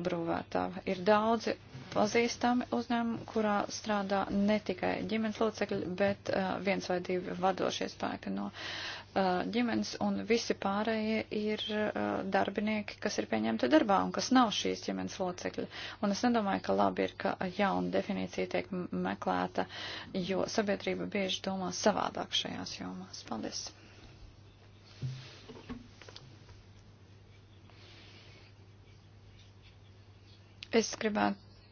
brūvētāji. Ir daudzi pazīstami uzņēmumi, kurā strādā ne tikai ģimenes locekļi, bet viens vai divi vadošie spēki no ģimenes, un visi pārējie ir darbinieki, kas ir pieņemti darbā un kas nav šīs ģimenes locekļi. Un es nedomāju, ka labi ir, ka jauna definīcija tiek meklēta, jo sabiedrība bieži domā savādāk šajās jomās. Paldies! Es gribētu,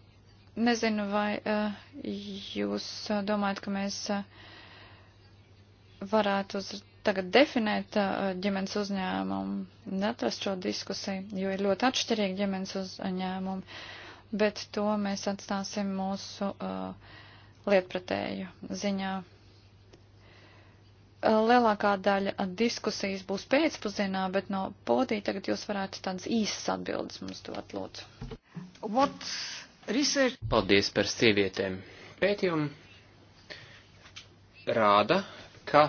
nezinu, vai eh, jūs eh, domājat, ka mēs eh, varētu uz tagad definēt ģimenes uzņēmumu un atrast šo diskusiju, jo ir ļoti atšķirīgi ģimenes uzņēmumi, bet to mēs atstāsim mūsu uh, lietpratēju ziņā. Lielākā daļa diskusijas būs pēcpusdienā, bet no podī tagad jūs varētu tādas īsas atbildes mums dot, lūdzu research... Paldies par sievietēm. Pētījumi rāda, ka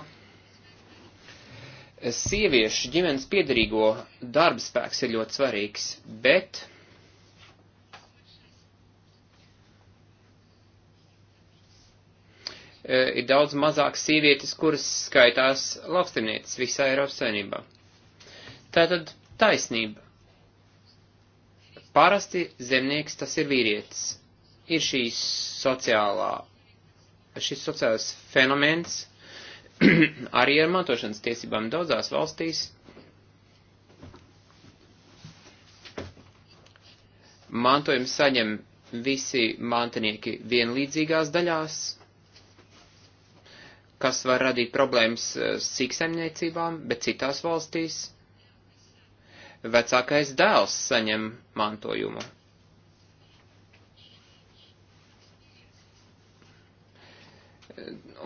sieviešu ģimenes piedarīgo darba spēks ir ļoti svarīgs, bet e, ir daudz mazāk sievietes, kuras skaitās lauksaimnieces visā Eiropas saimnībā. Tātad taisnība. Parasti zemnieks tas ir vīrietis. Ir šīs sociālā, šis sociālais fenomens arī ar mantošanas tiesībām daudzās valstīs. Mantojumu saņem visi mantinieki vienlīdzīgās daļās, kas var radīt problēmas ciksaimniecībām, eh, bet citās valstīs vecākais dēls saņem mantojumu.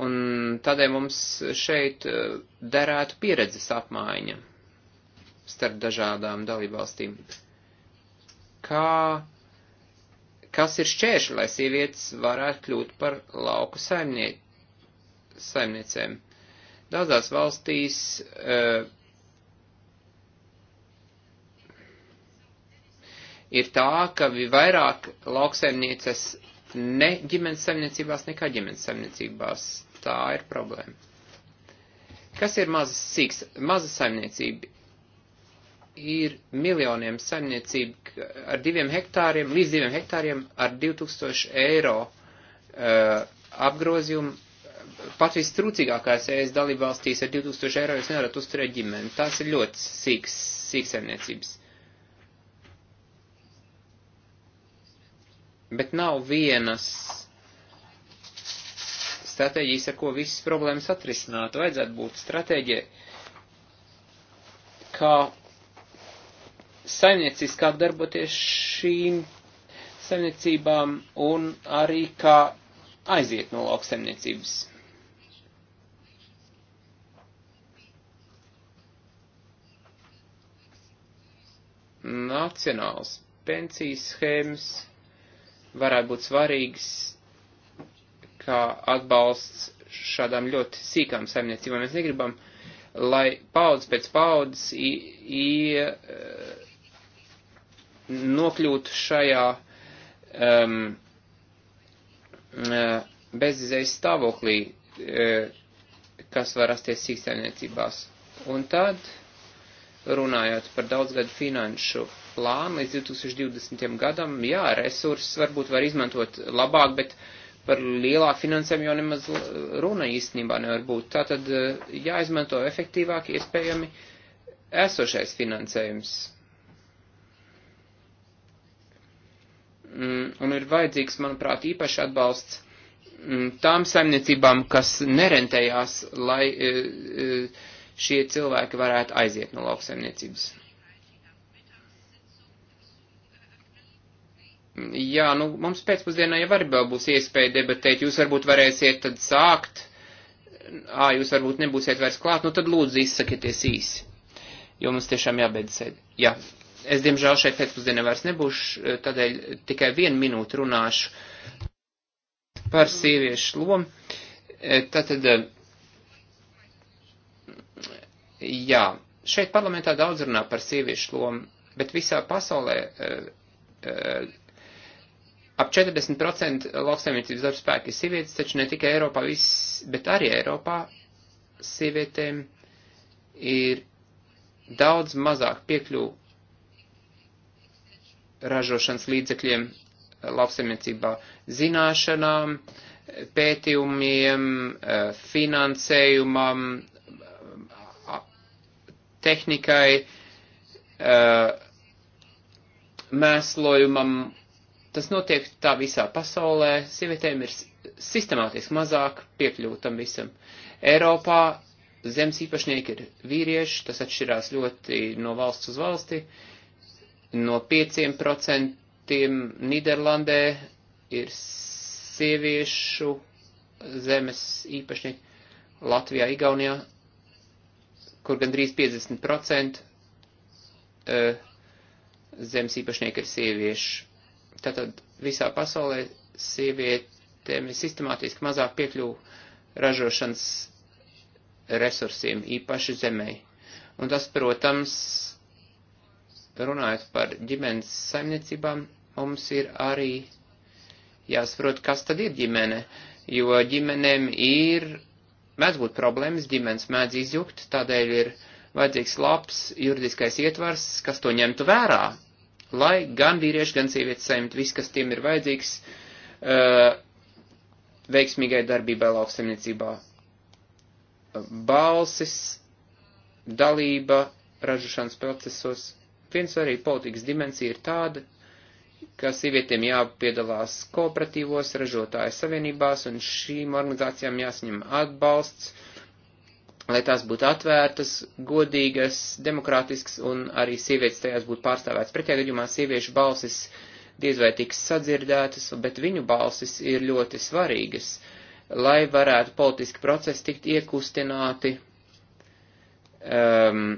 Un tādēļ mums šeit e, derētu pieredzes apmaiņa starp dažādām dalībvalstīm. Kā, kas ir šķēršļi, lai sievietes varētu kļūt par lauku saimnie, saimniecēm? Daudzās valstīs uh, ir tā, ka ir vairāk lauksaimnieces ne ģimenes saimniecībās nekā ģimenes saimniecībās. Tā ir problēma. Kas ir mazas sīks? Maza saimniecība ir miljoniem saimniecību ar diviem hektāriem, līdz diviem hektāriem ar 2000 eiro uh, apgrozījumu. Pat vistrūcīgākais ES dalībvalstīs ar 2000 eiro jūs nevarat uzturēt ģimeni. Tās ir ļoti sīks, sīks saimniecības. bet nav vienas stratēģijas, ar ko visas problēmas atrisināt. Vajadzētu būt stratēģijai, kā saimnieciskāk darboties šīm saimniecībām un arī kā aiziet no lauksaimniecības. Nacionāls pensijas schēmas varētu būt svarīgs kā atbalsts šādām ļoti sīkām saimniecībām. Mēs negribam, lai paudz pēc paudzes e, nokļūtu šajā um, bezizējas stāvoklī, e, kas var rasties sīksaimniecībās. Un tad runājot par daudzgadu finanšu plānu līdz 2020. gadam, jā, resursus varbūt var izmantot labāk, bet par lielā finansējumu jau nemaz runa īstenībā nevar būt. Tātad eh, jāizmanto efektīvāk iespējami esošais finansējums. Mm, un ir vajadzīgs, manuprāt, īpaši atbalsts mm, tām saimniecībām, kas nerentējās, lai. Uh, uh, šie cilvēki varētu aiziet no lauksaimniecības. Jā, nu, mums pēcpusdienā jau arī vēl būs iespēja debatēt, jūs varbūt varēsiet tad sākt, ā, jūs varbūt nebūsiet vairs klāt, nu tad lūdzu izsakieties īsi, jo mums tiešām jābeidz sēdi. Jā, es diemžēl šeit pēcpusdienā vairs nebūšu, tādēļ tikai vienu minūtu runāšu par sieviešu lomu. E, tātad. E, Jā, šeit parlamentā daudz runā par sieviešu lomu, bet visā pasaulē uh, uh, ap 40% lauksaimniecības darba spēka ir sievietes, taču ne tikai Eiropā, viss, bet arī Eiropā sievietēm ir daudz mazāk piekļuvu ražošanas līdzekļiem lauksaimniecībā, zināšanām, pētījumiem, e, finansējumam, tehnikai, eh, mēslojumam. Tas notiek tā visā pasaulē. Sievietēm ir sistemātiski mazāk piekļūtam visam. Eiropā zemes īpašnieki ir vīrieši, tas atšķirās ļoti no valsts uz valsti. No 5% Niderlandē ir sieviešu zemes īpašnieki, Latvijā, Igaunijā kur gandrīz 50% e, zemes īpašnieki ir sievieši. Tātad visā pasaulē sievietēm ir sistemātiski mazāk piekļuvu ražošanas resursiem, īpaši zemei. Un tas, protams, runājot par ģimenes saimniecībām, mums ir arī jāsaprot, kas tad ir ģimene, jo ģimenēm ir mēdz būt problēmas, ģimenes mēdz izjukt, tādēļ ir vajadzīgs labs juridiskais ietvars, kas to ņemtu vērā, lai gan vīrieši, gan sievietes saimtu viss, kas tiem ir vajadzīgs uh, veiksmīgai darbībai lauksaimniecībā. Balsis, dalība ražošanas procesos. Viens arī politikas dimensija ir tāda, ka sievietēm jāpiedalās kooperatīvos ražotāju savienībās un šīm organizācijām jāsaņem atbalsts, lai tās būtu atvērtas, godīgas, demokrātiskas un arī sievietes tajās būtu pārstāvētas. Pretējā gadījumā sieviešu balsis diez vai tiks sadzirdētas, bet viņu balsis ir ļoti svarīgas, lai varētu politiski procesi tikt iekustināti. Um,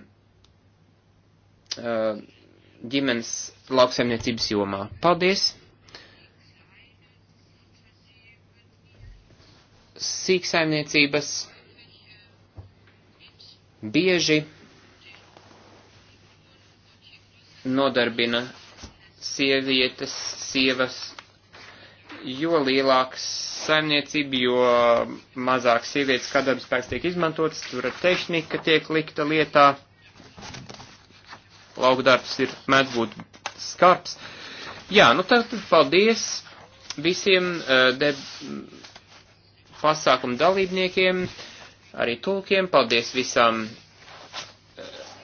um, ģimenes lauksaimniecības jomā. Paldies! Sīksaimniecības bieži nodarbina sievietes, sievas, jo lielāks saimniecība, jo mazāk sievietes kā darbspēks tiek izmantotas, tur tehnika tiek likta lietā, laukdarbs ir mēdz būt skarps. Jā, nu tad paldies visiem eh, de, pasākumu dalībniekiem, arī tulkiem, paldies visām eh,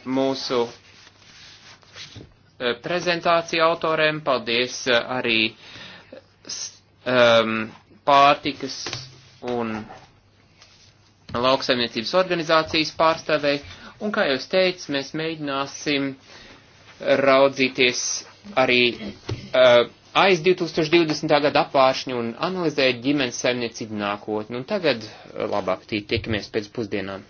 mūsu eh, prezentāciju autoriem, paldies arī um, pārtikas un lauksaimniecības organizācijas pārstāvei. Un, kā jau es teicu, mēs mēģināsim uh, raudzīties arī uh, aiz 2020. gada apvāršņu un analizēt ģimenes saimniecību nākotni. Un tagad uh, labāk tī tiekamies pēc pusdienām.